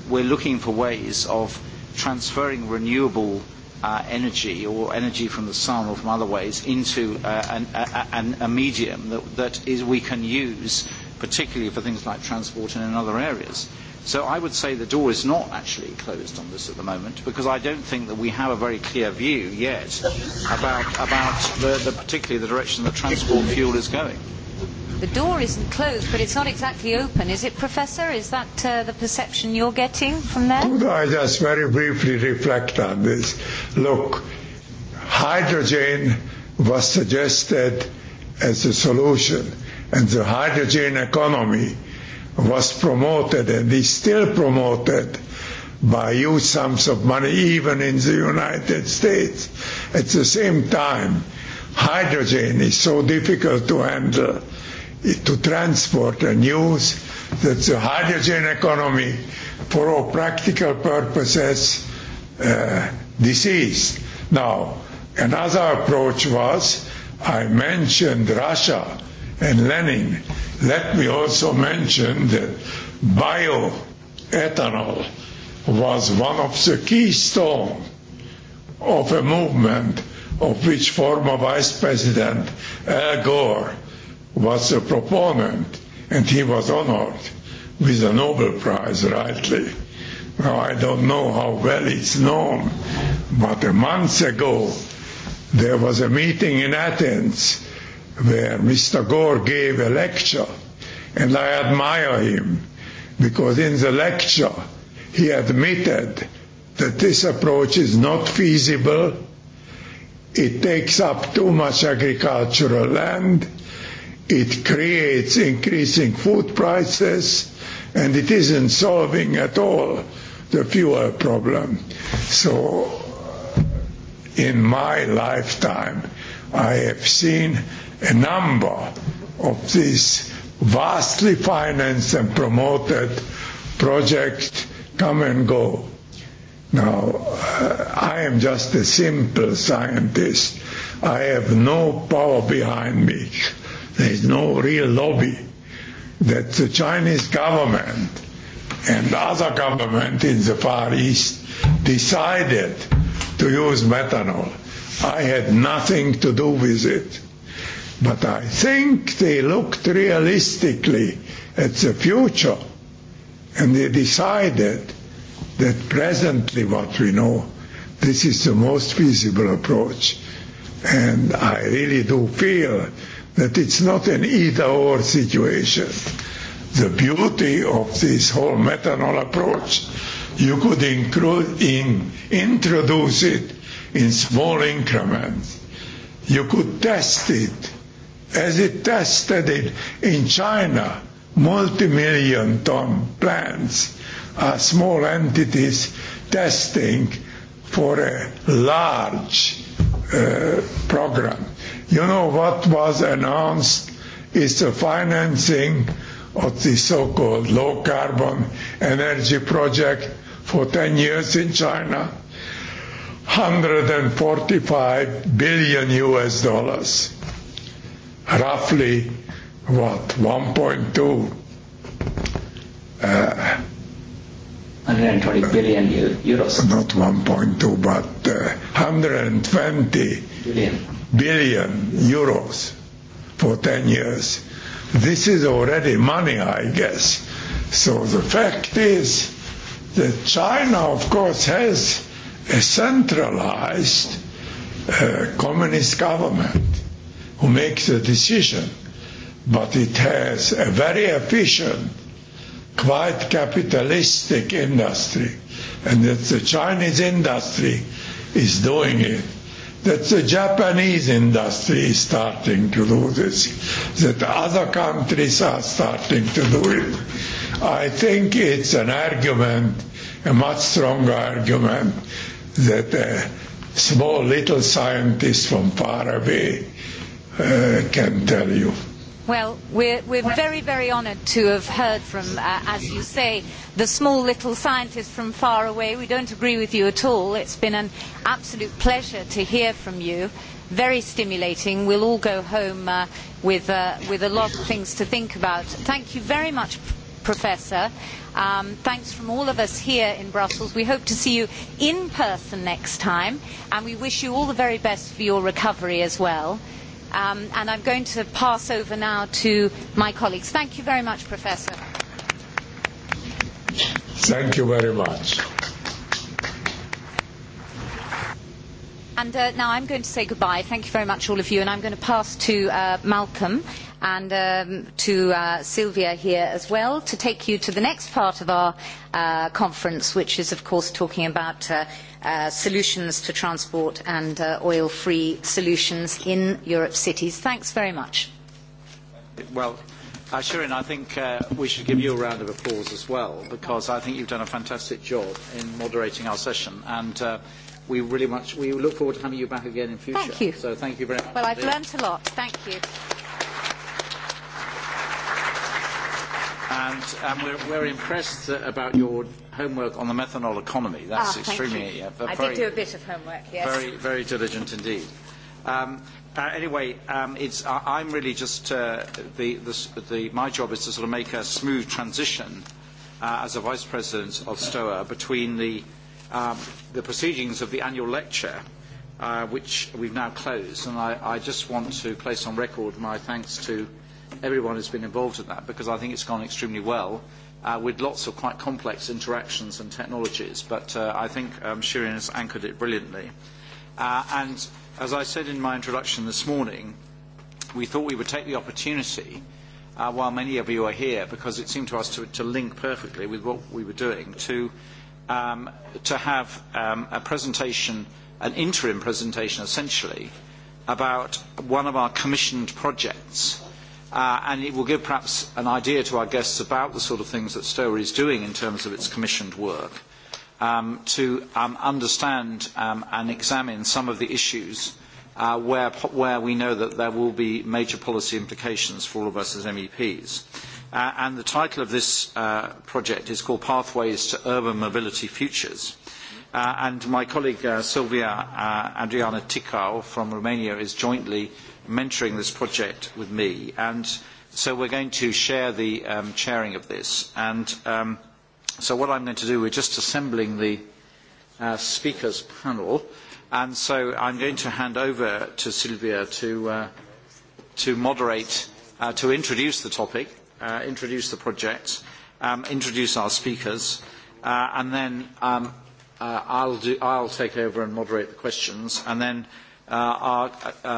we're looking for ways of transferring renewable energy or energy from the sun or from other ways into a medium that we can use, particularly for things like transport and in other areas. So I would say the door is not actually closed on this at the moment because I don't think that we have a very clear view yet about particularly the direction that transport fuel is going. The door isn't closed, but it's not exactly open, is it, Professor? Is that the perception you're getting from there? Could I just very briefly reflect on this? Look, hydrogen was suggested as a solution, and the hydrogen economy was promoted and is still promoted by huge sums of money, even in the United States. At the same time, hydrogen is so difficult to handle, to transport and use, that the hydrogen economy, for all practical purposes, uh, Now, another approach was, I mentioned Russia, and Lenin. Let me also mention that bioethanol was one of the keystone of a movement of which former Vice President Al Gore was a proponent, and he was honored with a Nobel Prize, rightly. Now, I don't know how well it's known, but a month ago there was a meeting in Athens where Mr. Gore gave a lecture, and I admire him because in the lecture he admitted that this approach is not feasible, it takes up too much agricultural land, it creates increasing food prices, and it isn't solving at all the fuel problem. So in my lifetime, I have seen a number of these vastly financed and promoted projects come and go. Now, I am just a simple scientist. I have no power behind me. There is no real lobby that the Chinese government and other government in the Far East decided to use methanol. I had nothing to do with it. But I think they looked realistically at the future and they decided that presently what we know, this is the most feasible approach. And I really do feel that it's not an either-or situation. The beauty of this whole methanol approach, you could include in, introduce it in small increments. You could test it as it tested it in China, multi-million ton plants are small entities testing for a large program. You know what was announced is the financing of the so-called low-carbon energy project for 10 years in China, 145 billion US dollars roughly what 1.2 uh, 120 billion euros. Not 1.2, but 120 billion. euros for 10 years. This is already money, I guess. So the fact is that China, of course, has a centralized communist government who makes a decision, but it has a very efficient, quite capitalistic industry, and that the Chinese industry is doing it. That the Japanese industry is starting to do this, that other countries are starting to do it. I think it's an argument, a much stronger argument, that a small little scientist from far away can tell you. Well, we're very, very honoured to have heard from, as you say, the small little scientist from far away. We don't agree with you at all. It's been an absolute pleasure to hear from you. Very stimulating. We'll all go home with a lot of things to think about. Thank you very much, Professor. Thanks from all of us here in Brussels. We hope to see you in person next time, and we wish you all the very best for your recovery as well and I'm going to pass over now to my colleagues. Thank you very much, Professor. Thank you very much. And now I'm going to say goodbye. Thank you very much, all of you. And I'm going to pass to Malcolm and to Sylvia here as well to take you to the next part of our conference, which is, of course, talking about solutions to transport and oil-free solutions in Europe's cities. Thanks very much. Well, Shirin, I think we should give you a round of applause as well, because I think you've done a fantastic job in moderating our session. And we really much we look forward to having you back again in future. Thank you. So thank you very much. Well, I've learnt a lot. Thank you. And um, we're, we're impressed about your homework on the methanol economy. That's extremely. I did do a bit of homework. Yes. Very, very diligent indeed. Um, Anyway, it's I'm really just the my job is to sort of make a smooth transition as a vice president of STOA between the the proceedings of the annual lecture, which we've now closed, and I just want to place on record my thanks to everyone who's been involved in that, because I think it's gone extremely well, with lots of quite complex interactions and technologies, but I think Shirin has anchored it brilliantly. And as I said in my introduction this morning, we thought we would take the opportunity while many of you are here, because it seemed to us to link perfectly with what we were doing, to to have a presentation, an interim presentation essentially, about one of our commissioned projects. And it will give perhaps an idea to our guests about the sort of things that STOA is doing in terms of its commissioned work, to understand and examine some of the issues where we know that there will be major policy implications for all of us as MEPs and the title of this project is called Pathways to Urban Mobility Futures. And my colleague Silvia Adriana Ticau from Romania is jointly mentoring this project with me. And so we're going to share the chairing of this. And so what I'm going to do, we're just assembling the speakers panel. And so I'm going to hand over to Silvia to moderate, to introduce the topic introduce the project, introduce our speakers, and then I'll take over and moderate the questions. And then our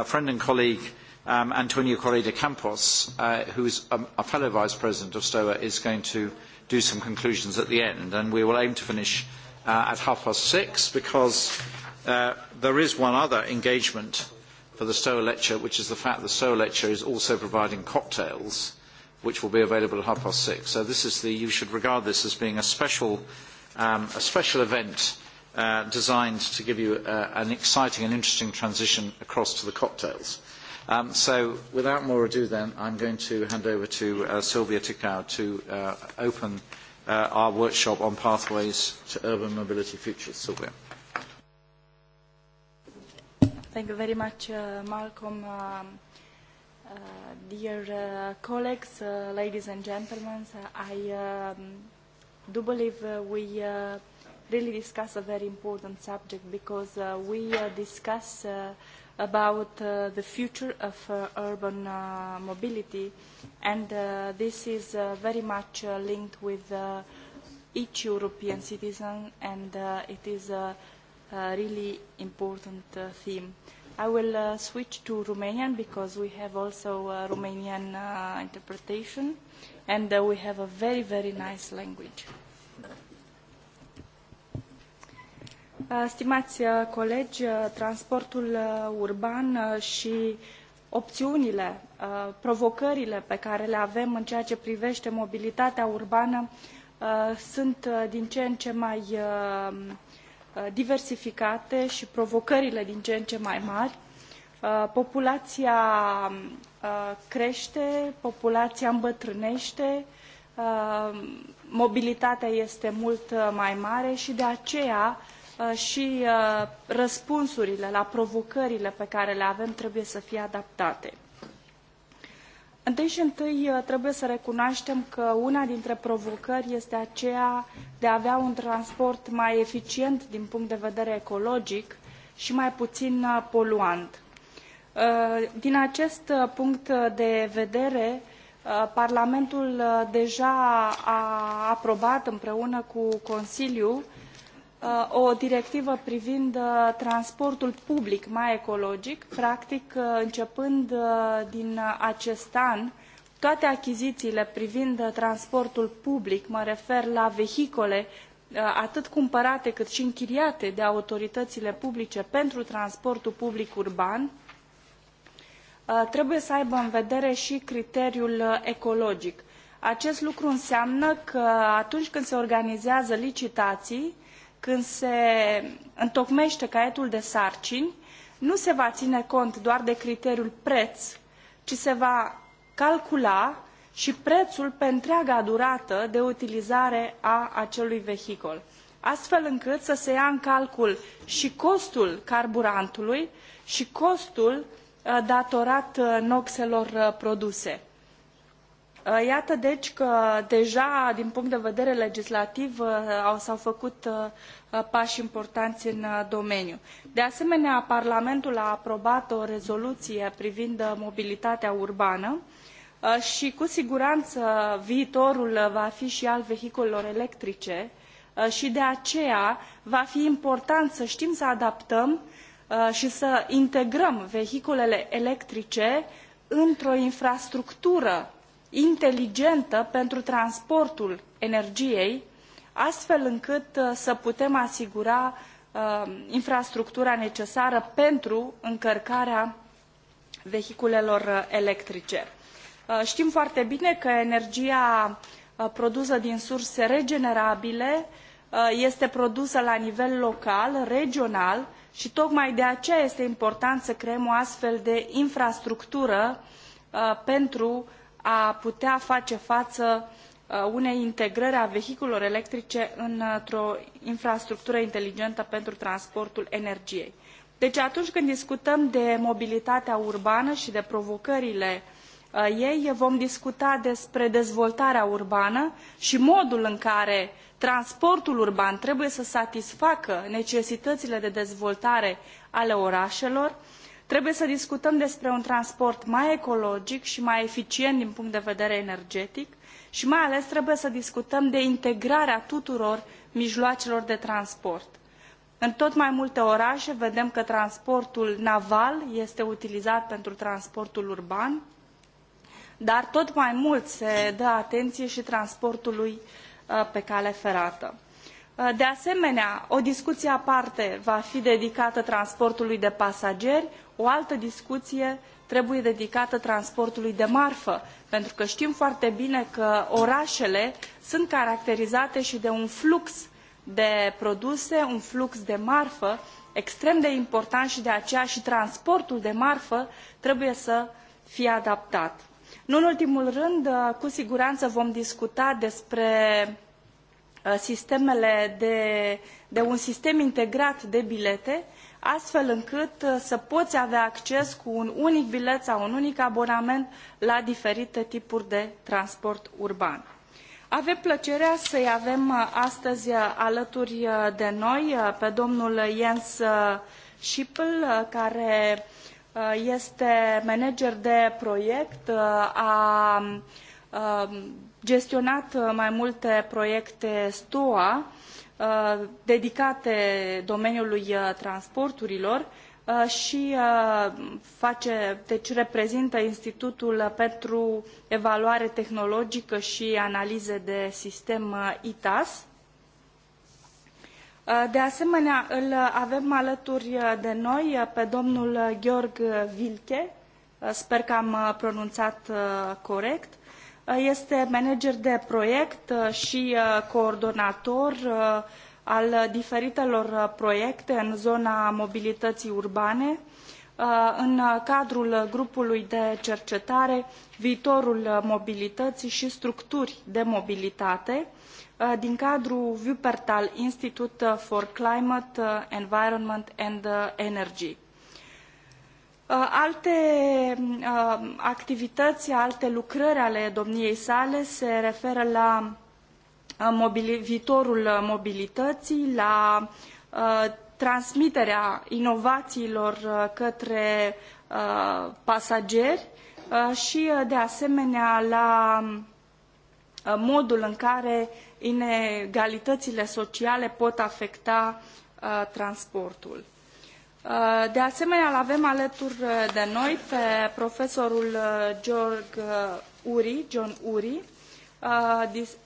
friend and colleague Antonio Correa de Campos, who is a fellow Vice President of STOA, is going to do some conclusions at the end. And we will aim to finish at half past six because there is one other engagement for the STOA lecture, which is the fact the STOA lecture is also providing cocktails which will be available at half past six. So this is the, you should regard this as being a special, a special event designed to give you an exciting and interesting transition across to the cocktails. Um So without more ado then, I'm going to hand over to Sylvia Tikau to open our workshop on pathways to urban mobility futures. Sylvia. Thank you very much, Malcolm. Dear colleagues, ladies and gentlemen, I do believe we really discuss a very important subject because we discuss about the future of urban mobility and this is very much linked with each European citizen and it is a really important theme. I will switch to Romanian because we have also Romanian interpretation and we have a very, very nice language. Stimați colegi, transportul urban și opțiunile, provocările pe care le avem în ceea ce privește mobilitatea urbană sunt din ce în ce mai diversificate și provocările din ce în ce mai mari. Populația crește, populația îmbătrânește, mobilitatea este mult mai mare și de aceea și răspunsurile la provocările pe care le avem trebuie să fie adaptate Întâi și întâi trebuie să recunoaștem că una dintre provocări este aceea de a avea un transport mai eficient din punct de vedere ecologic și mai puțin poluant. Din acest punct de vedere, Parlamentul deja a aprobat împreună cu Consiliul o directivă privind transportul public mai ecologic. Practic, începând din acest an, toate achizițiile privind transportul public, mă refer la vehicole atât cumpărate cât și închiriate de autoritățile publice pentru transportul public urban, trebuie să aibă în vedere și criteriul ecologic. Acest lucru înseamnă că atunci când se organizează licitații, când se întocmește caietul de sarcini, nu se va ține cont doar de criteriul preț, ci se va calcula și prețul pe întreaga durată de utilizare a acelui vehicol, astfel încât să se ia în calcul și costul carburantului și costul datorat noxelor produse Iată deci că deja din punct de vedere legislativ s-au făcut pași importanți în domeniu. De asemenea, Parlamentul a aprobat o rezoluție privind mobilitatea urbană și cu siguranță viitorul va fi și al vehiculelor electrice și de aceea va fi important să știm să adaptăm și să integrăm vehiculele electrice într-o infrastructură inteligentă pentru transportul energiei, astfel încât să putem asigura infrastructura necesară pentru încărcarea vehiculelor electrice. Știm foarte bine că energia produsă din surse regenerabile este produsă la nivel local, regional și tocmai de aceea este important să creăm o astfel de infrastructură pentru a putea face față unei integrări a vehiculelor electrice într o infrastructură inteligentă pentru transportul energiei. deci atunci când discutăm de mobilitatea urbană și de provocările ei vom discuta despre dezvoltarea urbană și modul în care transportul urban trebuie să satisfacă necesitățile de dezvoltare ale orașelor trebuie să discutăm despre un transport mai ecologic și mai eficient din punct de vedere energetic și mai ales trebuie să discutăm de integrarea tuturor mijloacelor de transport. în tot mai multe orașe vedem că transportul naval este utilizat pentru transportul urban dar tot mai mult se dă atenție și transportului pe cale ferată. De asemenea, o discuție aparte va fi dedicată transportului de pasageri, o altă discuție trebuie dedicată transportului de marfă, pentru că știm foarte bine că orașele sunt caracterizate și de un flux de produse, un flux de marfă extrem de important și de aceea și transportul de marfă trebuie să fie adaptat. Nu în ultimul rând, cu siguranță vom discuta despre sistemele de un sistem integrat de bilete, astfel încât să poți avea acces cu un unic bilet sau un unic abonament la diferite tipuri de transport urban. Avem plăcerea să-i avem astăzi alături de noi pe domnul Jens Schippel, care este manager de proiect a gestionat mai multe proiecte STOA dedicate domeniului transporturilor și face, reprezintă Institutul pentru Evaluare Tehnologică și Analize de Sistem ITAS. De asemenea, îl avem alături de noi pe domnul Georg Vilche, sper că am pronunțat corect, este manager de proiect și coordonator al diferitelor proiecte în zona mobilității urbane în cadrul grupului de cercetare Viitorul mobilității și structuri de mobilitate din cadrul Wuppertal Institute for Climate, Environment and Energy. Alte activități, alte lucrări ale domniei sale se referă la viitorul mobilității, la transmiterea inovațiilor către pasageri și, de asemenea, la modul în care inegalitățile sociale pot afecta transportul. De asemenea, îl avem alături de noi pe profesorul George Uri, John Uri,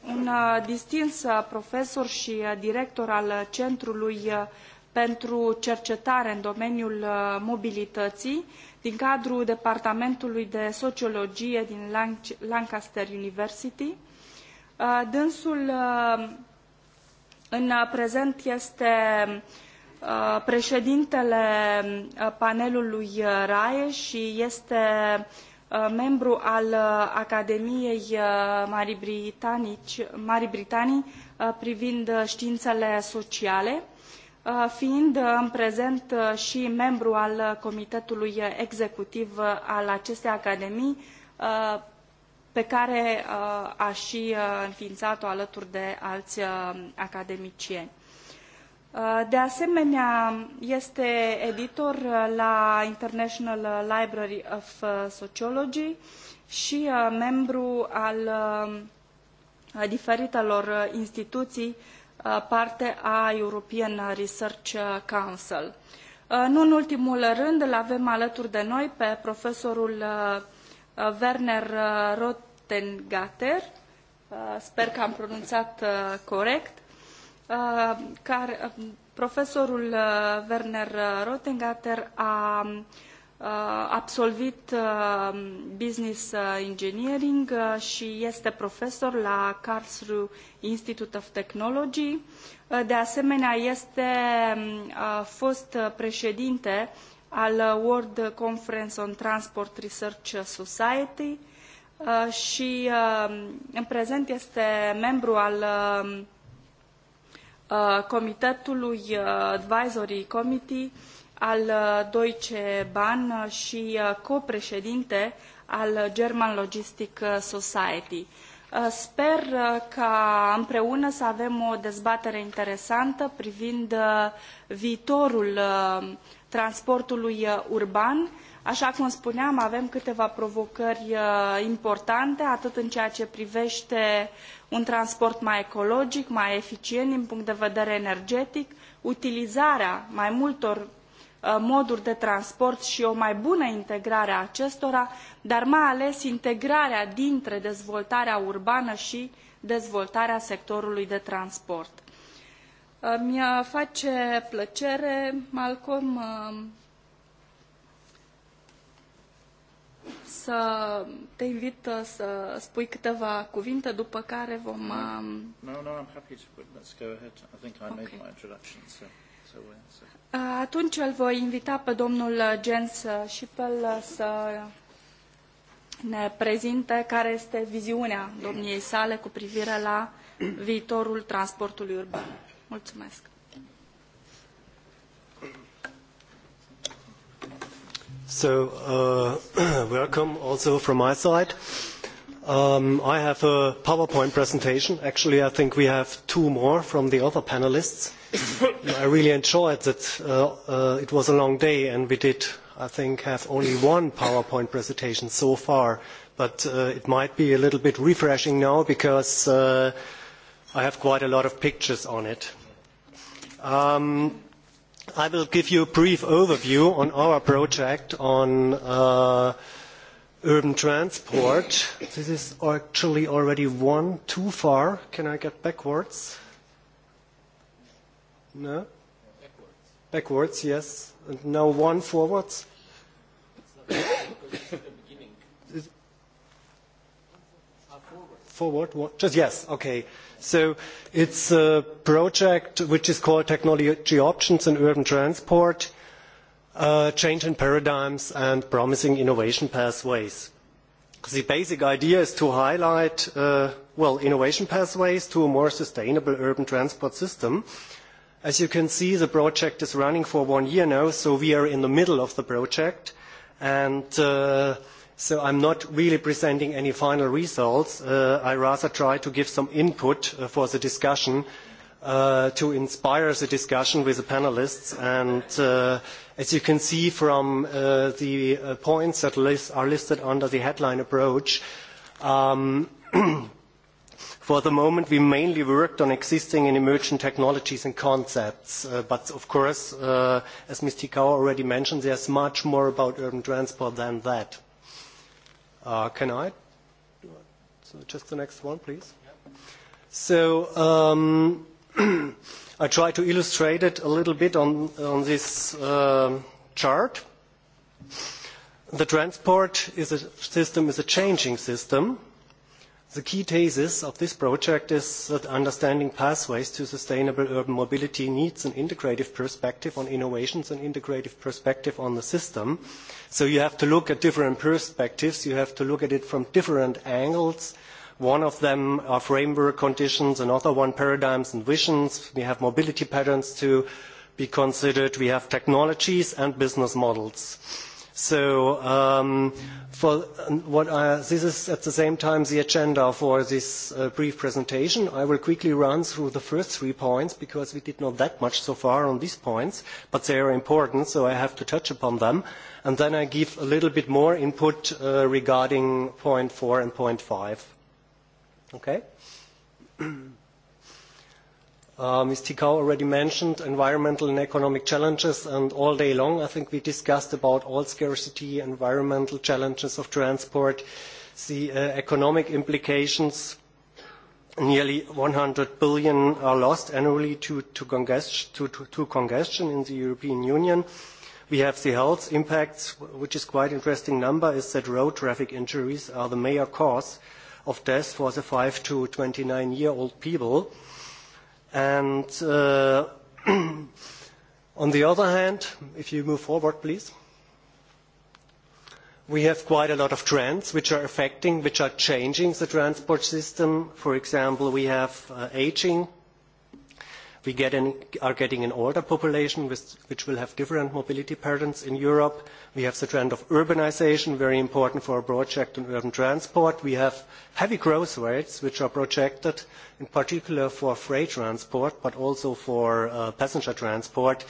un distins profesor și director al Centrului pentru Cercetare în domeniul mobilității din cadrul Departamentului de Sociologie din Lancaster University. Dânsul în prezent este președintele panelului RAE și este membru al Academiei Marii Britanii, Britanii privind științele sociale, fiind în prezent și membru al Comitetului Executiv al acestei academii, pe care a și înființat-o alături de alți academicieni. De asemenea, este editor la International Library of Sociology și membru al diferitelor instituții parte a European Research Council. Nu în ultimul rând, îl avem alături de noi pe profesorul Werner Rottengatter, sper că am pronunțat corect, care profesorul Werner Rottengatter a absolvit business engineering și este profesor la Karlsruhe Institute of Technology. De asemenea, este fost președinte al World Conference on Transport Research Society și în prezent este membru al Comitetului Advisory Committee al Deutsche Bahn și copreședinte al German Logistic Society. Sper ca împreună să avem o dezbatere interesantă privind viitorul transportului urban. Așa cum spuneam, avem câteva provocări importante, atât în ceea ce privește un transport mai ecologic, mai eficient din punct de vedere energetic, utilizarea mai multor moduri de transport și o mai bună integrare a acestora, dar mai ales integrarea dintre dezvoltarea urbană și dezvoltarea sectorului de transport. Mi face plăcere, Malcolm, să te invit să spui câteva cuvinte, după care vom... No, no, I'm happy to. Let's go ahead. I think I made my introduction, so... Atunci îl voi invita pe domnul Jens Schippel să ne prezinte care este viziunea domniei sale cu privire la viitorul transportului urban. Mulțumesc. So welcome also from my side. I have a PowerPoint presentation. Actually, I think we have two more from the other panelists. I really enjoyed that it was a long day and we did, I think, have only one PowerPoint presentation so far. But it might be a little bit refreshing now because I have quite a lot of pictures on it. I will give you a brief overview on our project on uh urban transport. This is actually already one too far. Can I get backwards? No? Backwards, yes. And now one forwards? Forward, just yes, okay. So it's a project which is called Technology Options in Urban Transport, Change in Paradigms and Promising Innovation Pathways. The basic idea is to highlight, well, innovation pathways to a more sustainable urban transport system. As you can see, the project is running for one year now, so we are in the middle of the project, and So I'm not really presenting any final results. I rather try to give some input for the discussion, to inspire the discussion with the panelists. And as you can see from the points that are listed under the headline approach, for the moment we mainly worked on existing and emerging technologies and concepts. But of course, as Ms. Tikau already mentioned, there's much more about urban transport than that. Can I? So just the next one, please. So um I try to illustrate it a little bit on this chart. The transport is a system is a changing system The key thesis of this project is that understanding pathways to sustainable urban mobility needs an integrative perspective on innovations and integrative perspective on the system. So you have to look at different perspectives. You have to look at it from different angles. One of them are framework conditions, another one paradigms and visions. We have mobility patterns to be considered. We have technologies and business models. So this is at the same time the agenda for this brief presentation. I will quickly run through the first three points because we did not that much so far on these points, but they are important, so I have to touch upon them. And then I give a little bit more input regarding point four and point five. Okay? Ms. Ticau already mentioned environmental and economic challenges, and all day long I think we discussed about all scarcity, environmental challenges of transport, the economic implications. Nearly 100 billion are lost annually to congestion in the European Union. We have the health impacts, which is quite interesting number, is that road traffic injuries are the major cause of death for the 5 to 29 year old people. And on the other hand, if you move forward, please, we have quite a lot of trends which are affecting, which are changing the transport system. For example, we have aging We are getting an older population which will have different mobility patterns in Europe. We have the trend of urbanisation, very important for our project on urban transport. We have heavy growth rates which are projected, in particular for freight transport, but also for passenger transport.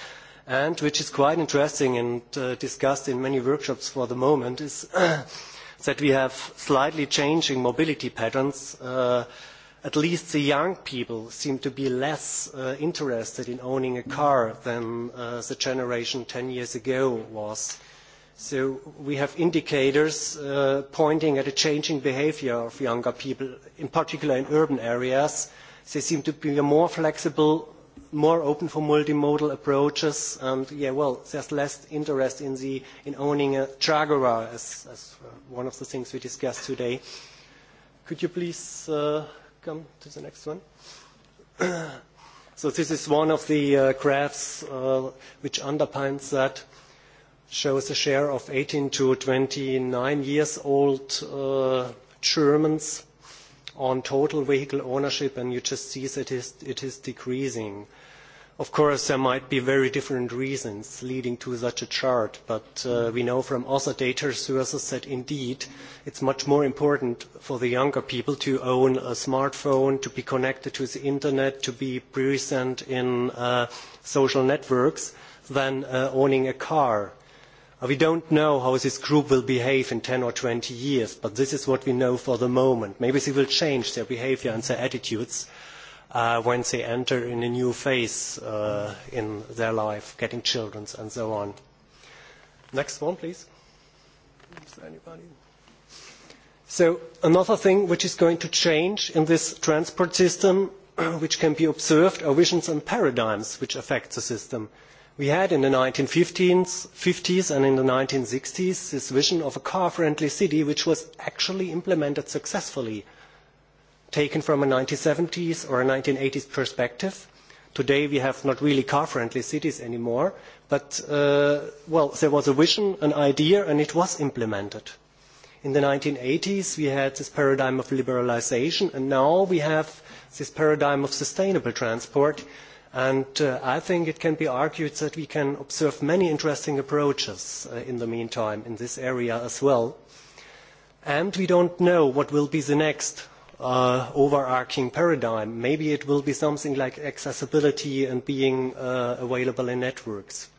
And which is quite interesting and discussed in many workshops for the moment is that we have slightly changing mobility patterns at least the young people seem to be less interested in owning a car than the generation 10 years ago was. So we have indicators pointing at a changing behavior of younger people, in particular in urban areas. They seem to be more flexible, more open for multimodal approaches, and yeah, well, there's less interest in owning a Jaguar, as one of the things we discussed today. Could you please come to the next one. So this is one of the graphs which underpins that, shows a share of 18 to 29 years old Germans on total vehicle ownership, and you just see that it is decreasing. Of course, there might be very different reasons leading to such a chart, but we know from other data sources that indeed it's much more important for the younger people to own a smartphone, to be connected to the internet, to be present in social networks than owning a car. We don't know how this group will behave in 10 or 20 years, but this is what we know for the moment. Maybe they will change their behaviour and their attitudes When they enter in a new phase in their life, getting children and so on. Next one, please. So another thing which is going to change in this transport system, which can be observed, are visions and paradigms which affect the system. We had in the 1950s and in the 1960s this vision of a car-friendly city which was actually implemented successfully taken from a 1970s or a 1980s perspective. Today we have not really car-friendly cities anymore, but well, there was a vision, an idea, and it was implemented. In the 1980s we had this paradigm of liberalisation, and now we have this paradigm of sustainable transport. And I think it can be argued that we can observe many interesting approaches in the meantime in this area as well. And we don't know what will be the next overarching paradigm. Maybe it will be something like accessibility and being available in networks.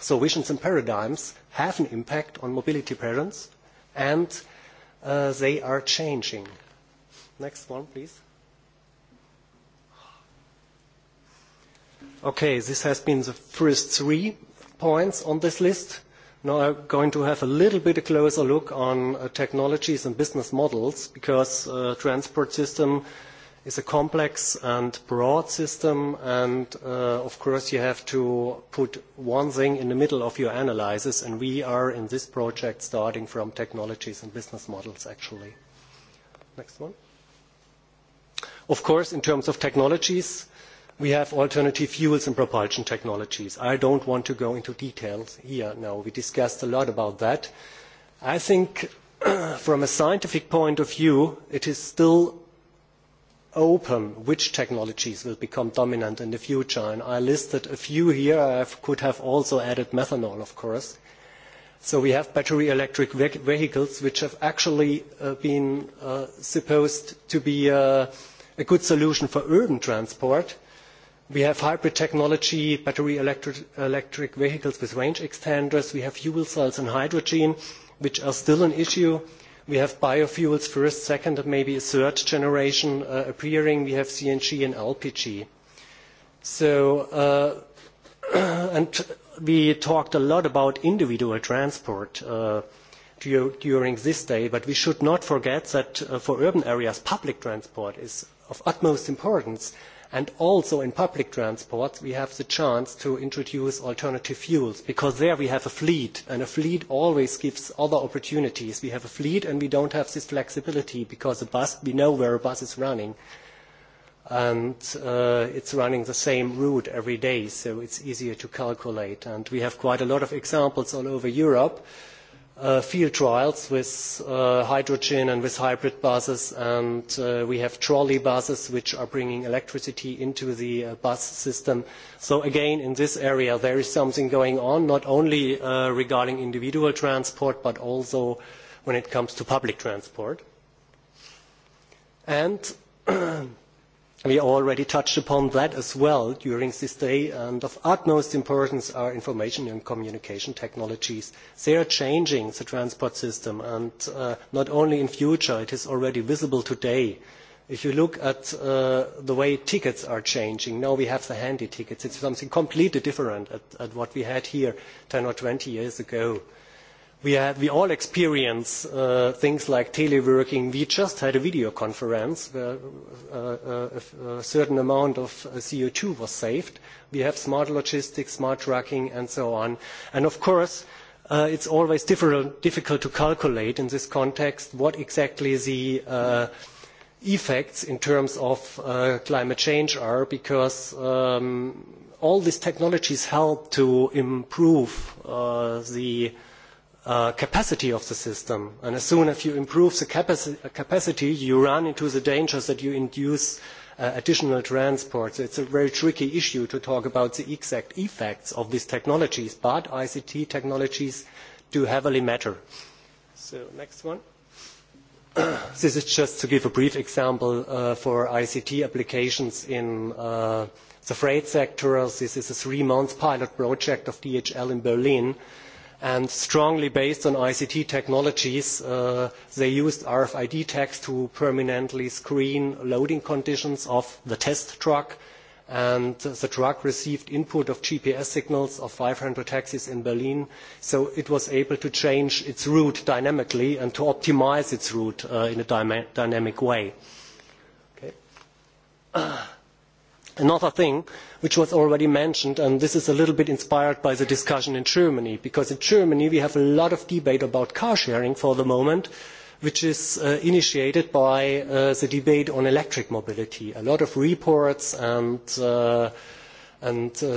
So visions and paradigms have an impact on mobility patterns and they are changing. Next one, please. Okay, this has been the first three points on this list. Now I'm going to have a little bit closer look on technologies and business models because the transport system is a complex and broad system and of course you have to put one thing in the middle of your analysis and we are in this project starting from technologies and business models actually. Next one. Of course in terms of technologies We have alternative fuels and propulsion technologies. I don't want to go into details here now. We discussed a lot about that. I think from a scientific point of view, it is still open which technologies will become dominant in the future. And I listed a few here. I could have also added methanol, of course. So we have battery electric vehicles, which have actually been supposed to be a good solution for urban transport We have hybrid technology, battery electric vehicles with range extenders. We have fuel cells and hydrogen, which are still an issue. We have biofuels first, second, and maybe a third generation appearing. We have CNG and LPG. So, and we talked a lot about individual transport during this day, but we should not forget that for urban areas, public transport is of utmost importance and also in public transport we have the chance to introduce alternative fuels because there we have a fleet and a fleet always gives other opportunities. We have a fleet and we don't have this flexibility because a bus, we know where a bus is running and it's running the same route every day so it's easier to calculate and we have quite a lot of examples all over Europe field trials with hydrogen and with hybrid buses and we have trolley buses which are bringing electricity into the bus system. So again in this area there is something going on not only regarding individual transport but also when it comes to public transport. And We already touched upon that as well during this day, and of utmost importance are information and communication technologies. They are changing the transport system, and not only in future, it is already visible today. If you look at the way tickets are changing, now we have the handy tickets. It's something completely different at what we had here 10 or 20 years ago. We all experience things like teleworking. We just had a video conference where a certain amount of CO2 was saved. We have smart logistics, smart tracking and so on. And of course, it's always difficult to calculate in this context what exactly the effects in terms of climate change are, because all these technologies help to improve the capacity of the system. And as soon as you improve the capacity, you run into the dangers that you induce additional transport. So it's a very tricky issue to talk about the exact effects of these technologies, but ICT technologies do heavily matter. So next one. This is just to give a brief example for ICT applications in the freight sector. This is a three-month pilot project of DHL in Berlin and strongly based on ICT technologies. They used RFID tags to permanently screen loading conditions of the test truck, and the truck received input of GPS signals of 500 taxis in Berlin, so it was able to change its route dynamically and to optimize its route in a dynamic way. Another thing which was already mentioned, and this is a little bit inspired by the discussion in Germany, because in Germany we have a lot of debate about car sharing for the moment, which is initiated by the debate on electric mobility. A lot of reports and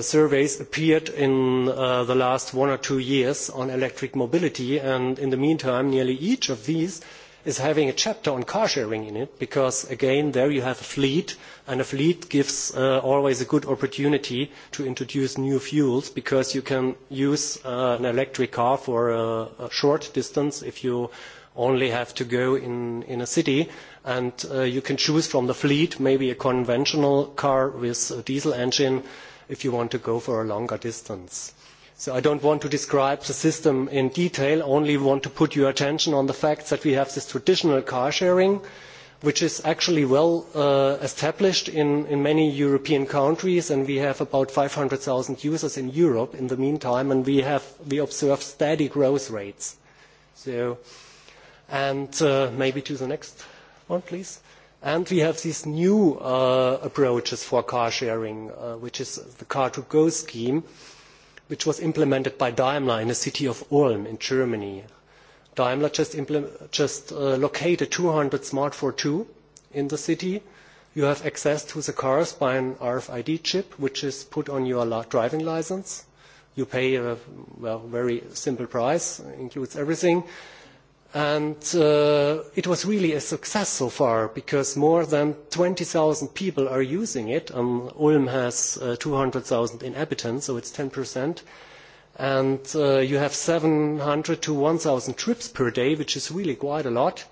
surveys appeared in the last one or two years on electric mobility, and in the meantime nearly each of these is having a chapter on car sharing in it because again there you have a fleet and a fleet gives always a good opportunity to introduce new fuels because you can use an electric car for a short distance if you only have to go in a city and you can choose from the fleet maybe a conventional car with a diesel engine if you want to go for a longer distance. So I don't want to describe the system in detail, only want to put your attention on the fact that we have this traditional car sharing, which is actually well established in many European countries, and we have about 500,000 users in Europe in the meantime, and we observe steady growth rates. And maybe to the next one, please. And we have these new approaches for car sharing, which is the car-to-go scheme which was implemented by Daimler in the city of Ulm in Germany. Daimler just located 200 Smart two in the city. You have access to the cars by an RFID chip, which is put on your driving license. You pay a very simple price, includes everything and it was really a success so far because more than 20,000 people are using it. Ulm has 200,000 inhabitants, so it's 10%. And you have 700 to 1,000 trips per day, which is really quite a lot.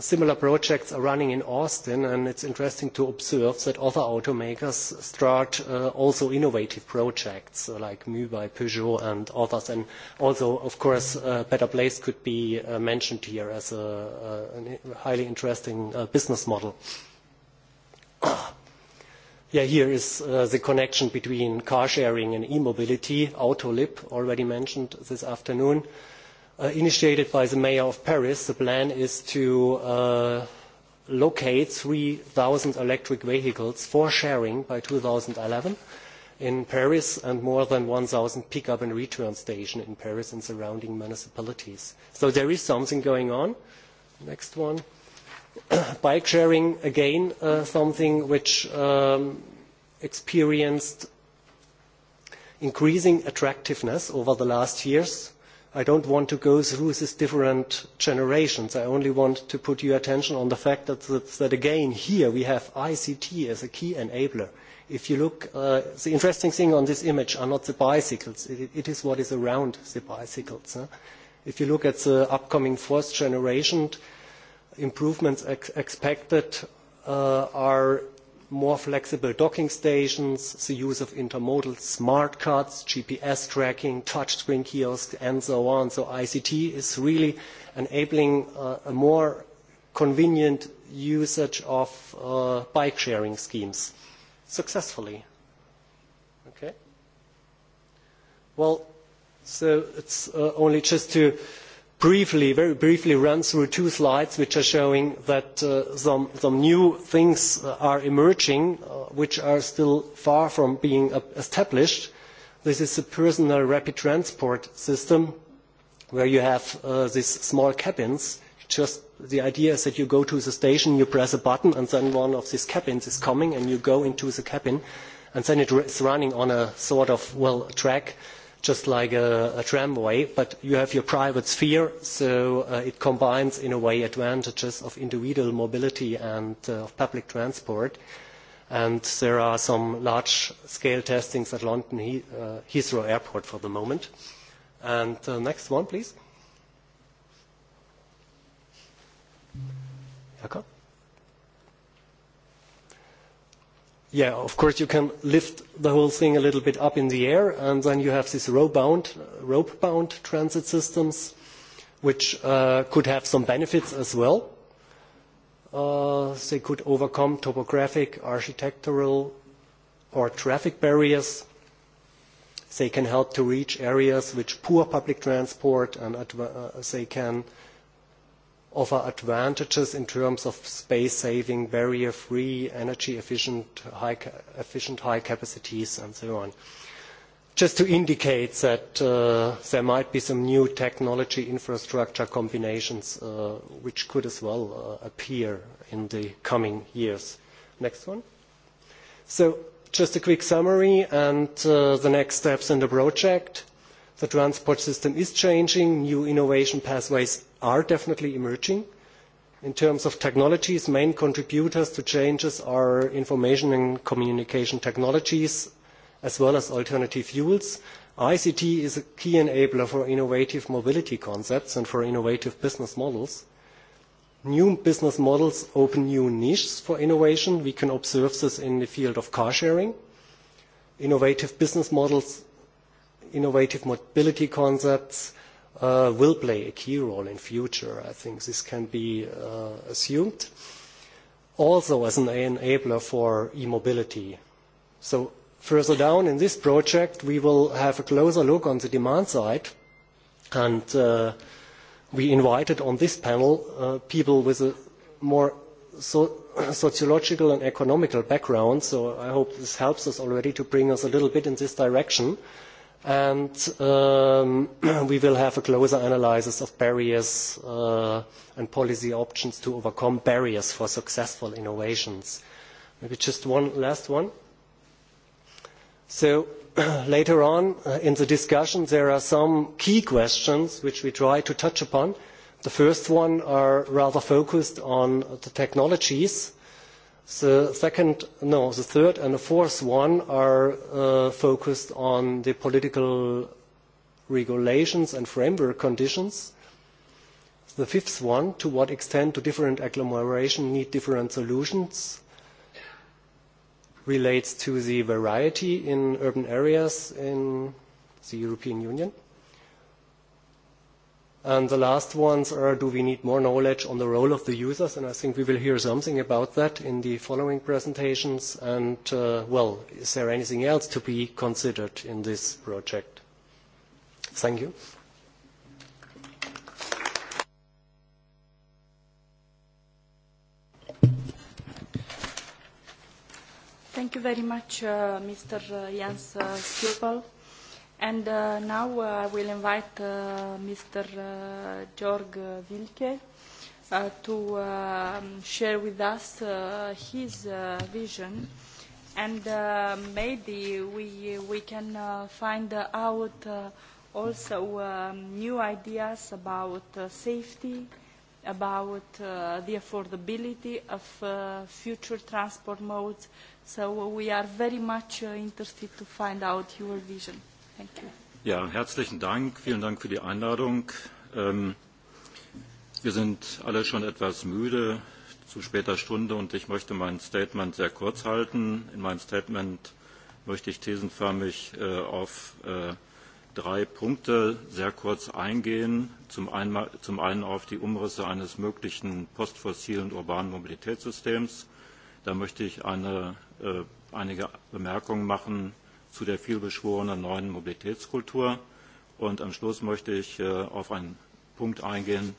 Similar projects are running in Austin, and it's interesting to observe that other automakers start also innovative projects like by Peugeot and others. And also, of course, Better Place could be mentioned here as a highly interesting business model. Yeah, here is the connection between car sharing and e-mobility. Autolib already mentioned this afternoon initiated by the mayor of Paris, the plan is to locate 3,000 electric vehicles for sharing by 2011 in Paris and more than 1,000 pick-up and return stations in Paris and surrounding municipalities. So there is something going on. Next one. Bike sharing, again, something which experienced increasing attractiveness over the last years I don't want to go through these different generations. I only want to put your attention on the fact that again here we have ICT as a key enabler. If you look, the interesting thing on this image are not the bicycles. It is what is around the bicycles. If you look at the upcoming fourth generation, improvements expected are more flexible docking stations, the use of intermodal smart cards, GPS tracking, touchscreen kiosks, and so on. So ICT is really enabling a more convenient usage of bike sharing schemes successfully. Okay. Well, so it's only just to very briefly run through two slides which are showing that some new things are emerging which are still far from being established. This is a personal rapid transport system where you have these small cabins. Just the idea is that you go to the station, you press a button, and then one of these cabins is coming, and you go into the cabin, and then it is running on a sort of, well, track just like a tramway, but you have your private sphere, so it combines in a way advantages of individual mobility and of public transport. And there are some large-scale testings at London Heathrow Airport for the moment. And next one, please. Yeah, of course you can lift the whole thing a little bit up in the air and then you have these rope-bound transit systems which could have some benefits as well. They could overcome topographic, architectural or traffic barriers. They can help to reach areas which poor public transport and they can offer advantages in terms of space saving, barrier free, energy efficient, high capacities and so on. Just to indicate that there might be some new technology infrastructure combinations which could as well appear in the coming years. Next one. So just a quick summary and the next steps in the project. The transport system is changing. New innovation pathways are definitely emerging. In terms of technologies, main contributors to changes are information and communication technologies, as well as alternative fuels. ICT is a key enabler for innovative mobility concepts and for innovative business models. New business models open new niches for innovation. We can observe this in the field of car sharing. Innovative business models innovative mobility concepts will play a key role in future. I think this can be assumed. Also as an enabler for e-mobility. So further down in this project, we will have a closer look on the demand side. And we invited on this panel people with a more sociological and economical background. So I hope this helps us already to bring us a little bit in this direction and we will have a closer analysis of barriers and policy options to overcome barriers for successful innovations. Maybe just one last one. So later on in the discussion there are some key questions which we try to touch upon. The first one are rather focused on the technologies The second, no, the third and the fourth one are focused on the political regulations and framework conditions. The fifth one, to what extent do different agglomerations need different solutions, relates to the variety in urban areas in the European Union. And the last ones are, do we need more knowledge on the role of the users? And I think we will hear something about that in the following presentations. And, well, is there anything else to be considered in this project? Thank you. Thank you very much, Mr. Jens Skjøbel And now I will invite Mr. Georg Wilke to share with us his vision and maybe we we can find out also new ideas about safety, about the affordability of future transport modes. So we are very much interested to find out your vision herzlichen Dank. Vielen Dank für die Einladung. Wir sind alle schon etwas müde zu später Stunde und ich möchte mein Statement sehr kurz halten. In meinem Statement möchte ich thesenförmig auf drei Punkte sehr kurz eingehen. Zum einen auf die Umrisse eines möglichen postfossilen urbanen Mobilitätssystems. Da möchte ich einige Bemerkungen machen zu der vielbeschworenen neuen Mobilitätskultur. Und am Schluss möchte ich auf einen Punkt eingehen,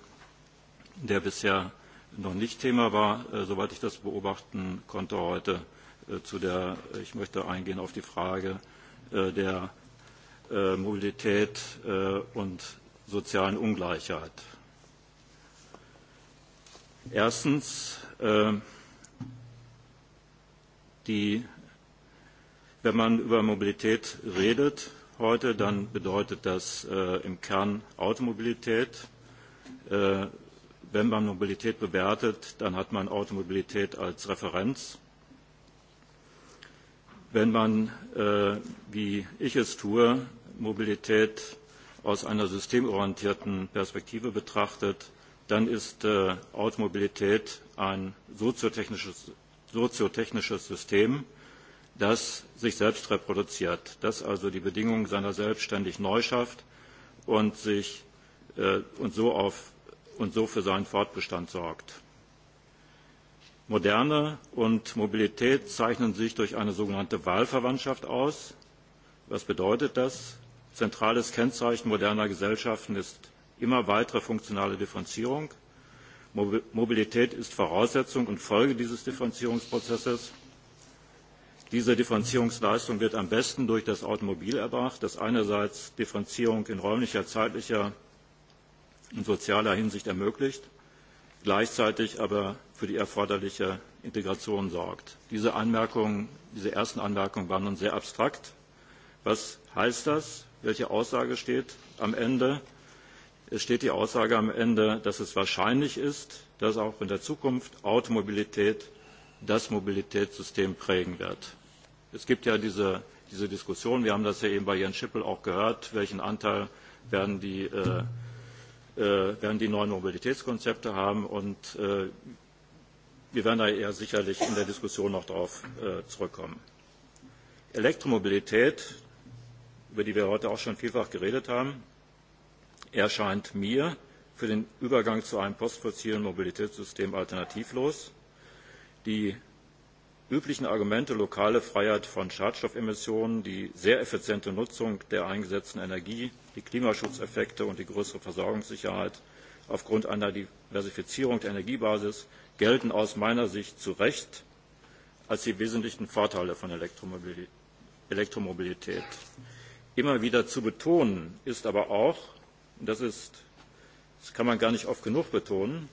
der bisher noch nicht Thema war, soweit ich das beobachten konnte heute. Zu der, ich möchte eingehen auf die Frage der Mobilität und sozialen Ungleichheit. Erstens, die Wenn man über Mobilität redet heute, dann bedeutet das im Kern Automobilität. Wenn man Mobilität bewertet, dann hat man Automobilität als Referenz. Wenn man, wie ich es tue, Mobilität aus einer systemorientierten Perspektive betrachtet, dann ist Automobilität ein soziotechnisches System, das sich selbst reproduziert, das also die Bedingungen seiner selbstständig neu schafft und so für seinen Fortbestand sorgt. Moderne und Mobilität zeichnen sich durch eine sogenannte Wahlverwandtschaft aus. Was bedeutet das? Zentrales Kennzeichen moderner Gesellschaften ist immer weitere funktionale Differenzierung. Mobilität ist Voraussetzung und Folge dieses Differenzierungsprozesses Diese Differenzierungsleistung wird am besten durch das Automobil erbracht, das einerseits Differenzierung in räumlicher, zeitlicher und sozialer Hinsicht ermöglicht, gleichzeitig aber für die erforderliche Integration sorgt. Diese ersten Anmerkungen waren nun sehr abstrakt. Was heißt das? Welche Aussage steht am Ende? Es steht die Aussage am Ende, dass es wahrscheinlich ist, dass auch in der Zukunft Automobilität das Mobilitätssystem prägen wird. Es gibt ja diese Diskussion, wir haben das ja eben bei Jens Schippel auch gehört, welchen Anteil werden die neuen Mobilitätskonzepte haben. Und wir werden da ja sicherlich in der Diskussion noch darauf zurückkommen. Elektromobilität, über die wir heute auch schon vielfach geredet haben, erscheint mir für den Übergang zu einem postfossilen Mobilitätssystem alternativlos die üblichen Argumente lokale Freiheit von Schadstoffemissionen, die sehr effiziente Nutzung der eingesetzten Energie, die Klimaschutzeffekte und die größere Versorgungssicherheit aufgrund einer Diversifizierung der Energiebasis gelten aus meiner Sicht zu Recht als die wesentlichen Vorteile von Elektromobilität. Immer wieder zu betonen ist aber auch, und das kann man gar nicht oft genug betonen,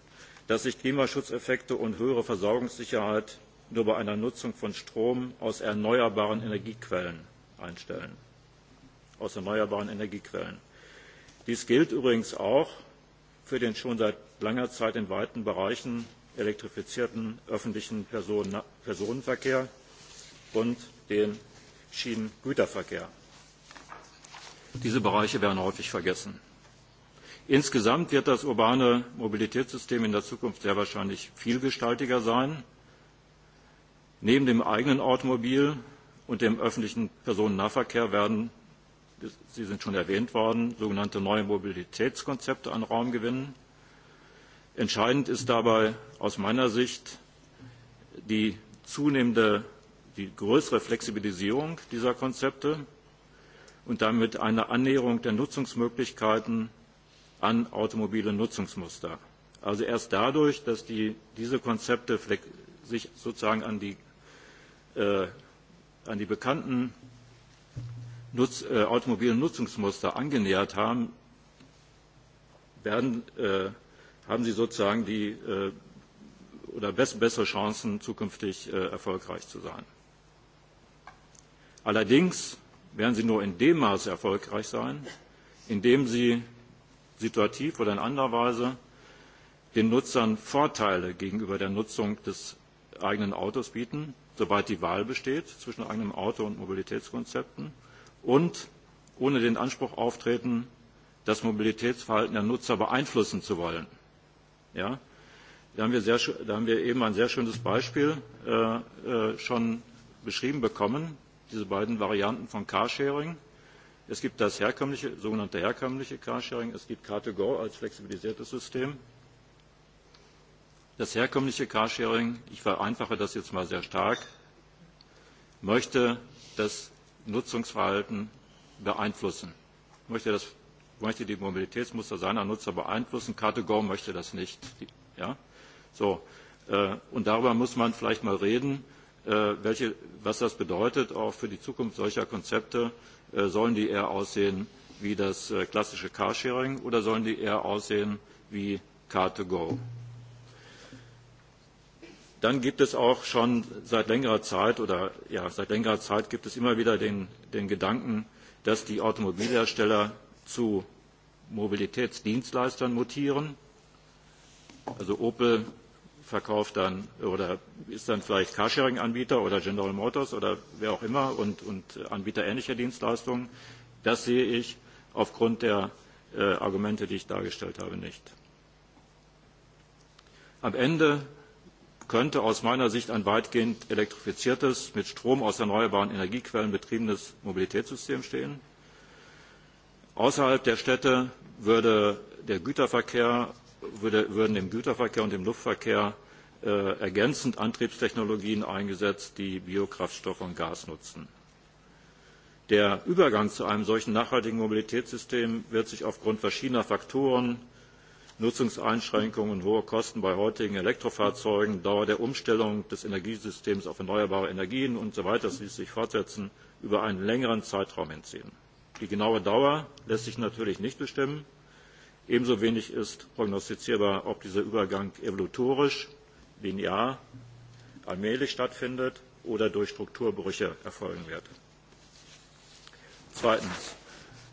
dass sich klimaschutzeffekte und höhere versorgungssicherheit nur bei einer nutzung von strom aus erneuerbaren energiequellen einstellen. dies gilt übrigens auch für den schon seit langer zeit in weiten bereichen elektrifizierten öffentlichen personenverkehr und den schienengüterverkehr. diese bereiche werden häufig vergessen. Insgesamt wird das urbane Mobilitätssystem in der Zukunft sehr wahrscheinlich vielgestaltiger sein. Neben dem eigenen Automobil und dem öffentlichen Personennahverkehr werden, Sie sind schon erwähnt worden, sogenannte neue Mobilitätskonzepte an Raum gewinnen. Entscheidend ist dabei aus meiner Sicht die zunehmende, die größere Flexibilisierung dieser Konzepte und damit eine Annäherung der Nutzungsmöglichkeiten an automobile Nutzungsmuster. Also erst dadurch, dass diese Konzepte sich sozusagen an die bekannten automobilen Nutzungsmuster angenähert haben, haben sie sozusagen die oder bessere Chancen, zukünftig erfolgreich zu sein. Allerdings werden sie nur in dem Maße erfolgreich sein, indem sie situativ oder in anderer Weise den Nutzern Vorteile gegenüber der Nutzung des eigenen Autos bieten, sobald die Wahl besteht zwischen eigenem Auto und Mobilitätskonzepten und ohne den Anspruch auftreten, das Mobilitätsverhalten der Nutzer beeinflussen zu wollen. Da haben wir eben ein sehr schönes Beispiel schon beschrieben bekommen, diese beiden Varianten von Carsharing. Es gibt das herkömmliche, sogenannte herkömmliche Carsharing, es gibt Car2Go als flexibilisiertes System. Das herkömmliche Carsharing, ich vereinfache das jetzt mal sehr stark, möchte das Nutzungsverhalten beeinflussen, möchte die Mobilitätsmuster seiner Nutzer beeinflussen. Car2Go möchte das nicht. Und darüber muss man vielleicht mal reden was das bedeutet auch für die zukunft solcher konzepte sollen die eher aussehen wie das klassische carsharing oder sollen die eher aussehen wie car to go? dann gibt es auch schon seit längerer zeit oder ja seit längerer zeit gibt es immer wieder den gedanken dass die automobilhersteller zu mobilitätsdienstleistern mutieren also opel verkauft dann oder ist dann vielleicht Carsharing Anbieter oder General Motors oder wer auch immer und Anbieter ähnlicher Dienstleistungen. Das sehe ich aufgrund der Argumente, die ich dargestellt habe, nicht. Am Ende könnte aus meiner Sicht ein weitgehend elektrifiziertes, mit Strom aus erneuerbaren Energiequellen betriebenes Mobilitätssystem stehen. Außerhalb der Städte würde der Güterverkehr würden dem Güterverkehr und dem Luftverkehr ergänzend Antriebstechnologien eingesetzt, die Biokraftstoffe und Gas nutzen. Der Übergang zu einem solchen nachhaltigen Mobilitätssystem wird sich aufgrund verschiedener Faktoren Nutzungseinschränkungen und hohe Kosten bei heutigen Elektrofahrzeugen, Dauer der Umstellung des Energiesystems auf erneuerbare Energien so weiter. usw. sich fortsetzen, über einen längeren Zeitraum hinziehen. Die genaue Dauer lässt sich natürlich nicht bestimmen. Ebenso wenig ist prognostizierbar, ob dieser Übergang evolutorisch linear allmählich stattfindet oder durch Strukturbrüche erfolgen wird. Zweitens.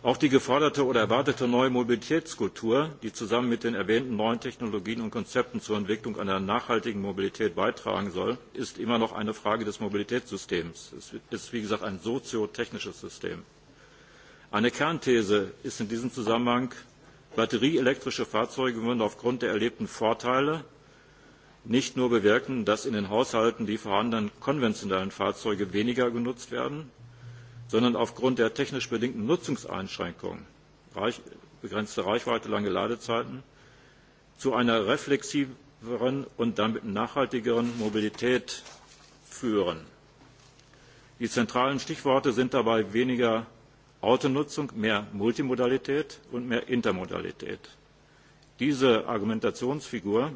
Auch die geforderte oder erwartete neue Mobilitätskultur, die zusammen mit den erwähnten neuen Technologien und Konzepten zur Entwicklung einer nachhaltigen Mobilität beitragen soll, ist immer noch eine Frage des Mobilitätssystems. Es ist, wie gesagt, ein soziotechnisches System. Eine Kernthese ist in diesem Zusammenhang, batterieelektrische Fahrzeuge würden aufgrund der erlebten Vorteile nicht nur bewirken, dass in den Haushalten die vorhandenen konventionellen Fahrzeuge weniger genutzt werden, sondern aufgrund der technisch bedingten Nutzungseinschränkungen begrenzte Reichweite, lange Ladezeiten zu einer reflexiveren und damit nachhaltigeren Mobilität führen. Die zentralen Stichworte sind dabei weniger Autonutzung, mehr Multimodalität und mehr Intermodalität. Diese Argumentationsfigur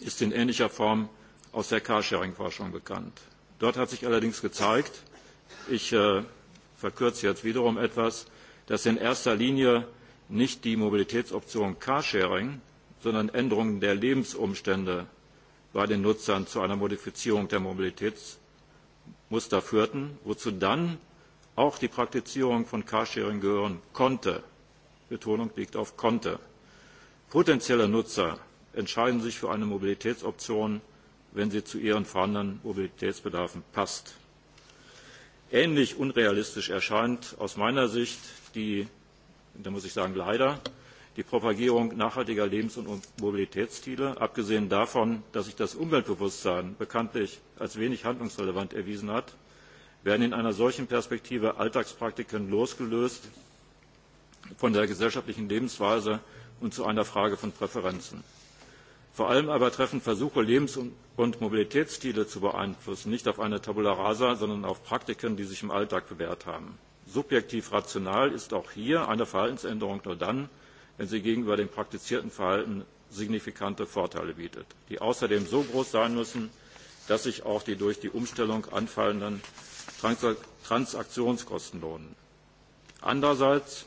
ist in ähnlicher Form aus der Carsharing-Forschung bekannt. Dort hat sich allerdings gezeigt, ich verkürze jetzt wiederum etwas, dass in erster Linie nicht die Mobilitätsoption Carsharing, sondern Änderungen der Lebensumstände bei den Nutzern zu einer Modifizierung der Mobilitätsmuster führten, wozu dann auch die Praktizierung von Carsharing gehören konnte. Betonung liegt auf konnte. Potenzielle Nutzer entscheiden sich für eine Mobilitätsoption, wenn sie zu ihren vorhandenen Mobilitätsbedarfen passt. Ähnlich unrealistisch erscheint aus meiner Sicht die, da muss ich sagen leider, die Propagierung nachhaltiger Lebens- und Mobilitätsziele, abgesehen davon, dass sich das Umweltbewusstsein bekanntlich als wenig handlungsrelevant erwiesen hat, werden in einer solchen Perspektive Alltagspraktiken losgelöst von der gesellschaftlichen Lebensweise und zu einer Frage von Präferenzen. Vor allem aber treffen Versuche, Lebens- und Mobilitätsstile zu beeinflussen, nicht auf eine Tabula rasa, sondern auf Praktiken, die sich im Alltag bewährt haben. Subjektiv rational ist auch hier eine Verhaltensänderung nur dann, wenn sie gegenüber dem praktizierten Verhalten signifikante Vorteile bietet, die außerdem so groß sein müssen, dass sich auch die durch die Umstellung anfallenden Transaktionskosten lohnen. Andererseits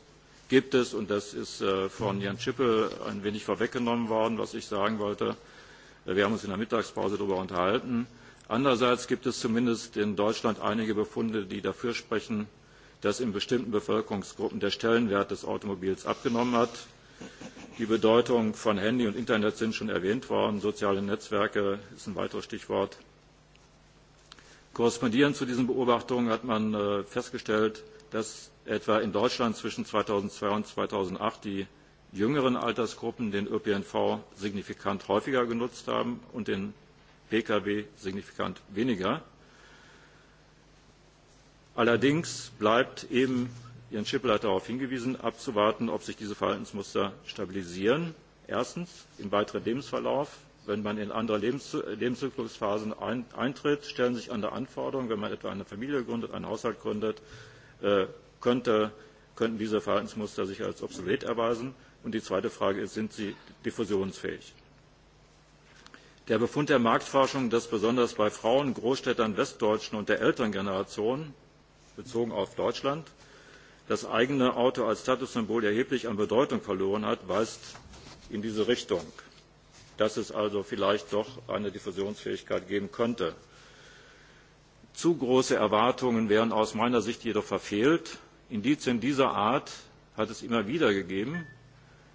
gibt es, und das ist von Jan Schippe ein wenig vorweggenommen worden, was ich sagen wollte, wir haben uns in der Mittagspause darüber unterhalten. Andererseits gibt es zumindest in Deutschland einige Befunde, die dafür sprechen, dass in bestimmten Bevölkerungsgruppen der Stellenwert des Automobils abgenommen hat. Die Bedeutung von Handy und Internet sind schon erwähnt worden. Soziale Netzwerke ist ein weiteres Stichwort. Korrespondierend zu diesen Beobachtungen hat man festgestellt, dass etwa in Deutschland zwischen 2002 und 2008 die jüngeren Altersgruppen den ÖPNV signifikant häufiger genutzt haben und den Pkw signifikant weniger. Allerdings bleibt eben, Jens Schippel hat darauf hingewiesen, abzuwarten, ob sich diese Verhaltensmuster stabilisieren. Erstens, im weiteren Lebensverlauf, wenn man in andere Lebenszyklusphasen eintritt, stellen sich an der Anforderungen, wenn man etwa eine Familie gründet, einen Haushalt gründet, könnten diese Verhaltensmuster sich als obsolet erweisen? Und die zweite Frage ist, sind sie diffusionsfähig? Der Befund der Marktforschung, dass besonders bei Frauen, Großstädtern, Westdeutschen und der älteren Generation, bezogen auf Deutschland, das eigene Auto als Statussymbol erheblich an Bedeutung verloren hat, weist in diese Richtung, dass es also vielleicht doch eine Diffusionsfähigkeit geben könnte. Zu große Erwartungen wären aus meiner Sicht jedoch verfehlt indizien dieser art hat es immer wieder gegeben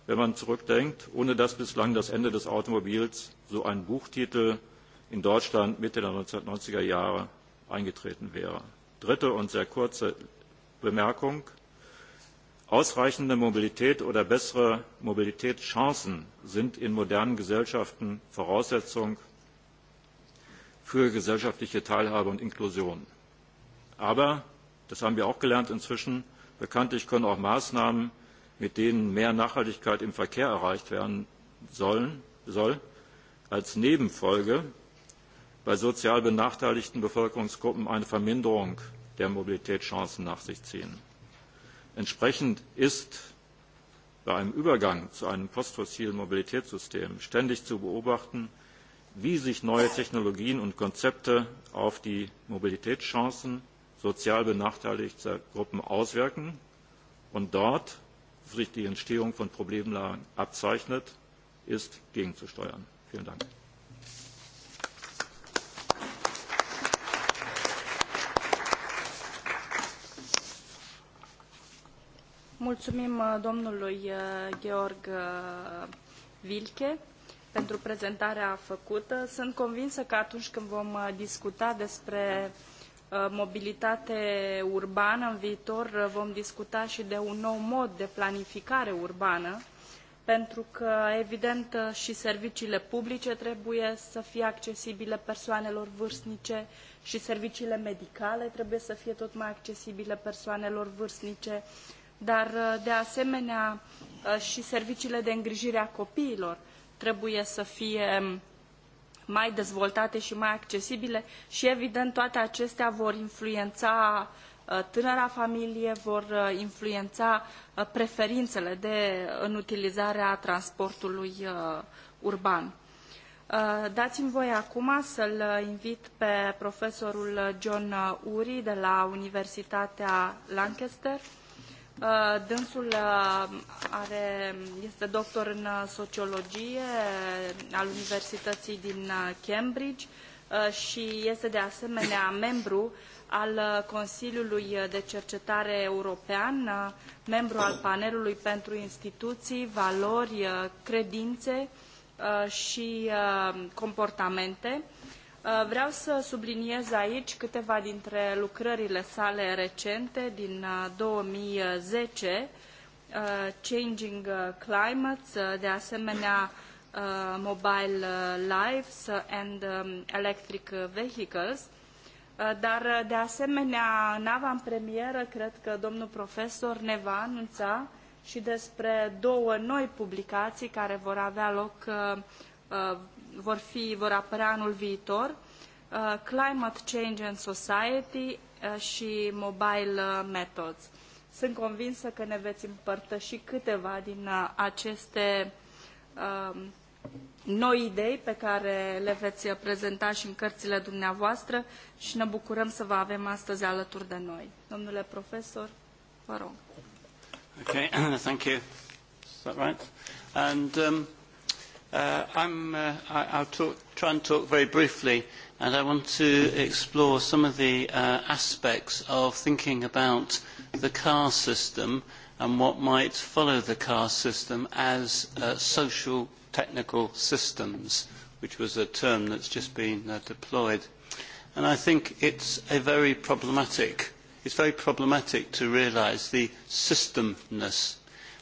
wenn man zurückdenkt ohne dass bislang das ende des automobils so ein buchtitel in deutschland mitte der 1990 er jahre eingetreten wäre. dritte und sehr kurze bemerkung ausreichende mobilität oder bessere mobilitätschancen sind in modernen gesellschaften voraussetzung für gesellschaftliche teilhabe und inklusion. aber das haben wir auch gelernt inzwischen bekanntlich können auch maßnahmen mit denen mehr nachhaltigkeit im verkehr erreicht werden soll als nebenfolge bei sozial benachteiligten bevölkerungsgruppen eine verminderung der mobilitätschancen nach sich ziehen. entsprechend ist bei einem übergang zu einem postfossilen mobilitätssystem ständig zu beobachten wie sich neue technologien und konzepte auf die mobilitätschancen sozial benachteiligter Gruppen auswirken und dort, wo sich die Entstehung von Problemlagen abzeichnet, ist gegenzusteuern. Vielen Dank. Mulțumim domnului Georg Vilche pentru prezentarea făcută. Sunt convinsă că atunci când vom discuta despre mobilitate urbană. În viitor vom discuta și de un nou mod de planificare urbană, pentru că, evident, și serviciile publice trebuie să fie accesibile persoanelor vârstnice și serviciile medicale trebuie să fie tot mai accesibile persoanelor vârstnice, dar, de asemenea, și serviciile de îngrijire a copiilor trebuie să fie mai dezvoltate și mai accesibile și, evident, toate acestea vor influența tânăra familie, vor influența preferințele de, în utilizarea transportului urban. Dați-mi voi acum să-l invit pe profesorul John Uri de la Universitatea Lancaster Dânsul are, este doctor în sociologie al Universității din Cambridge și este de asemenea membru al Consiliului de Cercetare European, membru al panelului pentru instituții, valori, credințe și comportamente Vreau să subliniez aici câteva dintre lucrările sale recente din 2010, Changing Climates, de asemenea Mobile Lives and Electric Vehicles, dar de asemenea în premieră, cred că domnul profesor ne va anunța și despre două noi publicații care vor avea loc vor, fi, vor apărea anul viitor, Climate Change and Society și Mobile Methods. Sunt convinsă că ne veți împărtăși câteva din aceste noi idei pe care le veți prezenta și în cărțile dumneavoastră și ne bucurăm să vă avem astăzi alături de noi. Domnule profesor, vă rog. Okay, thank you. Is that right? And um, I'll try and talk very briefly, and I want to explore some of the aspects of thinking about the car system and what might follow the car system as social technical systems, which was a term that's just been deployed. And I think it's a very problematic. It's very problematic to realise the systemness.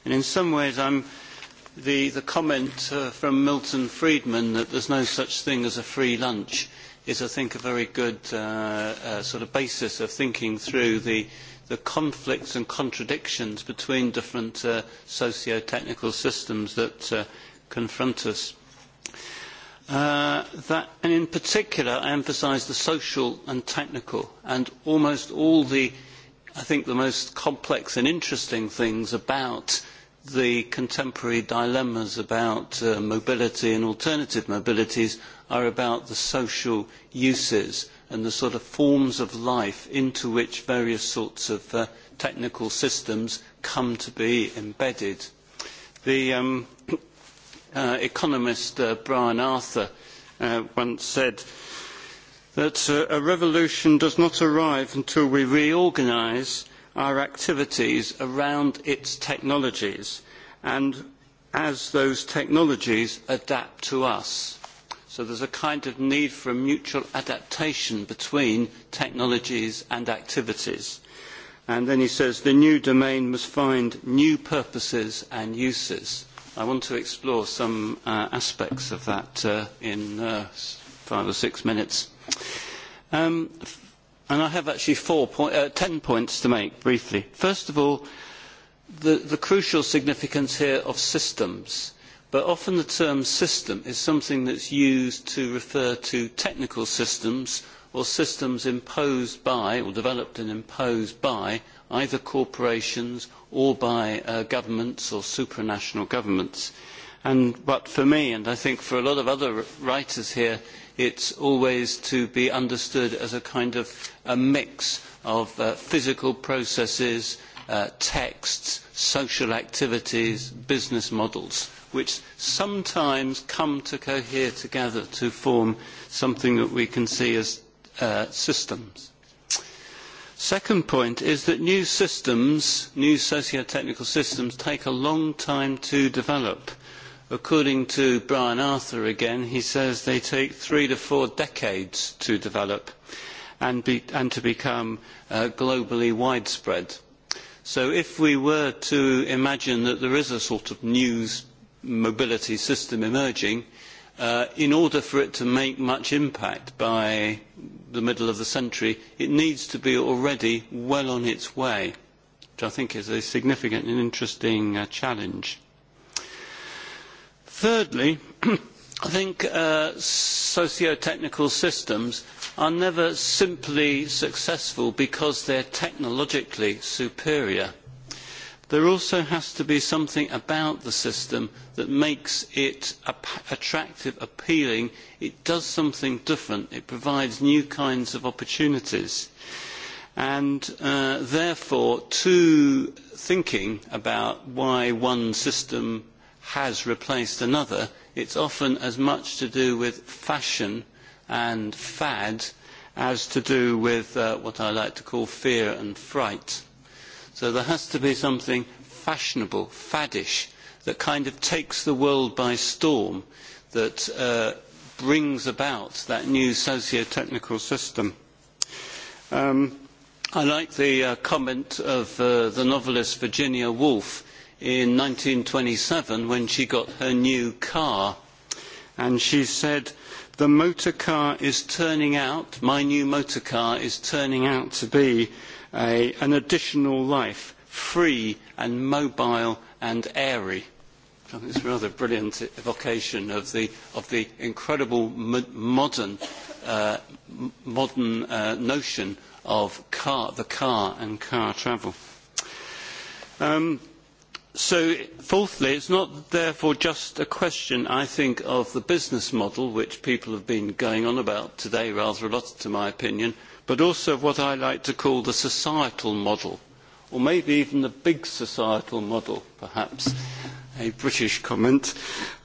And in some ways, I'm the comment from Milton Friedman that there's no such thing as a free lunch is, I think, a very good sort of basis of thinking through the conflicts and contradictions between different socio-technical systems that confront us. And in particular, I emphasise the social and technical, and almost all the, I think, the most complex and interesting things about the contemporary dilemmas about mobility and alternative mobilities are about the social uses and the sort of forms of life into which various sorts of technical systems come to be embedded. The economist Brian Arthur once said that a revolution does not arrive until we reorganise our activities around its technologies and as those technologies adapt to us. So there's a kind of need for a mutual adaptation between technologies and activities. And then he says the new domain must find new purposes and uses. I want to explore some aspects of that in five or six minutes. And I have actually ten points to make briefly. First of all, the crucial significance here of systems. But often the term system is something that's used to refer to technical systems or systems imposed by or developed and imposed by either corporations or by governments or supranational governments. But for me, and I think for a lot of other writers here, It is always to be understood as a kind of a mix of physical processes, texts, social activities, business models, which sometimes come to cohere together to form something that we can see as systems. Second point is that new systems, new socio-technical systems, take a long time to develop According to Brian Arthur again, he says they take three to four decades to develop and to become globally widespread. So if we were to imagine that there is a sort of new mobility system emerging, in order for it to make much impact by the middle of the century, it needs to be already well on its way, which I think is a significant and interesting challenge. Thirdly, I think socio-technical systems are never simply successful because they are technologically superior. There also has to be something about the system that makes it attractive, appealing. It does something different. It provides new kinds of opportunities. And therefore, to thinking about why one system has replaced another. It's often as much to do with fashion and fad as to do with what I like to call fear and fright. So there has to be something fashionable, faddish, that kind of takes the world by storm, that brings about that new socio-technical system. I like the comment of the novelist Virginia Woolf in 1927 when she got her new car. And she said, the motor car is turning out, my new motor car is turning out to be an additional life, free and mobile and airy. It's a rather brilliant evocation of the incredible modern notion of the car and car travel. So fourthly, it is not therefore just a question, I think, of the business model, which people have been going on about today rather a lot, to my opinion, but also of what I like to call the societal model, or maybe even the big societal model, perhaps a British comment,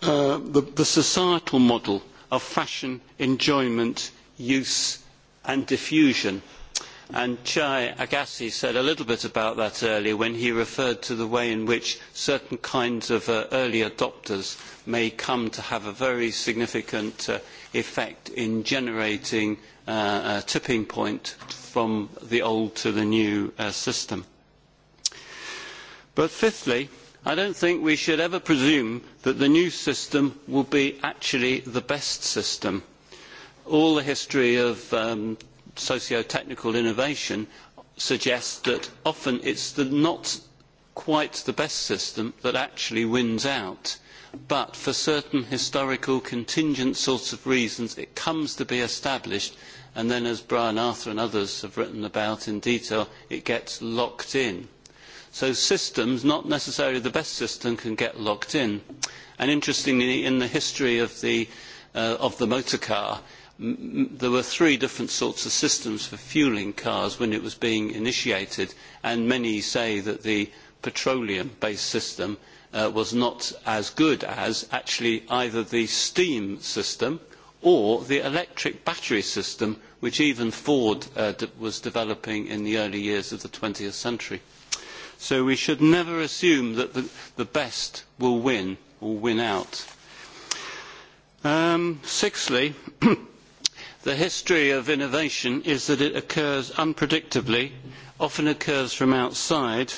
the societal model of fashion, enjoyment, use and diffusion and Chai Agassi said a little bit about that earlier when he referred to the way in which certain kinds of early adopters may come to have a very significant effect in generating a tipping point from the old to the new system. But fifthly, I don't think we should ever presume that the new system will be actually the best system. All the history of socio-technical innovation suggests that often it's not quite the best system that actually wins out. But for certain historical contingent sorts of reasons, it comes to be established, and then, as Brian Arthur and others have written about in detail, it gets locked in. So systems, not necessarily the best system, can get locked in. And interestingly, in the history of the motor car, there were three different sorts of systems for fuelling cars when it was being initiated, and many say that the petroleum-based system was not as good as actually either the steam system or the electric battery system, which even Ford was developing in the early years of the 20th century. So we should never assume that the best will win or win out. Sixthly, The history of innovation is that it occurs unpredictably, often occurs from outside,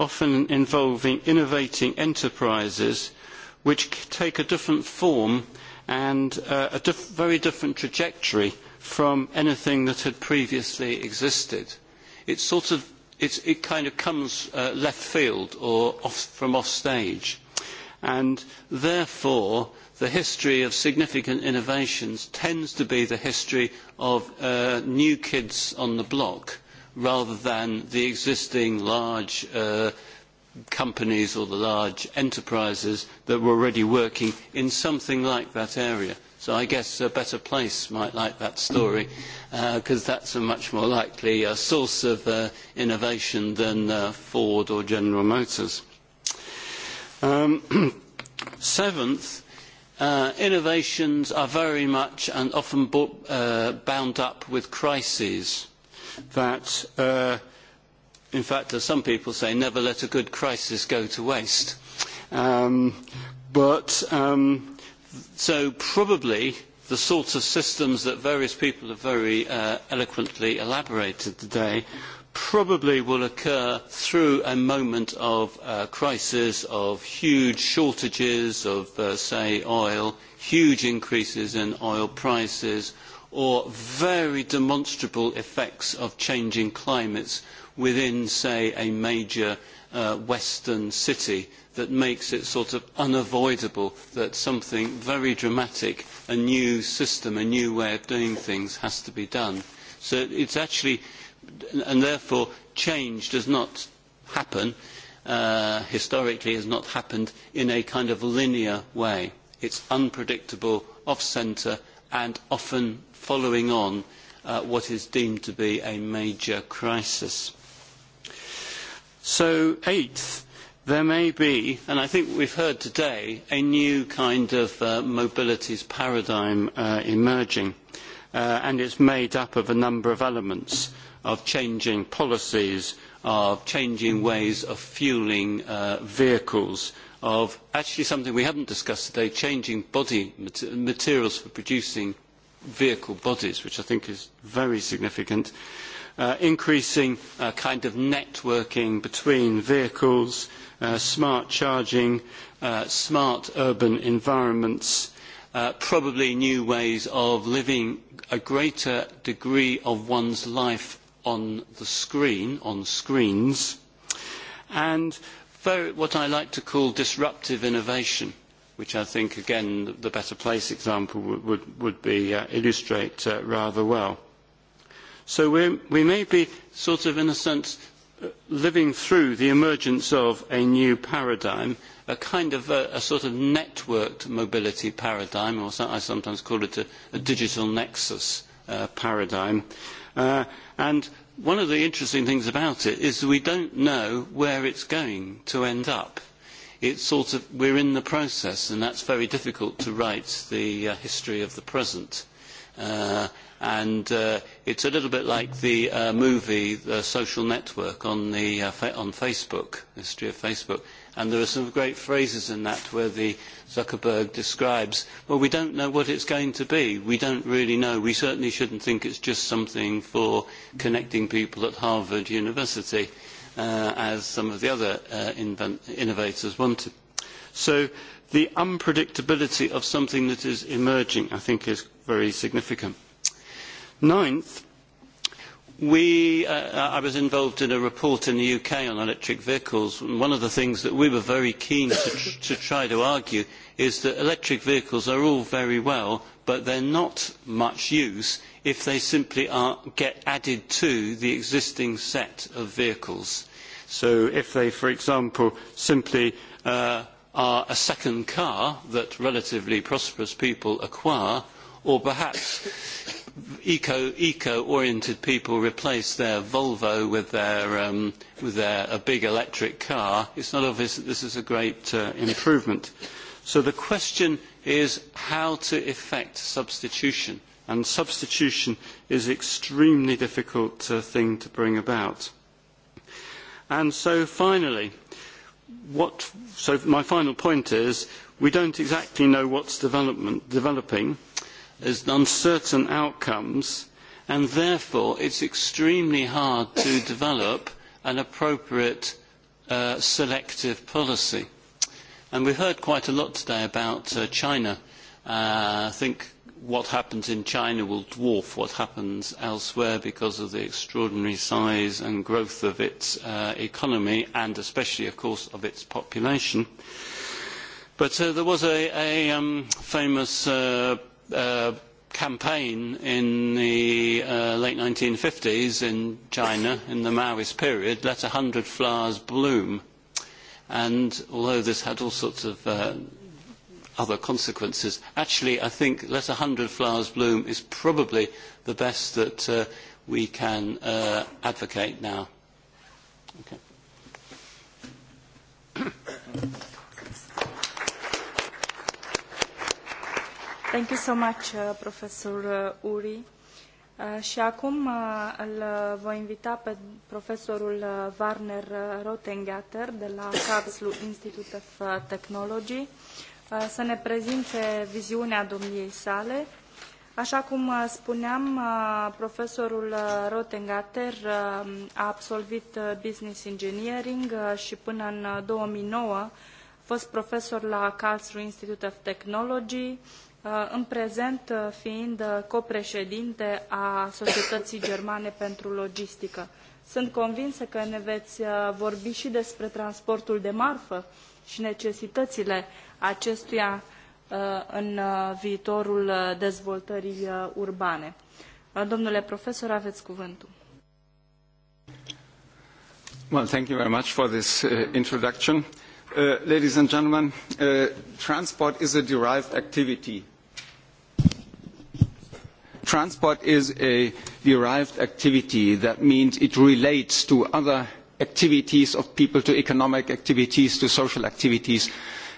often involving innovating enterprises which take a different form and a very different trajectory from anything that had previously existed. It sort of it kind of comes left field or from off stage. And therefore the history of significant innovations tends to be the history of new kids on the block rather than the existing large companies or the large enterprises that were already working in something like that area. So I guess a better place might like that story because that's a much more likely source of innovation than Ford or General Motors. Seventh, innovations are very much and often bound up with crises that, in fact, as some people say, never let a good crisis go to waste. But so probably the sorts of systems that various people have very eloquently elaborated today probably will occur through a moment of crisis, of huge shortages of, say, oil, huge increases in oil prices, or very demonstrable effects of changing climates within, say, a major Western city that makes it sort of unavoidable that something very dramatic, a new system, a new way of doing things has to be done. So it's actually and therefore change does not happen historically has not happened in a kind of linear way. It's unpredictable, off centre and often following on what is deemed to be a major crisis. So eighth, there may be and I think we've heard today a new kind of mobilities paradigm emerging and it's made up of a number of elements of changing policies, of changing ways of fueling vehicles, of actually something we haven't discussed today, changing body materials for producing vehicle bodies, which I think is very significant, increasing kind of networking between vehicles, smart charging, smart urban environments, probably new ways of living a greater degree of one's life on the screen, on screens, and what I like to call disruptive innovation, which I think, again, the Better Place example would illustrate rather well. So we may be sort of, in a sense, living through the emergence of a new paradigm, a kind of a sort of networked mobility paradigm, or I sometimes call it a digital nexus paradigm. And one of the interesting things about it is that we don't know where it's going to end up. It's sort of, we're in the process, and that's very difficult to write the history of the present. And it's a little bit like the movie The Social Network on Facebook, history of Facebook. And there are some great phrases in that where Zuckerberg describes, well, we don't know what it's going to be. We don't really know. We certainly shouldn't think it's just something for connecting people at Harvard University, as some of the other innovators wanted. So the unpredictability of something that is emerging, I think, is very significant. Ninth, I was involved in a report in the UK on electric vehicles, and one of the things that we were very keen to try to argue is that electric vehicles are all very well, but they're not much use if they simply get added to the existing set of vehicles. So if they, for example, simply are a second car that relatively prosperous people acquire, or perhaps eco-oriented people replace their Volvo with their a big electric car, it's not obvious that this is a great improvement. So the question is how to effect substitution, and substitution is an extremely difficult thing to bring about. And so finally, what so my final point is we don't exactly know what's developing as uncertain outcomes and therefore it's extremely hard to develop an appropriate selective policy. And we've heard quite a lot today about China. I think what happens in China will dwarf what happens elsewhere because of the extraordinary size and growth of its economy and especially, of course, of its population. But there was a famous campaign in the late 1950s in China, in the Maoist period, let a hundred flowers bloom. And although this had all sorts of other consequences, actually I think let a hundred flowers bloom is probably the best that we can advocate now. Okay. Thank you so much, Professor Uri. Și acum îl voi invita pe profesorul Warner Rotengatter de la Karlsruhe Institute of Technology să ne prezinte viziunea domniei sale. Așa cum spuneam, profesorul Rotengatter a absolvit Business Engineering și până în 2009 a fost profesor la Karlsruhe Institute of Technology, în prezent fiind copreședinte a Societății Germane pentru Logistică. Sunt convinsă că ne veți vorbi și despre transportul de marfă și necesitățile acestuia în viitorul dezvoltării urbane. Domnule profesor, aveți cuvântul. Well, thank you very much for this introduction. Ladies and gentlemen, transport is a derived activity Transport is a derived activity. That means it relates to other activities of people, to economic activities, to social activities.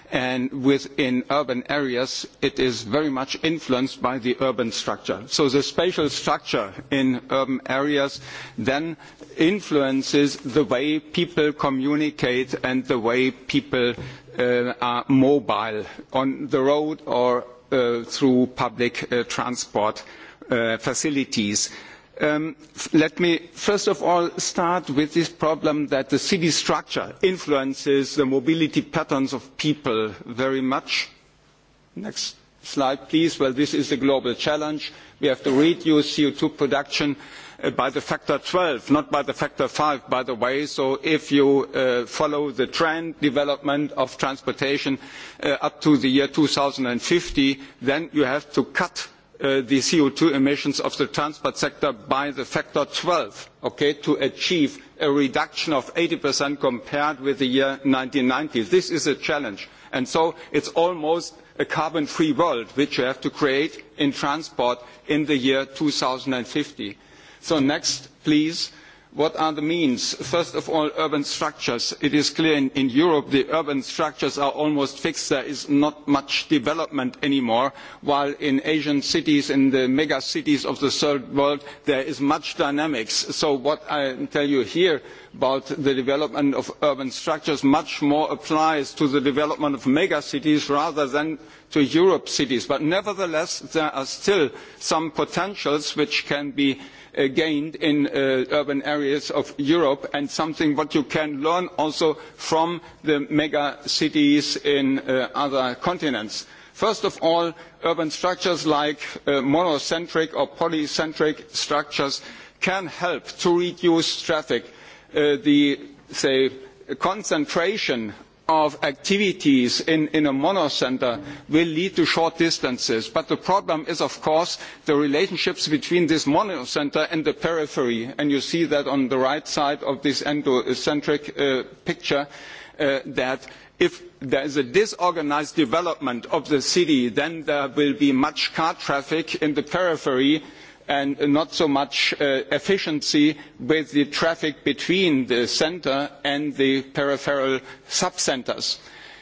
And within urban areas, it is very much influenced by the urban structure. So the spatial structure in urban areas then influences the way people communicate and the way people are mobile on the road or through public transport facilities. Let me first of all start with this problem that the city structure influences the mobility patterns of people very much. Next slide, please. Well, this is a global challenge. We have to reduce CO2 production by the factor 12, not by the factor 5, by the way. So if you follow the trend development of transportation up to the year 2050, then you have to cut the CO2 emissions of the transport sector by the factor 12 to achieve a reduction of 80% compared with the year 1990. This is a challenge. And so it's almost a carbon-free world which you have to create in transport in the year 2050. So next, please what are the means? first of all urban structures. it is clear in europe the urban structures are almost fixed there is not much development anymore while in asian cities in the mega cities of the third world there is much dynamics. so what i tell you here about the development of urban structures much more applies to the development of mega cities rather than to Europe cities. but nevertheless there are still some potentials which can be gained in urban areas of Europe and something what you can learn also from the mega cities in other continents. First of all, urban structures like monocentric or polycentric structures can help to reduce traffic. The say concentration of activities in a centre will lead to short distances. But the problem is, of course, the relationships between this monocentre and the periphery. And you see that on the right side of this endocentric picture, that if there is a disorganised development of the city, then there will be much car traffic in the periphery and not so much efficiency with the traffic between the centre and the peripheral sub centres.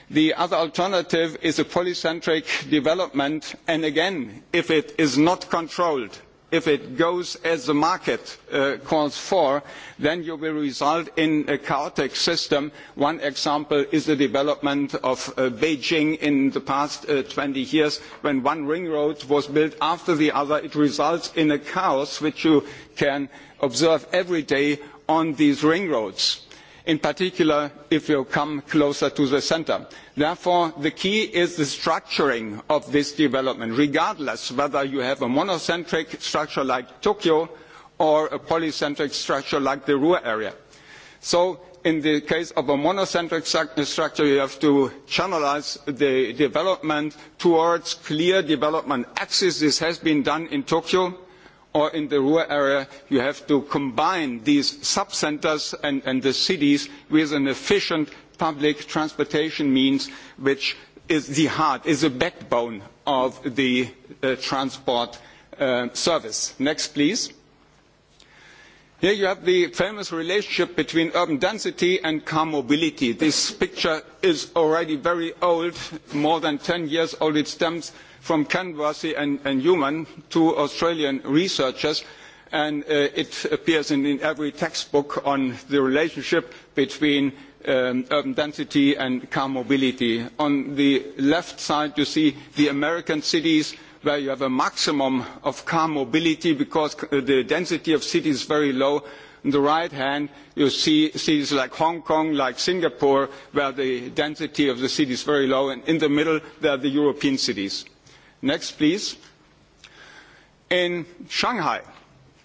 The other alternative is a polycentric development and again, if it is not controlled if it goes as the market calls for, then you will result in a chaotic system. One example is the development of Beijing in the past 20 years. When one ring road was built after the other, it results in a chaos which you can observe every day on these ring roads in particular if you come closer to the centre. Therefore, the key is the structuring of this development, regardless whether you have a monocentric structure like Tokyo or a polycentric structure like the Ruhr area. So in the case of a monocentric structure, you have to channelise the development towards clear development axes. This has been done in Tokyo or in the rural area you have to combine these sub centres and the cities with an efficient public transportation means which is the heart is the backbone of the transport service. next please. Here you have the famous relationship between urban density and car mobility. This picture is already very old, more than 10 years old. It stems from Worthy and Human to Australian researchers, and it appears in every textbook on the relationship between urban density and car mobility. On the left side, you see the American cities where you have a maximum of car mobility because the density of cities is very low. On the right hand, you see cities like Hong Kong, like Singapore, where the density of the city is very low, and in the middle, there are the European cities. Next, please. In Shanghai,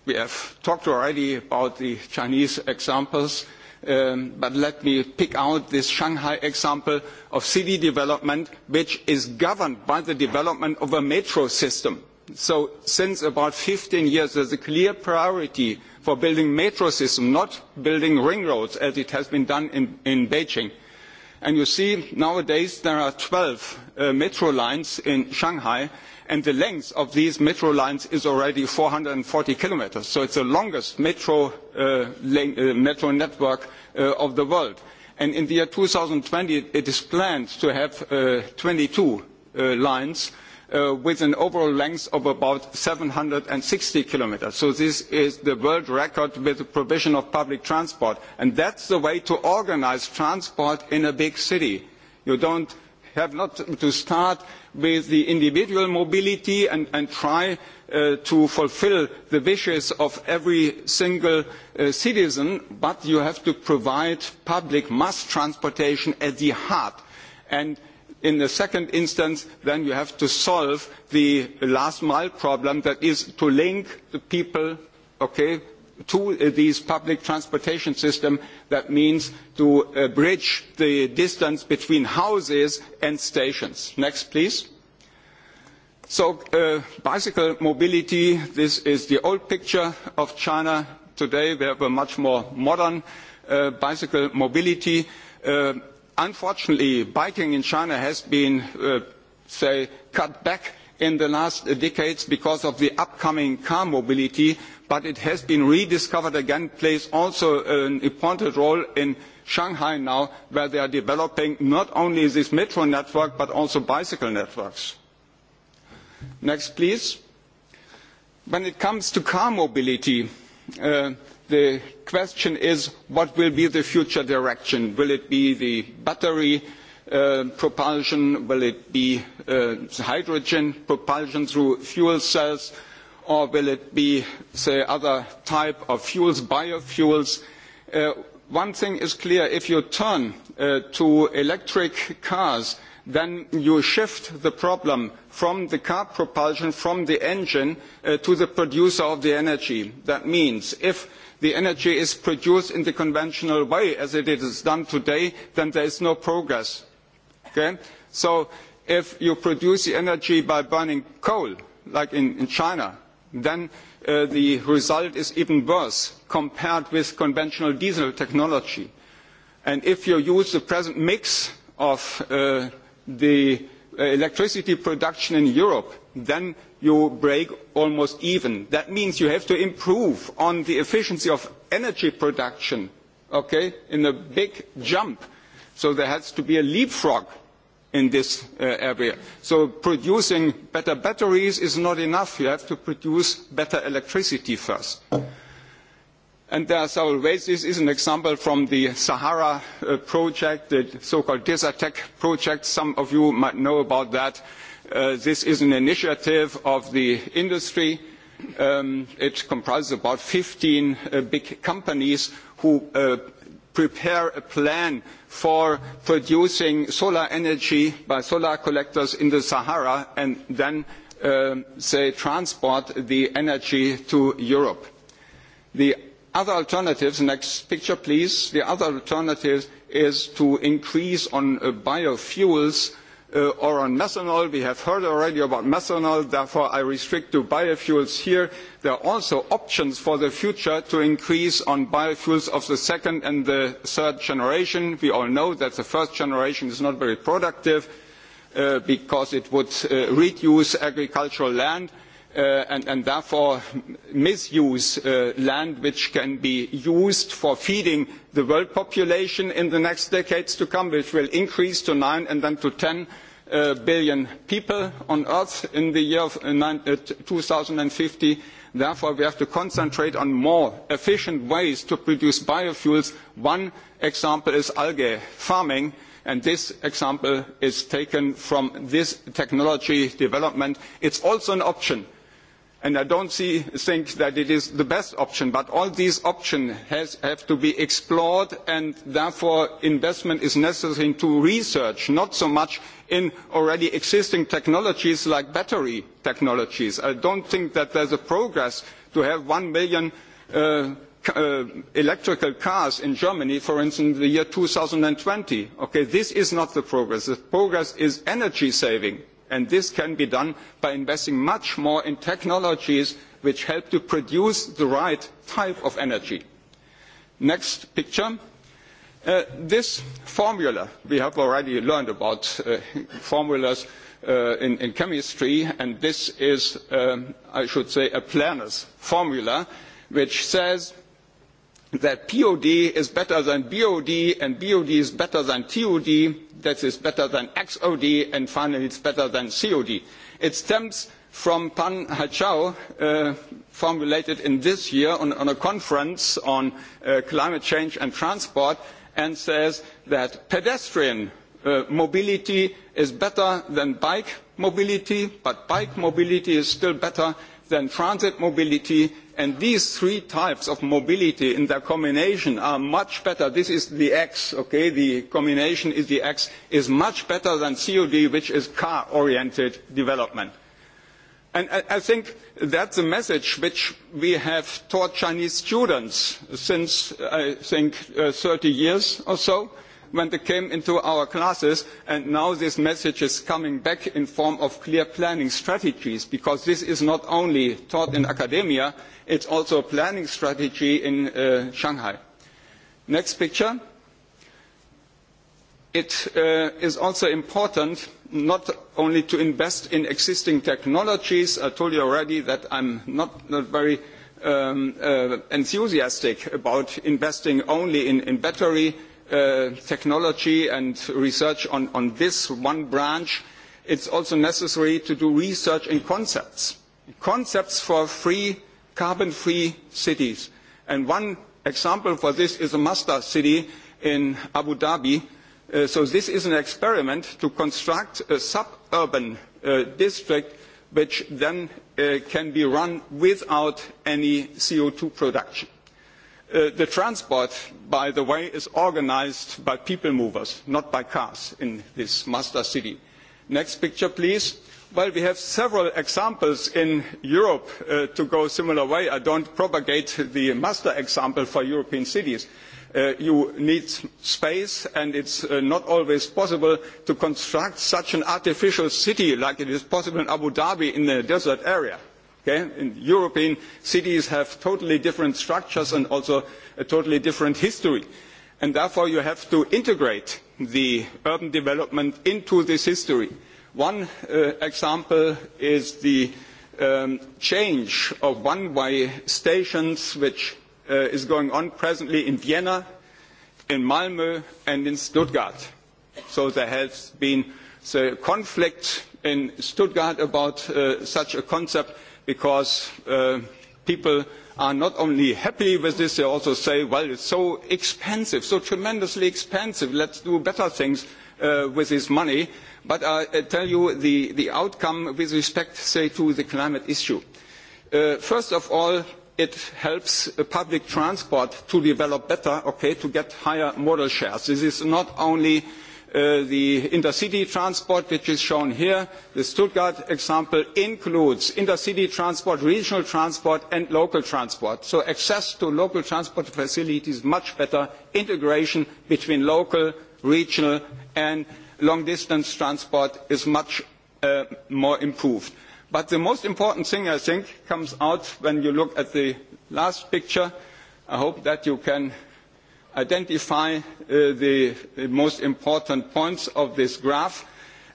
we have talked already about the Chinese examples, but let me pick out this Shanghai example of city development, which is governed by the development of a metro system. So since about 15 years, there is a clear priority for building metro system, not building ring roads as it has been done in Beijing and you see nowadays there are twelve metro lines in Shanghai and the length of these metro lines is already four hundred and forty kilometers so it is the longest metro network of the world and in the year twenty it is planned to have twenty two lines with an overall length of about 760 km So this is the world record with the provision of public transport. And that's the way to organize transport in a big city. You don't have not to start with the individual mobility and try to fulfill the wishes of every single citizen, but you have to provide public mass transportation at the heart. And in the second instance then you have to solve the last mile problem that is to link the people to these public transportation systems that means to bridge the distance between houses and stations. next please. so bicycle mobility this is the old picture of china today we have a much more modern bicycle mobility Unfortunately, biking in China has been, say, cut back in the last decades because of the upcoming car mobility, but it has been rediscovered again, plays also an important role in Shanghai now, where they are developing not only this metro network, but also bicycle networks. Next, please. When it comes to car mobility, the question is what will be the future direction? Will it be the battery propulsion? Will it be hydrogen propulsion through fuel cells? Or will it be, say, other type of fuels, biofuels? One thing is clear. If you turn to electric cars, then you shift the problem from the car propulsion, from the engine, to the producer of the energy. That means if the energy is produced in the conventional way, as it is done today, then there is no progress. So if you produce the energy by burning coal, like in China, then the result is even worse compared with conventional diesel technology. And if you use the present mix of the electricity production in Europe, then you break almost even. That means you have to improve on the efficiency of energy production in a big jump. So there has to be a leapfrog in this area. So producing better batteries is not enough. You have to produce better electricity first and there are several ways. This is an example from the Sahara project, the so-called Desertec project. Some of you might know about that. This is an initiative of the industry. It comprises about 15 big companies who prepare a plan for producing solar energy by solar collectors in the Sahara and then, say, transport the energy to Europe other alternatives next picture please the other alternative is to increase on biofuels or on methanol. We have heard already about methanol, therefore I restrict to biofuels here. There are also options for the future to increase on biofuels of the second and the third generation. We all know that the first generation is not very productive because it would reduce agricultural land and therefore misuse land which can be used for feeding the world population in the next decades to come, which will increase to 9 and then to 10 billion people on Earth in the year 2050. Therefore, we have to concentrate on more efficient ways to produce biofuels. One example is algae farming, and this example is taken from this technology development. It's also an option and I not think that it is the best option, but all these options have to be explored and therefore investment is necessary into research, not so much in already existing technologies like battery technologies. I don't think that there is a progress to have one million electrical cars in Germany, for instance, in the year 2020. This is not the progress. The progress is energy saving and this can be done by investing much more in technologies which help to produce the right type of energy. Next picture. This formula, we have already learned about formulas in chemistry, and this is, I should say, a Planner's formula, which says that pod is better than bod and bod is better than tod that is better than xod and finally it's better than cod. it stems from pan hachao formulated in this year on a conference on climate change and transport and says that pedestrian mobility is better than bike mobility but bike mobility is still better than transit mobility, and these three types of mobility in their combination are much better. This is the X, The combination is the X, is much better than COD, which is car-oriented development. I think that is a message which we have taught Chinese students since, I think, 30 years or so when they came into our classes and now this message is coming back in form of clear planning strategies because this is not only taught in academia it is also a planning strategy in shanghai. next picture. it is also important not only to invest in existing technologies i told you already that i am not very enthusiastic about investing only in battery technology and research on this one branch, it is also necessary to do research in concepts, concepts for free, carbon-free cities. And one example for this is a master city in Abu Dhabi. So this is an experiment to construct a suburban district which then can be run without any CO2 production the transport by the way is organised by people movers not by cars in this master city. next picture please. well we have several examples in europe to go a similar way. i do not propagate the master example for european cities. you need space and it is not always possible to construct such an artificial city like it is possible in abu dhabi in the desert area. In European cities have totally different structures and also a totally different history. And therefore you have to integrate the urban development into this history. One example is the change of one-way stations which is going on presently in Vienna, in Malmö and in Stuttgart. So there has been a conflict in Stuttgart about such a concept because people are not only happy with this, they also say, well, it's so expensive, so tremendously expensive, let's do better things with this money. But I tell you the outcome with respect, say, to the climate issue. First of all, it helps public transport to develop better, okay, to get higher model shares. This is not only the intercity transport which is shown here the stuttgart example includes intercity transport regional transport and local transport so access to local transport facilities much better integration between local regional and long distance transport is much more improved. but the most important thing i think comes out when you look at the last picture i hope that you can identify the most important points of this graph.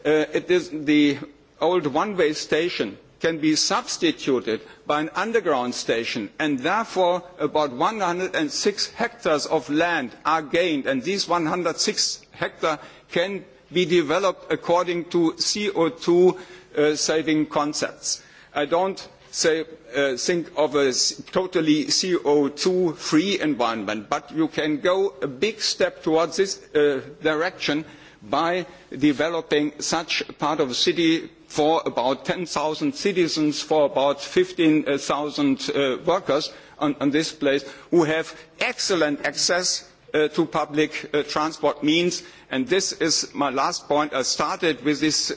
The old one-way station can be substituted by an underground station and therefore about 106 hectares of land are gained and these 106 hectares can be developed according to CO2 saving concepts. I don't think of a totally CO2 free environment, but you can go a big step towards this direction by developing such part of the city for about 10,000 citizens, for about 15,000 workers on this place who have excellent access to public transport means. And this is my last point. I started with this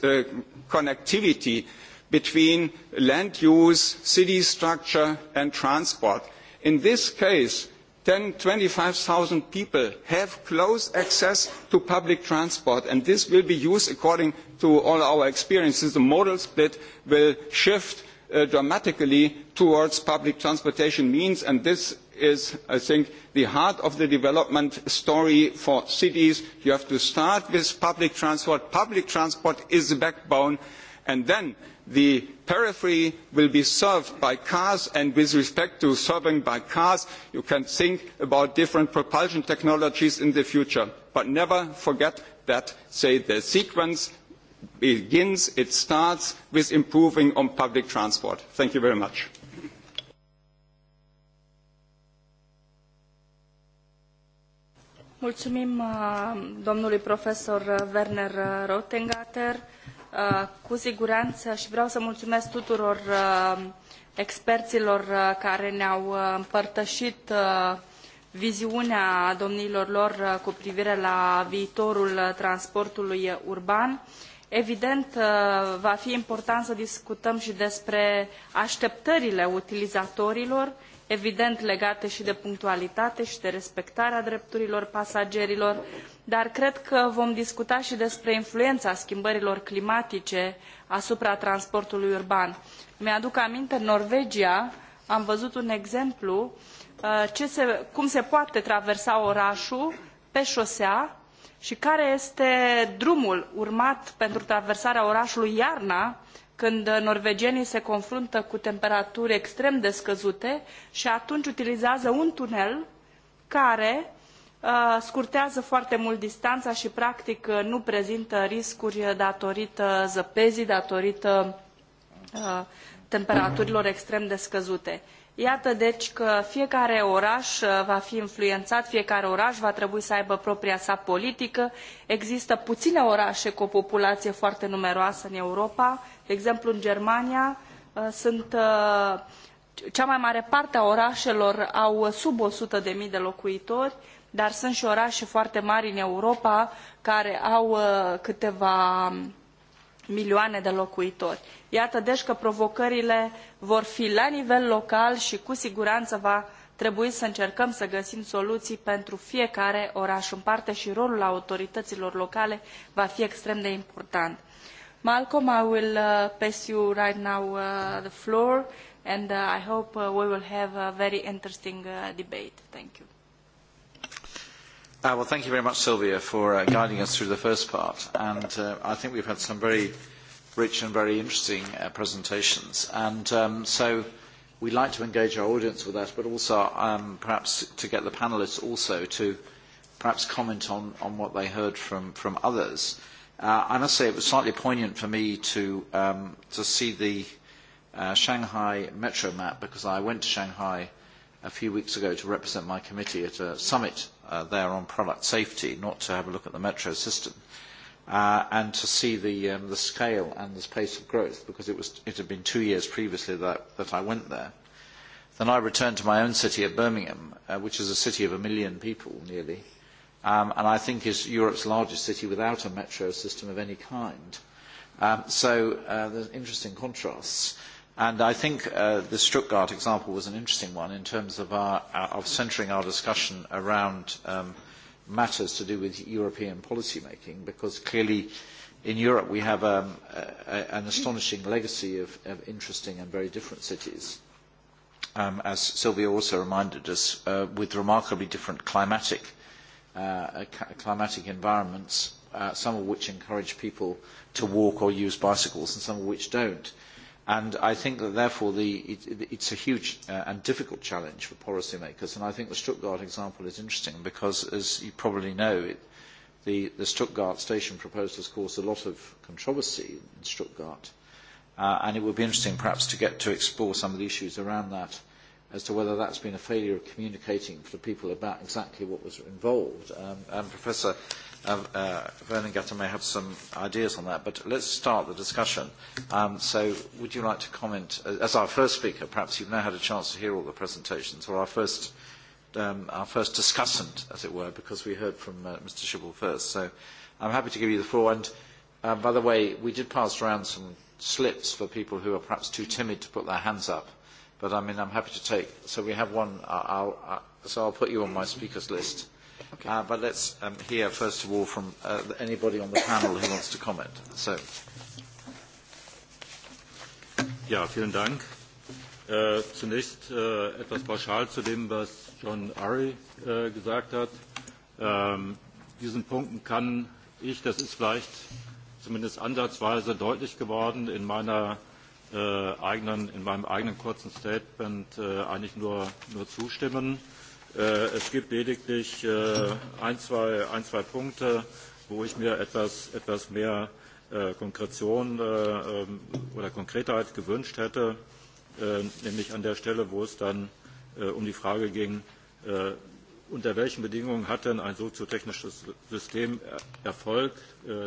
connectivity between land use, city structure and transport. In this case, ten twenty 25,000 people have close access to public transport and this will be used according to all our experiences. The modal split will shift dramatically towards public transportation means and this is, I think, the heart of the development story for cities. You have to start with public transport. Public transport is the backbone and then the periphery will be served by cars and with respect to serving by cars you can think about different propulsion technologies in the future but never forget that the sequence begins it starts with improving on public transport. thank you very much. Mulțumim domnului Werner cu siguranță și vreau să mulțumesc tuturor experților care ne-au împărtășit viziunea domniilor lor cu privire la viitorul transportului urban. Evident, va fi important să discutăm și despre așteptările utilizatorilor, evident legate și de punctualitate și de respectarea drepturilor pasagerilor, dar cred că vom discuta și despre influența schimbărilor climatice asupra transportului urban. Îmi aduc aminte, în Norvegia am văzut un exemplu cum se poate traversa orașul pe șosea și care este drumul urmat pentru traversarea orașului iarna, când norvegienii se confruntă cu temperaturi extrem de scăzute și atunci utilizează un tunel care scurtează foarte mult distanța și practic nu prezintă riscuri datorită zăpezii, datorită temperaturilor extrem de scăzute. Iată deci că fiecare oraș va fi influențat, fiecare oraș va trebui să aibă propria sa politică. Există puține orașe cu o populație foarte numeroasă în Europa. De exemplu, în Germania sunt cea mai mare parte a orașelor au sub 100.000 de locuitori, dar sunt și orașe foarte mari în Europa care au câteva milioane de locuitori. Iată deci că provocările vor fi la nivel local și cu siguranță va trebui să încercăm să găsim soluții pentru fiecare oraș în parte și rolul autorităților locale va fi extrem de important. Malcolm, I will pass you right now the floor, and I hope we will have a very interesting debate. Thank you. Well, thank you very much, Sylvia, for guiding us through the first part. And I think we've had some very rich and very interesting presentations. And so we'd like to engage our audience with that, but also perhaps to get the panelists also to perhaps comment on what they heard from others. I must say it was slightly poignant for me to see the Shanghai metro map because I went to Shanghai a few weeks ago to represent my committee at a summit there on product safety, not to have a look at the metro system, and to see the scale and the pace of growth, because it had been two years previously that I went there. Then I returned to my own city of Birmingham, which is a city of a million people nearly, and I think is Europe's largest city without a metro system of any kind. So there's interesting contrasts. And I think the Stuttgart example was an interesting one in terms of centering our discussion around matters to do with European policy making, because clearly in Europe we have an astonishing legacy of interesting and very different cities, as Sylvia also reminded us, with remarkably different climatic environments, some of which encourage people to walk or use bicycles and some of which don't And I think that therefore it it's a huge and difficult challenge for policymakers. And I think the Stuttgart example is interesting because, as you probably know, the Stuttgart station proposal has caused a lot of controversy in Stuttgart. And it would be interesting perhaps to get to explore some of the issues around that as to whether that's been a failure of communicating to people about exactly what was involved. Professor Vernon Gutter may have some ideas on that, but let's start the discussion. So would you like to comment, as our first speaker, perhaps you've now had a chance to hear all the presentations, or our first our first discussant, as it were, because we heard from Mr. Schibble first. So I'm happy to give you the floor. And by the way, we did pass around some slips for people who are perhaps too timid to put their hands up. But I mean, I'm happy to take. So we have one. I'll, so I'll put you on my speakers list But let's hear, first of all, from anybody on the panel who wants to comment. So. Ja, vielen Dank. Zunächst etwas pauschal zu dem, was John Arry gesagt hat. Diesen Punkten kann ich, das ist vielleicht zumindest ansatzweise deutlich geworden, in meiner eigenen in meinem eigenen kurzen Statement eigentlich nur zustimmen. Es gibt lediglich ein, zwei Punkte, wo ich mir etwas mehr Konkretion oder Konkretheit gewünscht hätte, nämlich an der Stelle, wo es dann um die Frage ging, unter welchen Bedingungen hat denn ein soziotechnisches System Erfolg?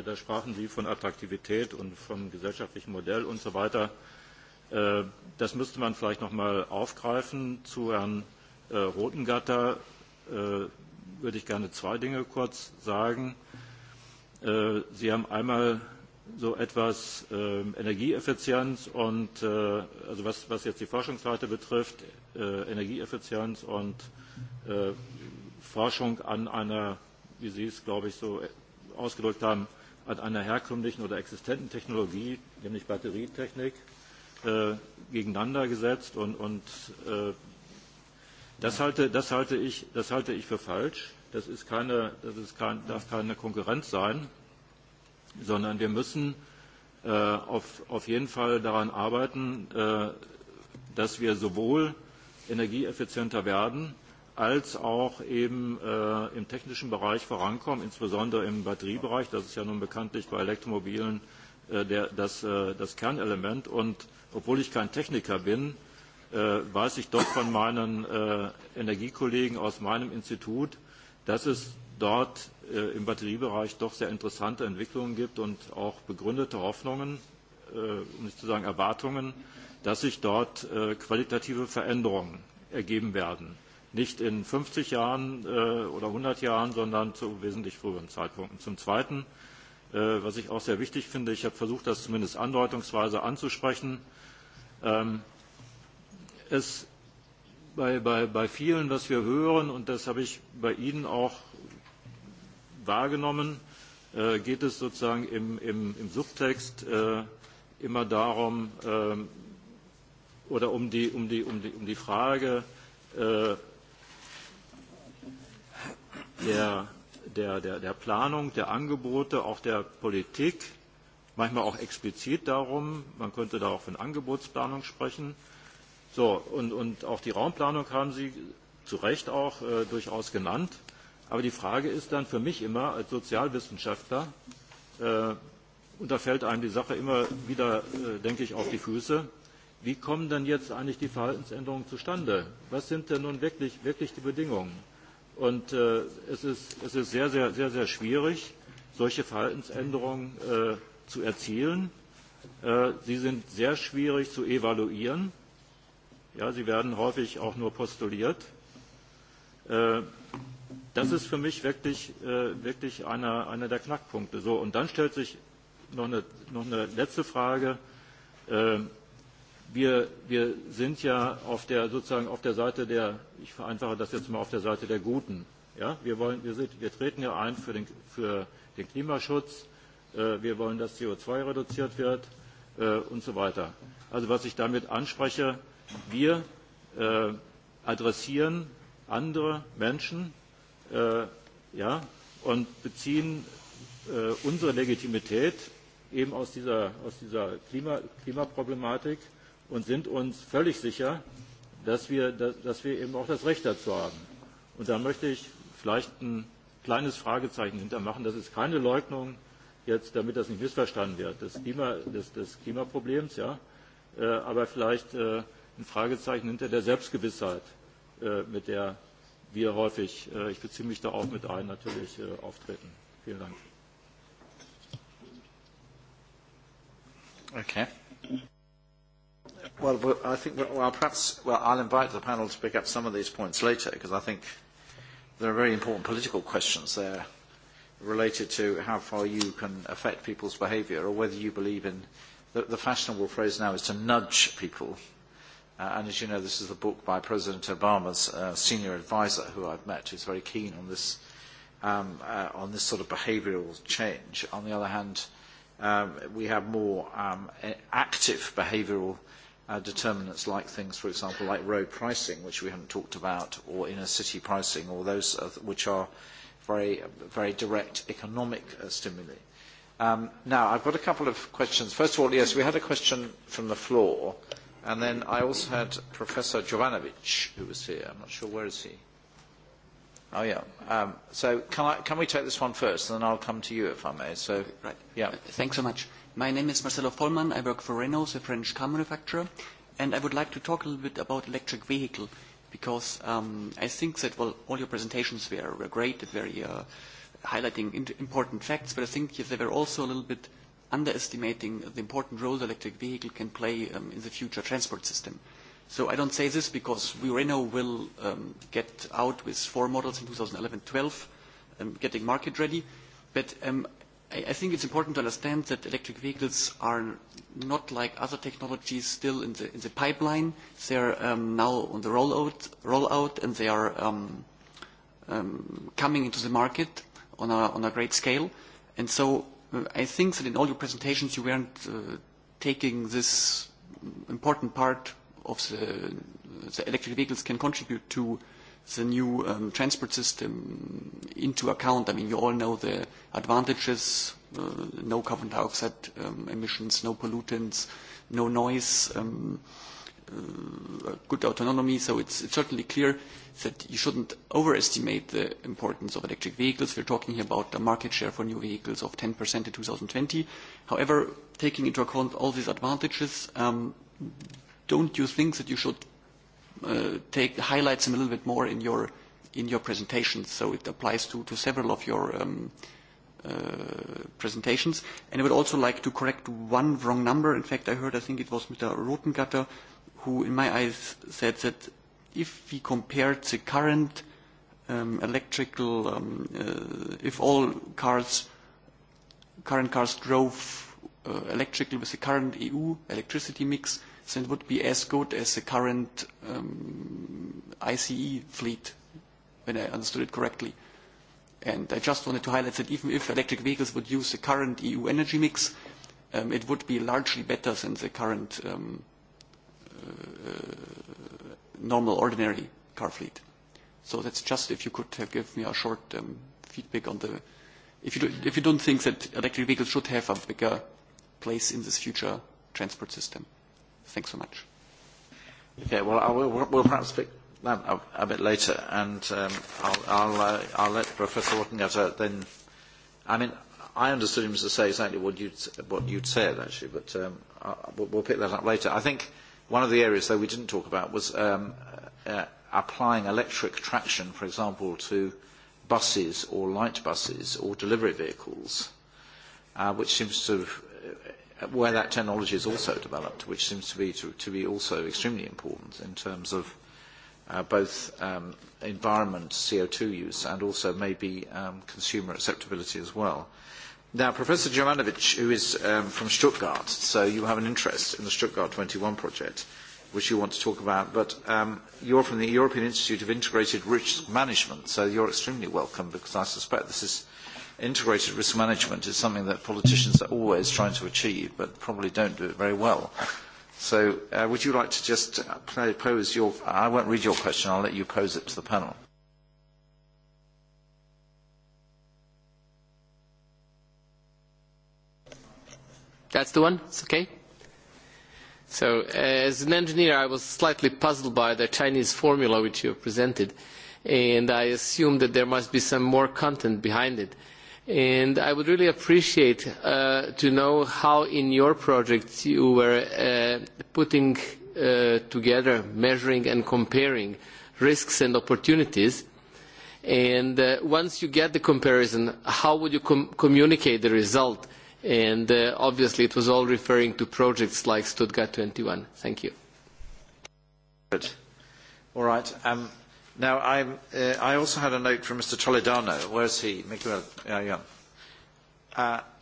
Da sprachen Sie von Attraktivität und vom gesellschaftlichen Modell und so weiter. Das müsste man vielleicht noch mal aufgreifen. Zu Herrn Rotengatter würde ich gerne zwei Dinge kurz sagen. Sie haben einmal so etwas Energieeffizienz und also was jetzt die Forschungsseite betrifft, Energieeffizienz und Forschung an einer, wie Sie es glaube ich so ausgedrückt haben, an einer herkömmlichen oder existenten Technologie, nämlich Batterietechnik, gegeneinander gesetzt und Das halte ich für falsch. Das darf keine Konkurrenz sein, sondern wir müssen auf jeden Fall daran arbeiten, dass wir sowohl energieeffizienter werden, als auch eben im technischen Bereich vorankommen, insbesondere im Batteriebereich. Das ist ja nun bekanntlich bei Elektromobilen das Kernelement. Und obwohl ich kein Techniker bin, weiß ich doch von meinen Energiekollegen aus meinem Institut, dass es dort im Batteriebereich doch sehr interessante Entwicklungen gibt und auch begründete Hoffnungen, um nicht zu sagen Erwartungen, dass sich dort qualitative Veränderungen ergeben werden. Nicht in 50 Jahren oder 100 Jahren, sondern zu wesentlich früheren Zeitpunkten. Zum Zweiten, was ich auch sehr wichtig finde, ich habe versucht, das zumindest andeutungsweise anzusprechen, es bei vielen, was wir hören, und das habe ich bei Ihnen auch wahrgenommen, geht es sozusagen im Subtext immer darum oder um die Frage der Planung, der Angebote, auch der Politik, manchmal auch explizit darum, man könnte da auch von Angebotsplanung sprechen, So, und auch die Raumplanung haben Sie zu Recht auch durchaus genannt. Aber die Frage ist dann für mich immer als Sozialwissenschaftler, und da fällt einem die Sache immer wieder, denke ich, auf die Füße, wie kommen denn jetzt eigentlich die Verhaltensänderungen zustande? Was sind denn nun wirklich die Bedingungen? Und es ist sehr, sehr, sehr, sehr schwierig, solche Verhaltensänderungen zu erzielen. Sie sind sehr schwierig zu evaluieren. Ja, Sie werden häufig auch nur postuliert. Das ist für mich wirklich einer der Knackpunkte. So, Und dann stellt sich noch eine letzte Frage. Wir sind ja auf der sozusagen auf der Seite der ich vereinfache das jetzt mal auf der Seite der Guten. Wir treten ja ein für den Klimaschutz, wir wollen, dass CO2 reduziert wird und so weiter. Also was ich damit anspreche wir adressieren andere Menschen und beziehen unsere Legitimität eben aus dieser Klimaproblematik und sind uns völlig sicher, dass wir eben auch das Recht dazu haben. Und da möchte ich vielleicht ein kleines Fragezeichen hintermachen. Das ist keine Leugnung, jetzt, damit das nicht missverstanden wird, des Klimaproblems, ja, aber vielleicht ein Fragezeichen hinter der Selbstgewissheit, mit der wir häufig, ich beziehe mich da auch mit ein, natürlich auftreten. Vielen Dank. Okay. Well, I think well, perhaps well, I'll invite the panel to pick up some of these points later because I think there are very important political questions there related to how far you can affect people's behaviour or whether you believe in the, the fashionable phrase now is to nudge people And as you know, this is the book by President Obama's senior advisor, who I've met, who's very keen on this on this sort of behavioral change. On the other hand, we have more active behavioural determinants like things, for example, like road pricing, which we haven't talked about, or inner city pricing, or those which are very, very direct economic stimuli. Now, I've got a couple of questions. First of all, yes, we had a question from the floor And then I also had Professor Jovanovic, who was here. I'm not sure where is he. Oh yeah. Um, so can I can we take this one first, and then I'll come to you if I may. So right. Yeah. Thanks so much. My name is Marcelo Follmann. I work for Renault, a French car manufacturer, and I would like to talk a little bit about electric vehicle, because um, I think that well, all your presentations were, were great, very uh, highlighting important facts, but I think they were also a little bit underestimating the important role the electric vehicle can play in the future transport system. So I don't say this because we Renault will get out with four models in 2011-12, getting market ready. But I think it's important to understand that electric vehicles are not like other technologies still in the pipeline. They are now on the rollout and they are coming into the market on a great scale. And so I think that in all your presentations you weren't taking this important part of the electric vehicles can contribute to the new transport system into account. I mean, you all know the advantages, no carbon dioxide emissions, no pollutants, no noise good autonomy. So it's certainly clear that you shouldn't overestimate the importance of electric vehicles. We're talking here about a market share for new vehicles of 10% in 2020. However, taking into account all these advantages, don't you think that you should take highlight them a little bit more in your in presentation? So it applies to to several of your presentations. And I would also like to correct one wrong number. In fact, I heard, I think it was Mr. Rotengatter who in my eyes said that if we compared the current electrical, if all cars, current cars drove electrically with the current EU electricity mix, then it would be as good as the current ICE fleet, when I understood it correctly. And I just wanted to highlight that even if electric vehicles would use the current EU energy mix, it would be largely better than the current normal, ordinary car fleet. So that's just if you could give me a short feedback on the, if you if you don't think that electric vehicles should have a bigger place in this future transport system. Thanks so much. Okay, well, we'll perhaps pick that a bit later, and I'll I'll let Professor Wattengatter then. I mean, I understood him to say exactly what you'd said actually, but we'll pick that up later. I think One of the areas, though, we didn't talk about was applying electric traction, for example, to buses or light buses or delivery vehicles, which seems to where that technology is also developed, which seems to be to be also extremely important in terms of both environment, CO2 use, and also maybe consumer acceptability as well. Now, Professor Jovanovic, who is from Stuttgart, so you have an interest in the Stuttgart 21 project, which you want to talk about, but you're from the European Institute of Integrated Risk Management, so you're extremely welcome because I suspect this is integrated risk management is something that politicians are always trying to achieve, but probably don't do it very well. So would you like to just pose your, I won't read your question, I'll let you pose it to the panel. That's the one? It's okay? So as an engineer, I was slightly puzzled by the Chinese formula which you presented, and I assumed that there must be some more content behind it. And I would really appreciate to know how in your project you were putting together, measuring and comparing risks and opportunities. And once you get the comparison, how would you communicate the result? and obviously it was all referring to projects like Stuttgart 21. Thank you. All right. Now, I also had a note from Mr. Toledano. Where is he? Miguel.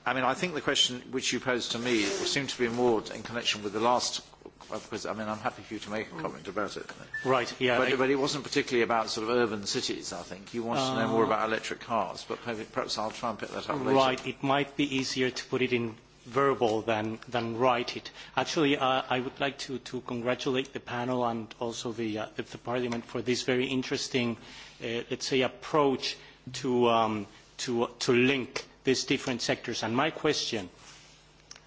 I mean, I think the question which you posed to me seemed to be more in connection with the last because I mean I'm happy for you to make a comment about it. Right. Yeah. But, but it wasn't particularly about sort of urban cities. I think you wanted to know more about electric cars, but perhaps I'll try and pick that up later. Right. It might be easier to put it in verbal than than write it. Actually, I would like to to congratulate the panel and also the the Parliament for this very interesting, let's say, approach to to to link these different sectors. And my question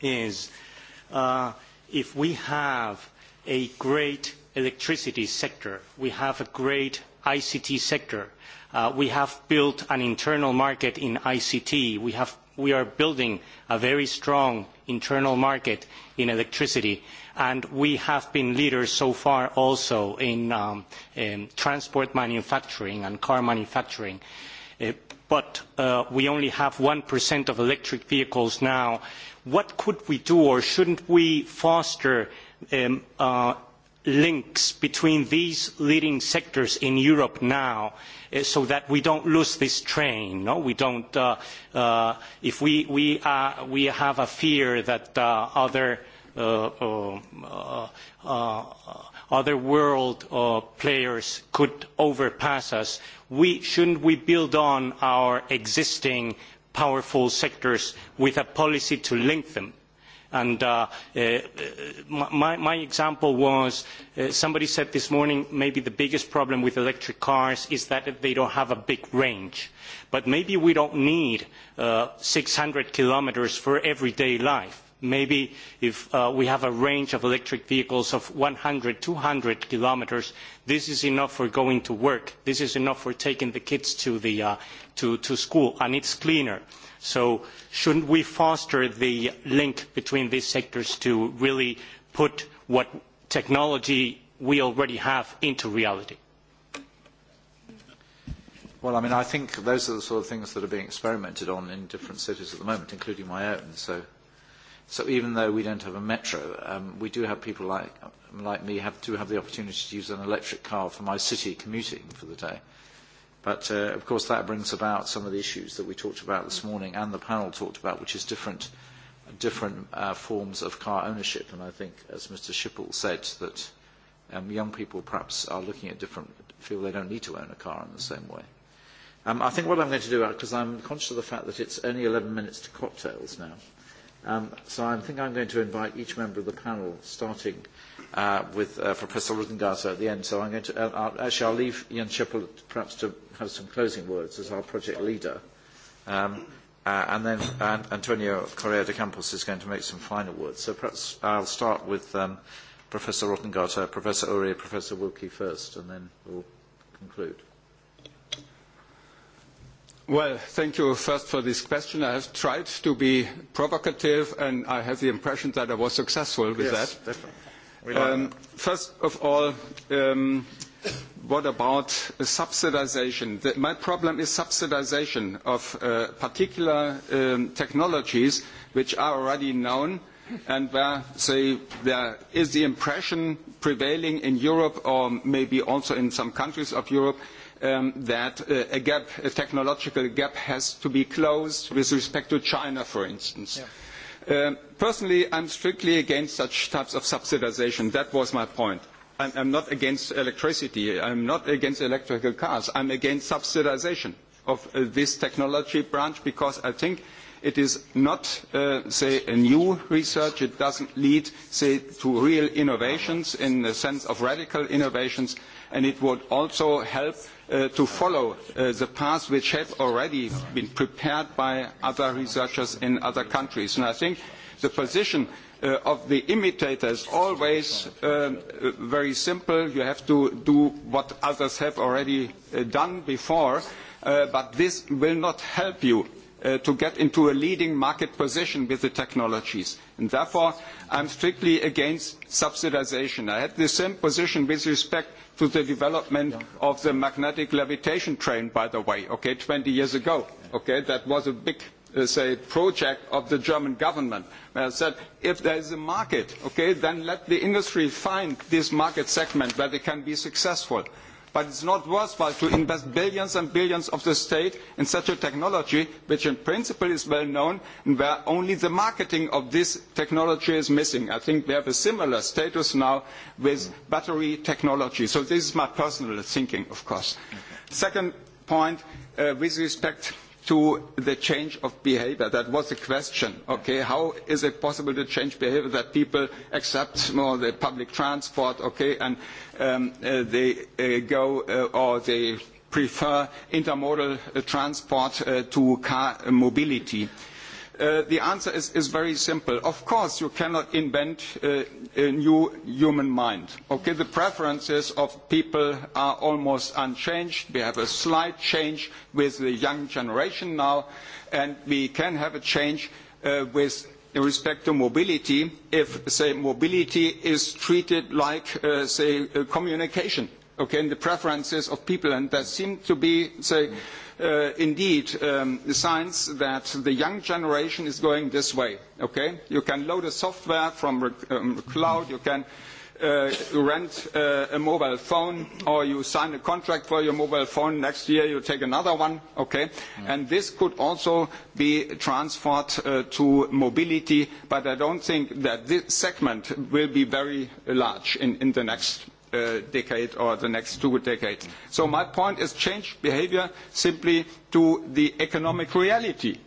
is uh if we have a great electricity sector, we have a great ICT sector, we have built an internal market in ICT, we are building a very strong internal market in electricity, and we have been leaders so far also in transport manufacturing and car manufacturing but we only have 1% of electric vehicles now. What could we do or shouldn't we foster links between these leading sectors in Europe now so that we don't lose this train? If we have a fear that other other world players could overpass us. Shouldn't we build on our existing powerful sectors with a policy to link them? And my example was somebody said this morning maybe the biggest problem with electric cars is that they don't have a big range. But maybe we don't need 600 kilometers for everyday life maybe if we have a range of electric vehicles of 100, 200 kilometers, this is enough for going to work. This is enough for taking the kids to school, and it's cleaner. So shouldn't we foster the link between these sectors to really put what technology we already have into reality? Well, I mean, I think those are the sort of things that are being experimented on in different cities at the moment, including my own. So So even though we don't have a metro, we do have people like like me have to have the opportunity to use an electric car for my city commuting for the day. But of course that brings about some of the issues that we talked about this morning and the panel talked about, which is different different forms of car ownership. And I think, as Mr. Schiphol said, that young people perhaps are looking at different, feel they don't need to own a car in the same way. I think what I'm going to do, because I'm conscious of the fact that it's only 11 minutes to cocktails now. So I think I'm going to invite each member of the panel, starting with Professor Rudengaza at the end. So I'm going to, actually, I'll leave Ian Schippel perhaps to have some closing words as our project leader. And then Antonio Correa de Campos is going to make some final words. So perhaps I'll start with Professor Rottengarter, Professor Uri, Professor Wilkie first, and then we'll conclude. Well, thank you first for this question. I have tried to be provocative, and I have the impression that I was successful with that. First of all, what about subsidisation? My problem is subsidisation of particular technologies which are already known and where say, there is the impression prevailing in Europe or maybe also in some countries of Europe that a gap, a technological gap, has to be closed with respect to China, for instance. Personally, I'm strictly against such types of subsidization. That was my point. I'm not against electricity. I'm not against electrical cars. I'm against subsidization of this technology branch because I think it is not, say, a new research. It doesn't lead, say, to real innovations in the sense of radical innovations and it would also help to follow the paths which have already been prepared by other researchers in other countries. And I think the position of the imitators is always very simple. You have to do what others have already done before, but this will not help you to get into a leading market position with the technologies. And therefore, I'm strictly against subsidization. I had the same position with respect to the development of the magnetic levitation train, by the way, 20 years ago. That was a big project of the German government. I said, if there is a market, then let the industry find this market segment where they can be successful. But it's not worthwhile to invest billions and billions of the state in such a technology, which in principle is well known, and where only the marketing of this technology is missing. I think we have a similar status now with battery technology. So this is my personal thinking, of course. Second point, with respect to the change of behaviour, That was the question. Okay, how is it possible to change behavior that people accept more the public transport, okay, and they go or they prefer intermodal transport to car mobility the answer is very simple. Of course, you cannot invent a new human mind. The preferences of people are almost unchanged. We have a slight change with the young generation now, and we can have a change with respect to mobility if, say, mobility is treated like, say, communication in the preferences of people and there seem to be indeed signs that the young generation is going this way. You can load a software from the cloud, you can rent a mobile phone or you sign a contract for your mobile phone, next year you take another one. And this could also be transferred to mobility, but I don't think that this segment will be very large in the next decade or the next two decades. So my point is change behavior simply to the economic reality.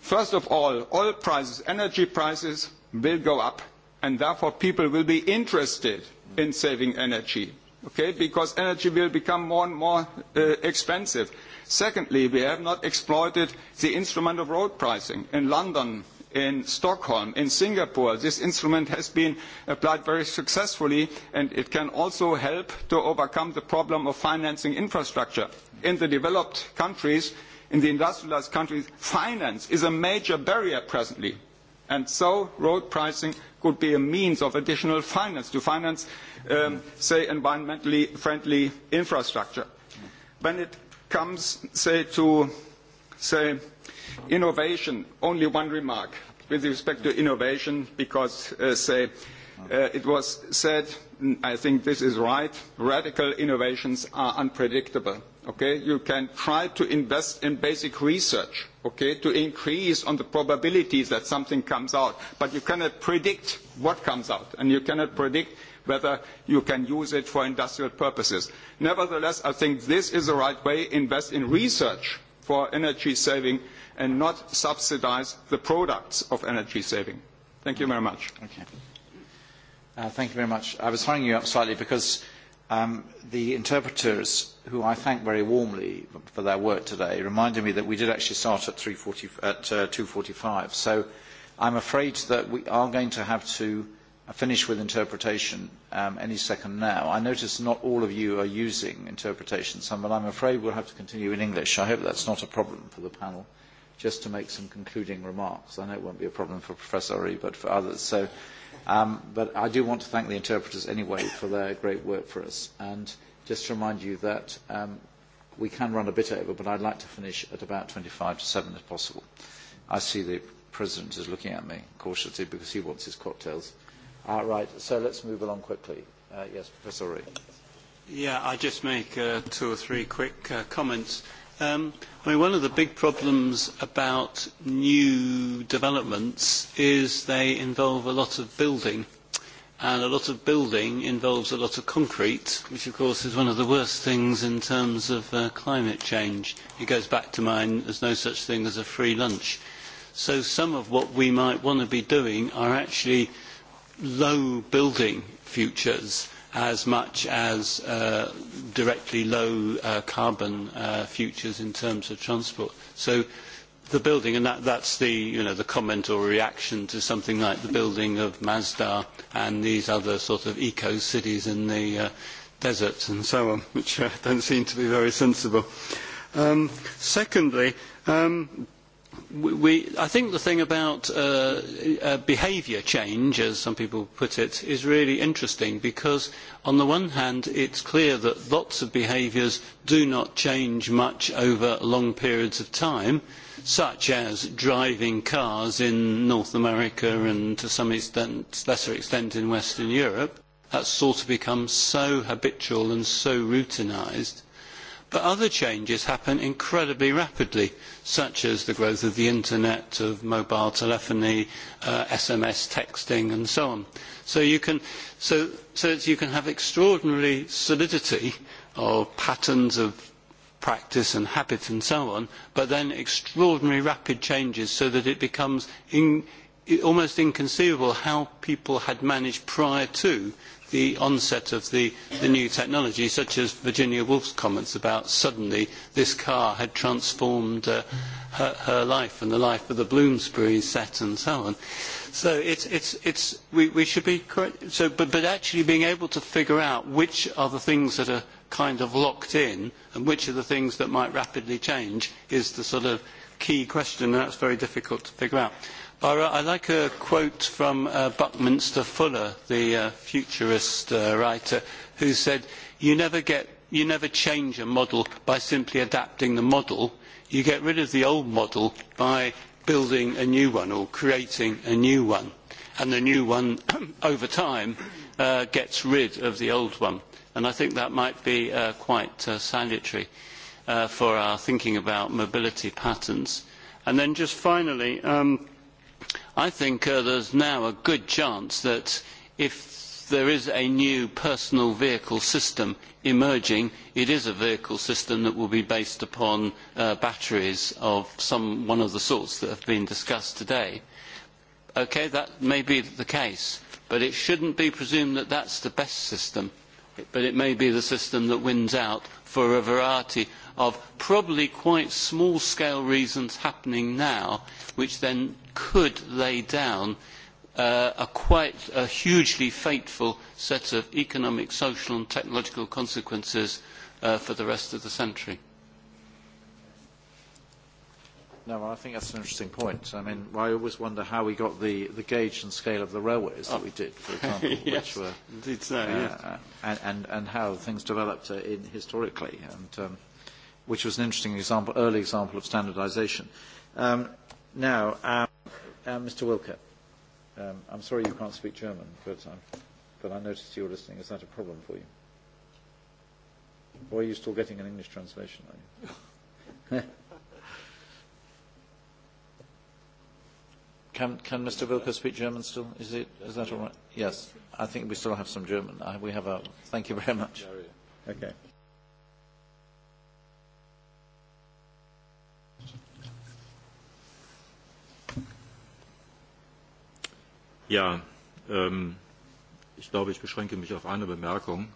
First of all, oil prices, energy prices will go up and therefore people will be interested in saving energy because energy will become more and more expensive. Secondly, we have not exploited the instrument of road pricing. In London, in Stockholm, in Singapore. This instrument has been applied very successfully and it can also help to overcome the problem of financing infrastructure. In the developed countries, in the industrialised countries, finance is a major barrier presently. And so road pricing could be a means of additional finance to finance, say, environmentally friendly infrastructure. When it comes, say, to, say, Innovation, only one remark with respect to innovation, because it was said, I think this is right, radical innovations are unpredictable. You can try to invest in basic research to increase on the probabilities that something comes out, but you cannot predict what comes out, and you cannot predict whether you can use it for industrial purposes. Nevertheless, I think this is the right way, invest in research for energy saving and not subsidize the products of energy saving. Thank you very much. Thank you very much. I was hurrying you up slightly because the interpreters, who I thank very warmly for their work today, reminded me that we did actually start at 2.45. So I'm afraid that we are going to have to finish with interpretation any second now. I notice not all of you are using interpretation, some, but I'm afraid we'll have to continue in English. I hope that's not a problem for the panel just to make some concluding remarks. I know it won't be a problem for Professor Ori, but for others. So, but I do want to thank the interpreters anyway for their great work for us. And just to remind you that we can run a bit over, but I'd like to finish at about 25 to 7 if possible. I see the President is looking at me cautiously because he wants his cocktails. Right, so let's move along quickly. Yes, Professor Ori. Yeah, I'll just make two or three quick comments. One of the big problems about new developments is they involve a lot of building, and a lot of building involves a lot of concrete, which of course is one of the worst things in terms of climate change. It goes back to mine, is no such thing as a free lunch. So some of what we might want to be doing are actually low building futures as much as directly low carbon futures in terms of transport. So the building, and that's the comment or reaction to something like the building of Mazda and these other sort of eco-cities in the deserts and so on, which don't seem to be very sensible. Secondly, I think the thing about behaviour change, as some people put it, is really interesting because, on the one hand, it's clear that lots of behaviours do not change much over long periods of time, such as driving cars in North America and, to some lesser extent, in Western Europe. That's sort of become so habitual and so routinised But other changes happen incredibly rapidly, such as the growth of the Internet, of mobile telephony, SMS texting, and so on. So you can have extraordinary solidity of patterns of practice and habit and so on, but then extraordinary rapid changes so that it becomes almost inconceivable how people had managed prior to the onset of the new technology, such as Virginia Woolf's comments about suddenly this car had transformed her life and the life of the Bloomsbury set and so on. So it's we should be so but actually being able to figure out which are the things that are kind of locked in and which are the things that might rapidly change is the sort of key question and that's very difficult to figure out. I like a quote from Buckminster Fuller, the futurist writer, who said, "You never change a model by simply adapting the model. You get rid of the old model by building a new one or creating a new one, and the new one, over time, gets rid of the old one." And I think that might be quite salutary for our thinking about mobility patterns. And then just finally I think there's now a good chance that if there is a new personal vehicle system emerging, it is a vehicle system that will be based upon batteries of some one of the sorts that have been discussed today. Okay, that may be the case, but it shouldn't be presumed that that's the best system but it may be the system that wins out for a variety of probably quite small scale reasons happening now which then could lay down a quite a hugely fateful set of economic social and technological consequences for the rest of the century. No, I think that's an interesting point. I mean, I always wonder how we got the, the gauge and scale of the railways that we did, for example, which were, and, and, and how things developed in, historically, and um, which was an interesting example, early example of standardization. Um, now, um, Mr. Wilke, um, I'm sorry you can't speak German, but, um, but I noticed you were listening. Is that a problem for you? Or are you still getting an English translation? Are you? Can can Mr. Wilker speak German still? Is it is that all right? Yes, I think we still have some German. We have a. Thank you very much. Okay. Ja, ähm, ich glaube, ich beschränke mich auf eine Bemerkung.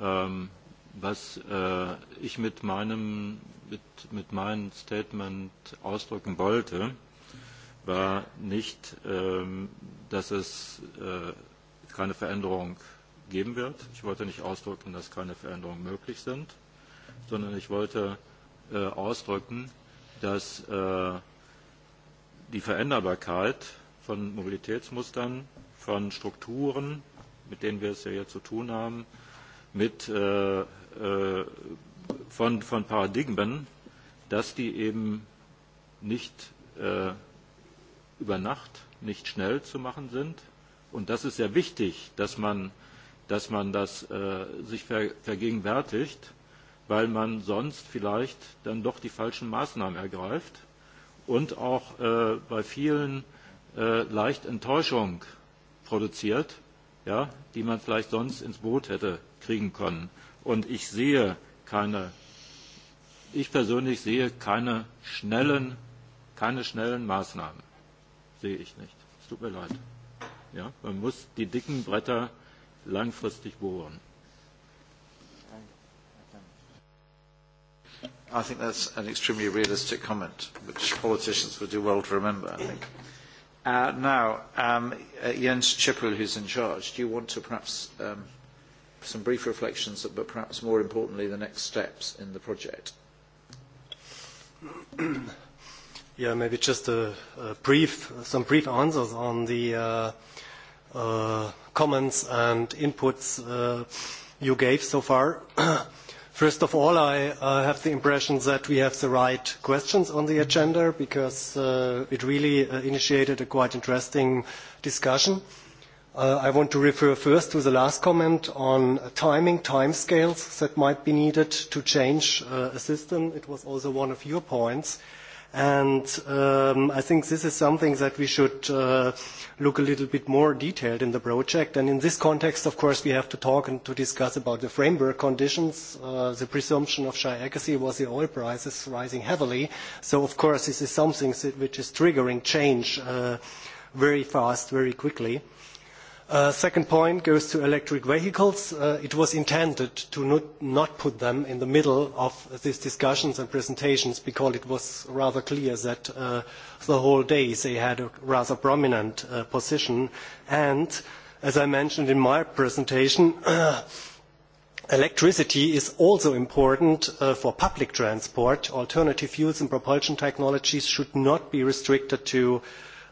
Ähm, was äh, ich mit meinem mit, mit meinem Statement ausdrücken wollte war nicht, dass es keine Veränderung geben wird. Ich wollte nicht ausdrücken, dass keine Veränderungen möglich sind, sondern ich wollte ausdrücken, dass die Veränderbarkeit von Mobilitätsmustern, von Strukturen, mit denen wir es ja hier zu tun haben, mit, von, von Paradigmen, dass die eben nicht über Nacht nicht schnell zu machen sind. Und das ist sehr wichtig, dass man das sich vergegenwärtigt, weil man sonst vielleicht dann doch die falschen Maßnahmen ergreift und auch bei vielen leicht Enttäuschung produziert, die man vielleicht sonst ins Boot hätte kriegen können. Und ich sehe keine, ich persönlich sehe keine schnellen Maßnahmen verstehe ich nicht. Es tut mir leid. Ja, man muss die dicken Bretter langfristig bohren. I think that's an extremely realistic comment, which politicians would do well to remember, I think. Uh, now, um, Jens Chippel, who's in charge, do you want to perhaps um, some brief reflections, but perhaps more importantly, the next steps in the project? Yeah, maybe just a brief, some brief answers on the comments and inputs you gave so far. First of all, I have the impression that we have the right questions on the agenda because it really initiated a quite interesting discussion. I want to refer first to the last comment on timing, timescales that might be needed to change a system. It was also one of your points. And I think this is something that we should look a little bit more detailed in the project. And in this context, of course, we have to talk and to discuss about the framework conditions. The presumption of shy accuracy was the oil prices rising heavily. So, of course, this is something which is triggering change very fast, very quickly. Second point goes to electric vehicles. It was intended to not put them in the middle of these discussions and presentations because it was rather clear that the whole day they had a rather prominent position. And, as I mentioned in my presentation, electricity is also important for public transport. Alternative fuels and propulsion technologies should not be restricted to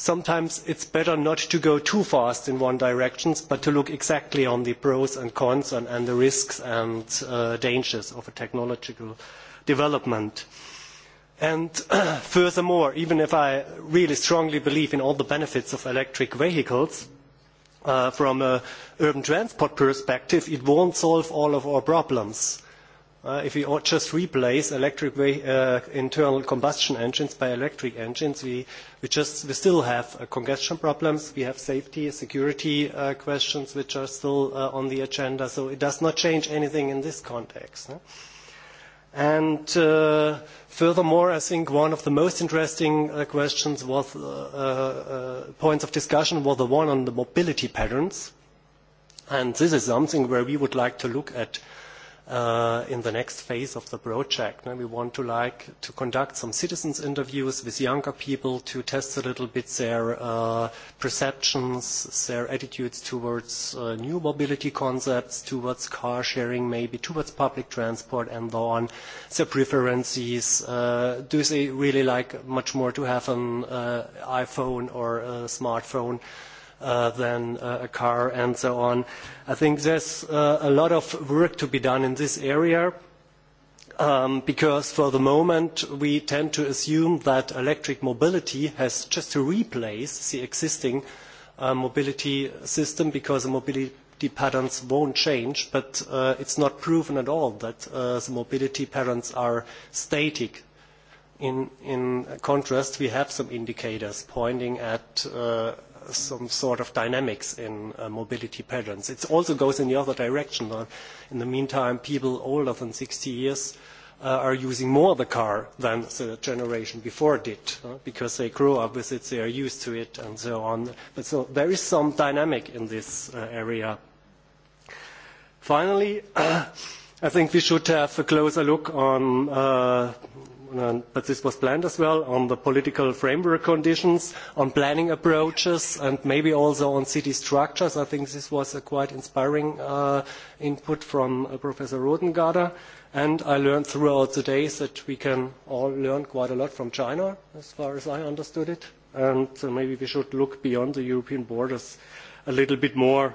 sometimes it is better not to go too fast in one direction but to look exactly on the pros and cons and the risks and dangers of a technological development. furthermore even if i really strongly believe in all the benefits of electric vehicles from an urban transport perspective it will not solve all of our problems If we just replace electric internal combustion engines by electric engines, we still have congestion problems. We have safety, security questions which are still on the agenda. So it does not change anything in this context. And furthermore, I think one of the most interesting questions was points of discussion was the one on the mobility patterns. And this is something where we would like to look at in the next phase of the project. We want to like to conduct some citizens interviews with younger people to test a little bit their perceptions, their attitudes towards new mobility concepts, towards car sharing maybe, towards public transport and so on, their preferences. Do they really like much more to have an iPhone or a smartphone? than a car and so on. I think there's a lot of work to be done in this area because for the moment we tend to assume that electric mobility has just to replace the existing mobility system because the mobility patterns won't change, but it's not proven at all that the mobility patterns are static. In contrast, we have some indicators pointing at some sort of dynamics in mobility patterns. It also goes in the other direction. In the meantime, people older than 60 years are using more the car than the generation before did, because they grew up with it, they are used to it, and so on. But so there is some dynamic in this area. Finally, I think we should have a closer look on but this was planned as well, on the political framework conditions, on planning approaches, and maybe also on city structures. I think this was a quite inspiring input from Professor Rodengarder. And I learned throughout the days that we can all learn quite a lot from China, as far as I understood it. And maybe we should look beyond the European borders a little bit more.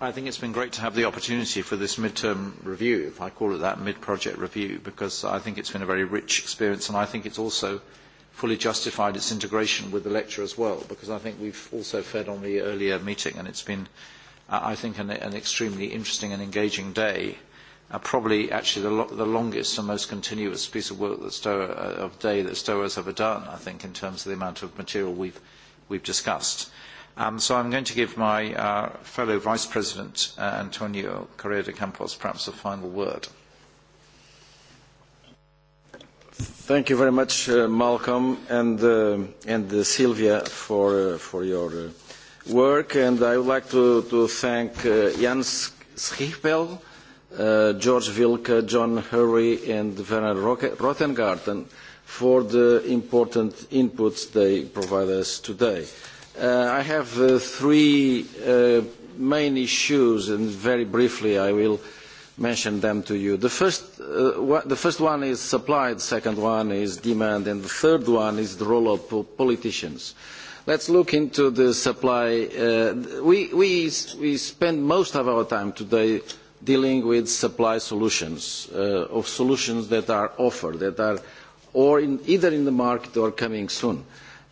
I think it's been great to have the opportunity for this mid-term review, if I call it that, mid-project review, because I think it's been a very rich experience, and I think it's also fully justified its integration with the lecture as well, because I think we've also fed on the earlier meeting, and it's been, I think, an extremely interesting and engaging day, probably actually the longest and most continuous piece of work that of day that Stoa has ever done, I think, in terms of the amount of material we've discussed. So I'm going to give my fellow Vice President, Antonio Correa de Campos, perhaps a final word. Thank you very much, Malcolm and Sylvia, for your work. And I would like to thank Jan Schiepel, George Wilke, John Hurry, and Werner Rothengarten for the important inputs they provide us today. I have three main issues, and very briefly I will mention them to you. The first one is supply, the second one is demand, and the third one is the role of politicians. Let's look into the supply. We spend most of our time today dealing with supply solutions, of solutions that are offered, that are either in the market or coming soon.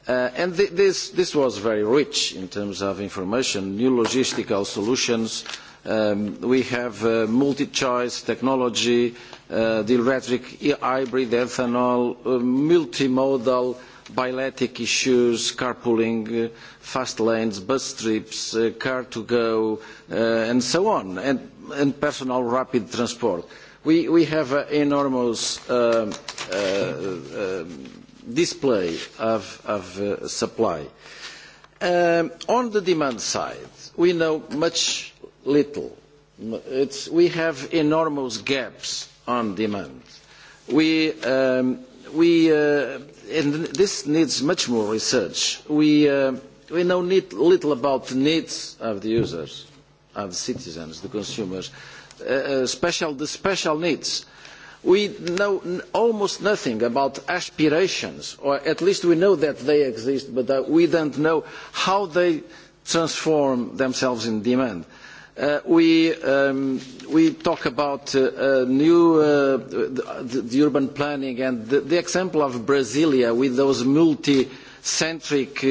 And this was very rich in terms of information, new logistical solutions. We have multi-choice technology, the electric hybrid ethanol, multimodal biletic issues, carpooling, fast lanes, bus trips, car-to-go, and so on, and personal rapid transport. We have enormous display of supply. On the demand side, we know much little. We have enormous gaps on demand. This needs much more research. We know little about the needs of the users, of the citizens, the consumers, the special needs We know almost nothing about aspirations, or at least we know that they exist, but we don't know how they transform themselves in demand. We talk about new urban planning and the example of Brasilia with those multi-centric,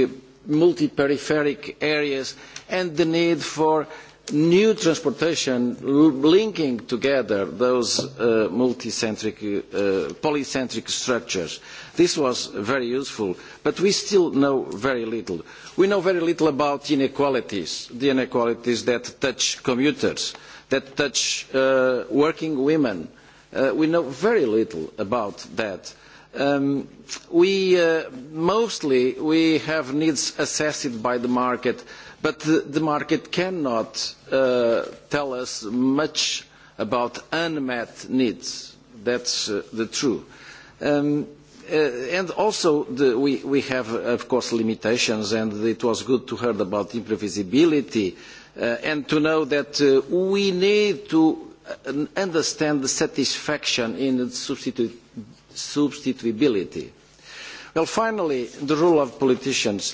multi-peripheric areas and the need for new transportation linking together those multicentric polycentric structures. This was very useful, but we still know very little. We know very little about inequalities, the inequalities that touch commuters, that touch working women. We know very little about that. Mostly we have needs assessed by the market But the market cannot tell us much about unmet needs. That's the truth. And also we have, of course, limitations, and it was good to hear about imprevisibility and to know that we need to understand the satisfaction in substitutability. Well, finally, the role of politicians.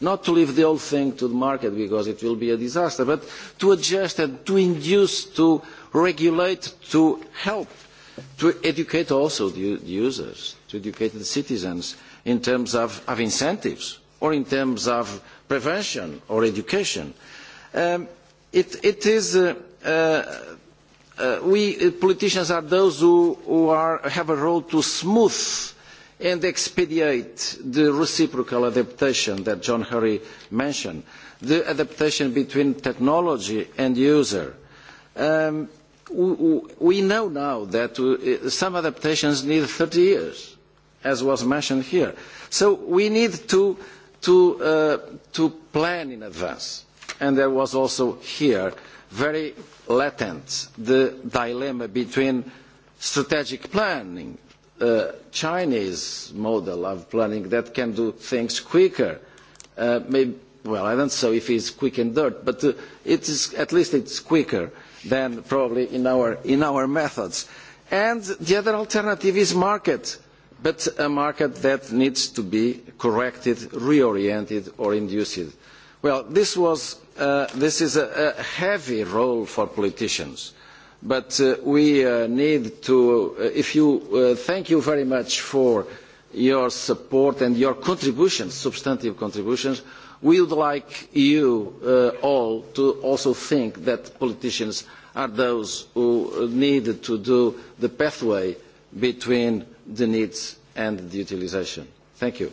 not to leave the whole thing to the market because it will be a disaster, but to adjust and to induce, to regulate, to help, to educate also the users, to educate the citizens in terms of incentives or in terms of prevention or education. we politicians are those who have a role to smooth and expedite the reciprocal adaptation that John Harry mentioned, the adaptation between technology and user. We know now that some adaptations need 30 years, as was mentioned here. So we need to plan in advance. And there was also here very latent the dilemma between strategic planning a Chinese model of planning that can do things quicker. Well, I don't know if is quick and dirt, but it is at least it's quicker than probably in our methods. And the other alternative is market, but a market that needs to be corrected, reoriented or induced. Well, this is a heavy role for politicians but we need to if you thank you very much for your support and your contributions substantive contributions we would like you all to also think that politicians are those who need to do the pathway between the needs and the utilization. thank you.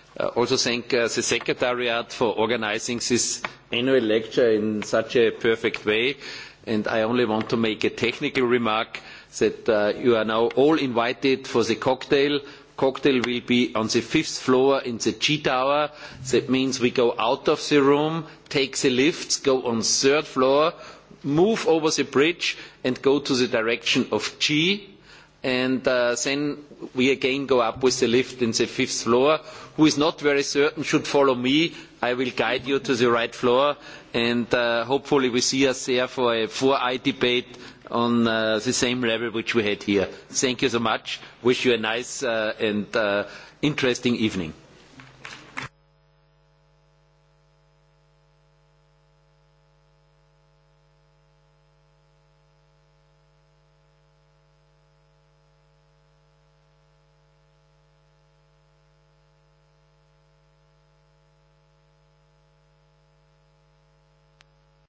also thank the secretariat for organising this annual lecture in such a perfect way and i only want to make a technical remark that you are now all invited for the cocktail. cocktail will be on the fifth floor in the g tower that means we go out of the room take the lifts go on the third floor move over the bridge and go to the direction of g and then we again go up with the lift in the fifth floor. Who is not very certain should follow me. I will guide you to the right floor, and hopefully we see us there for a four-eye debate on the same level which we had here. Thank you so much. Wish you a nice and interesting evening.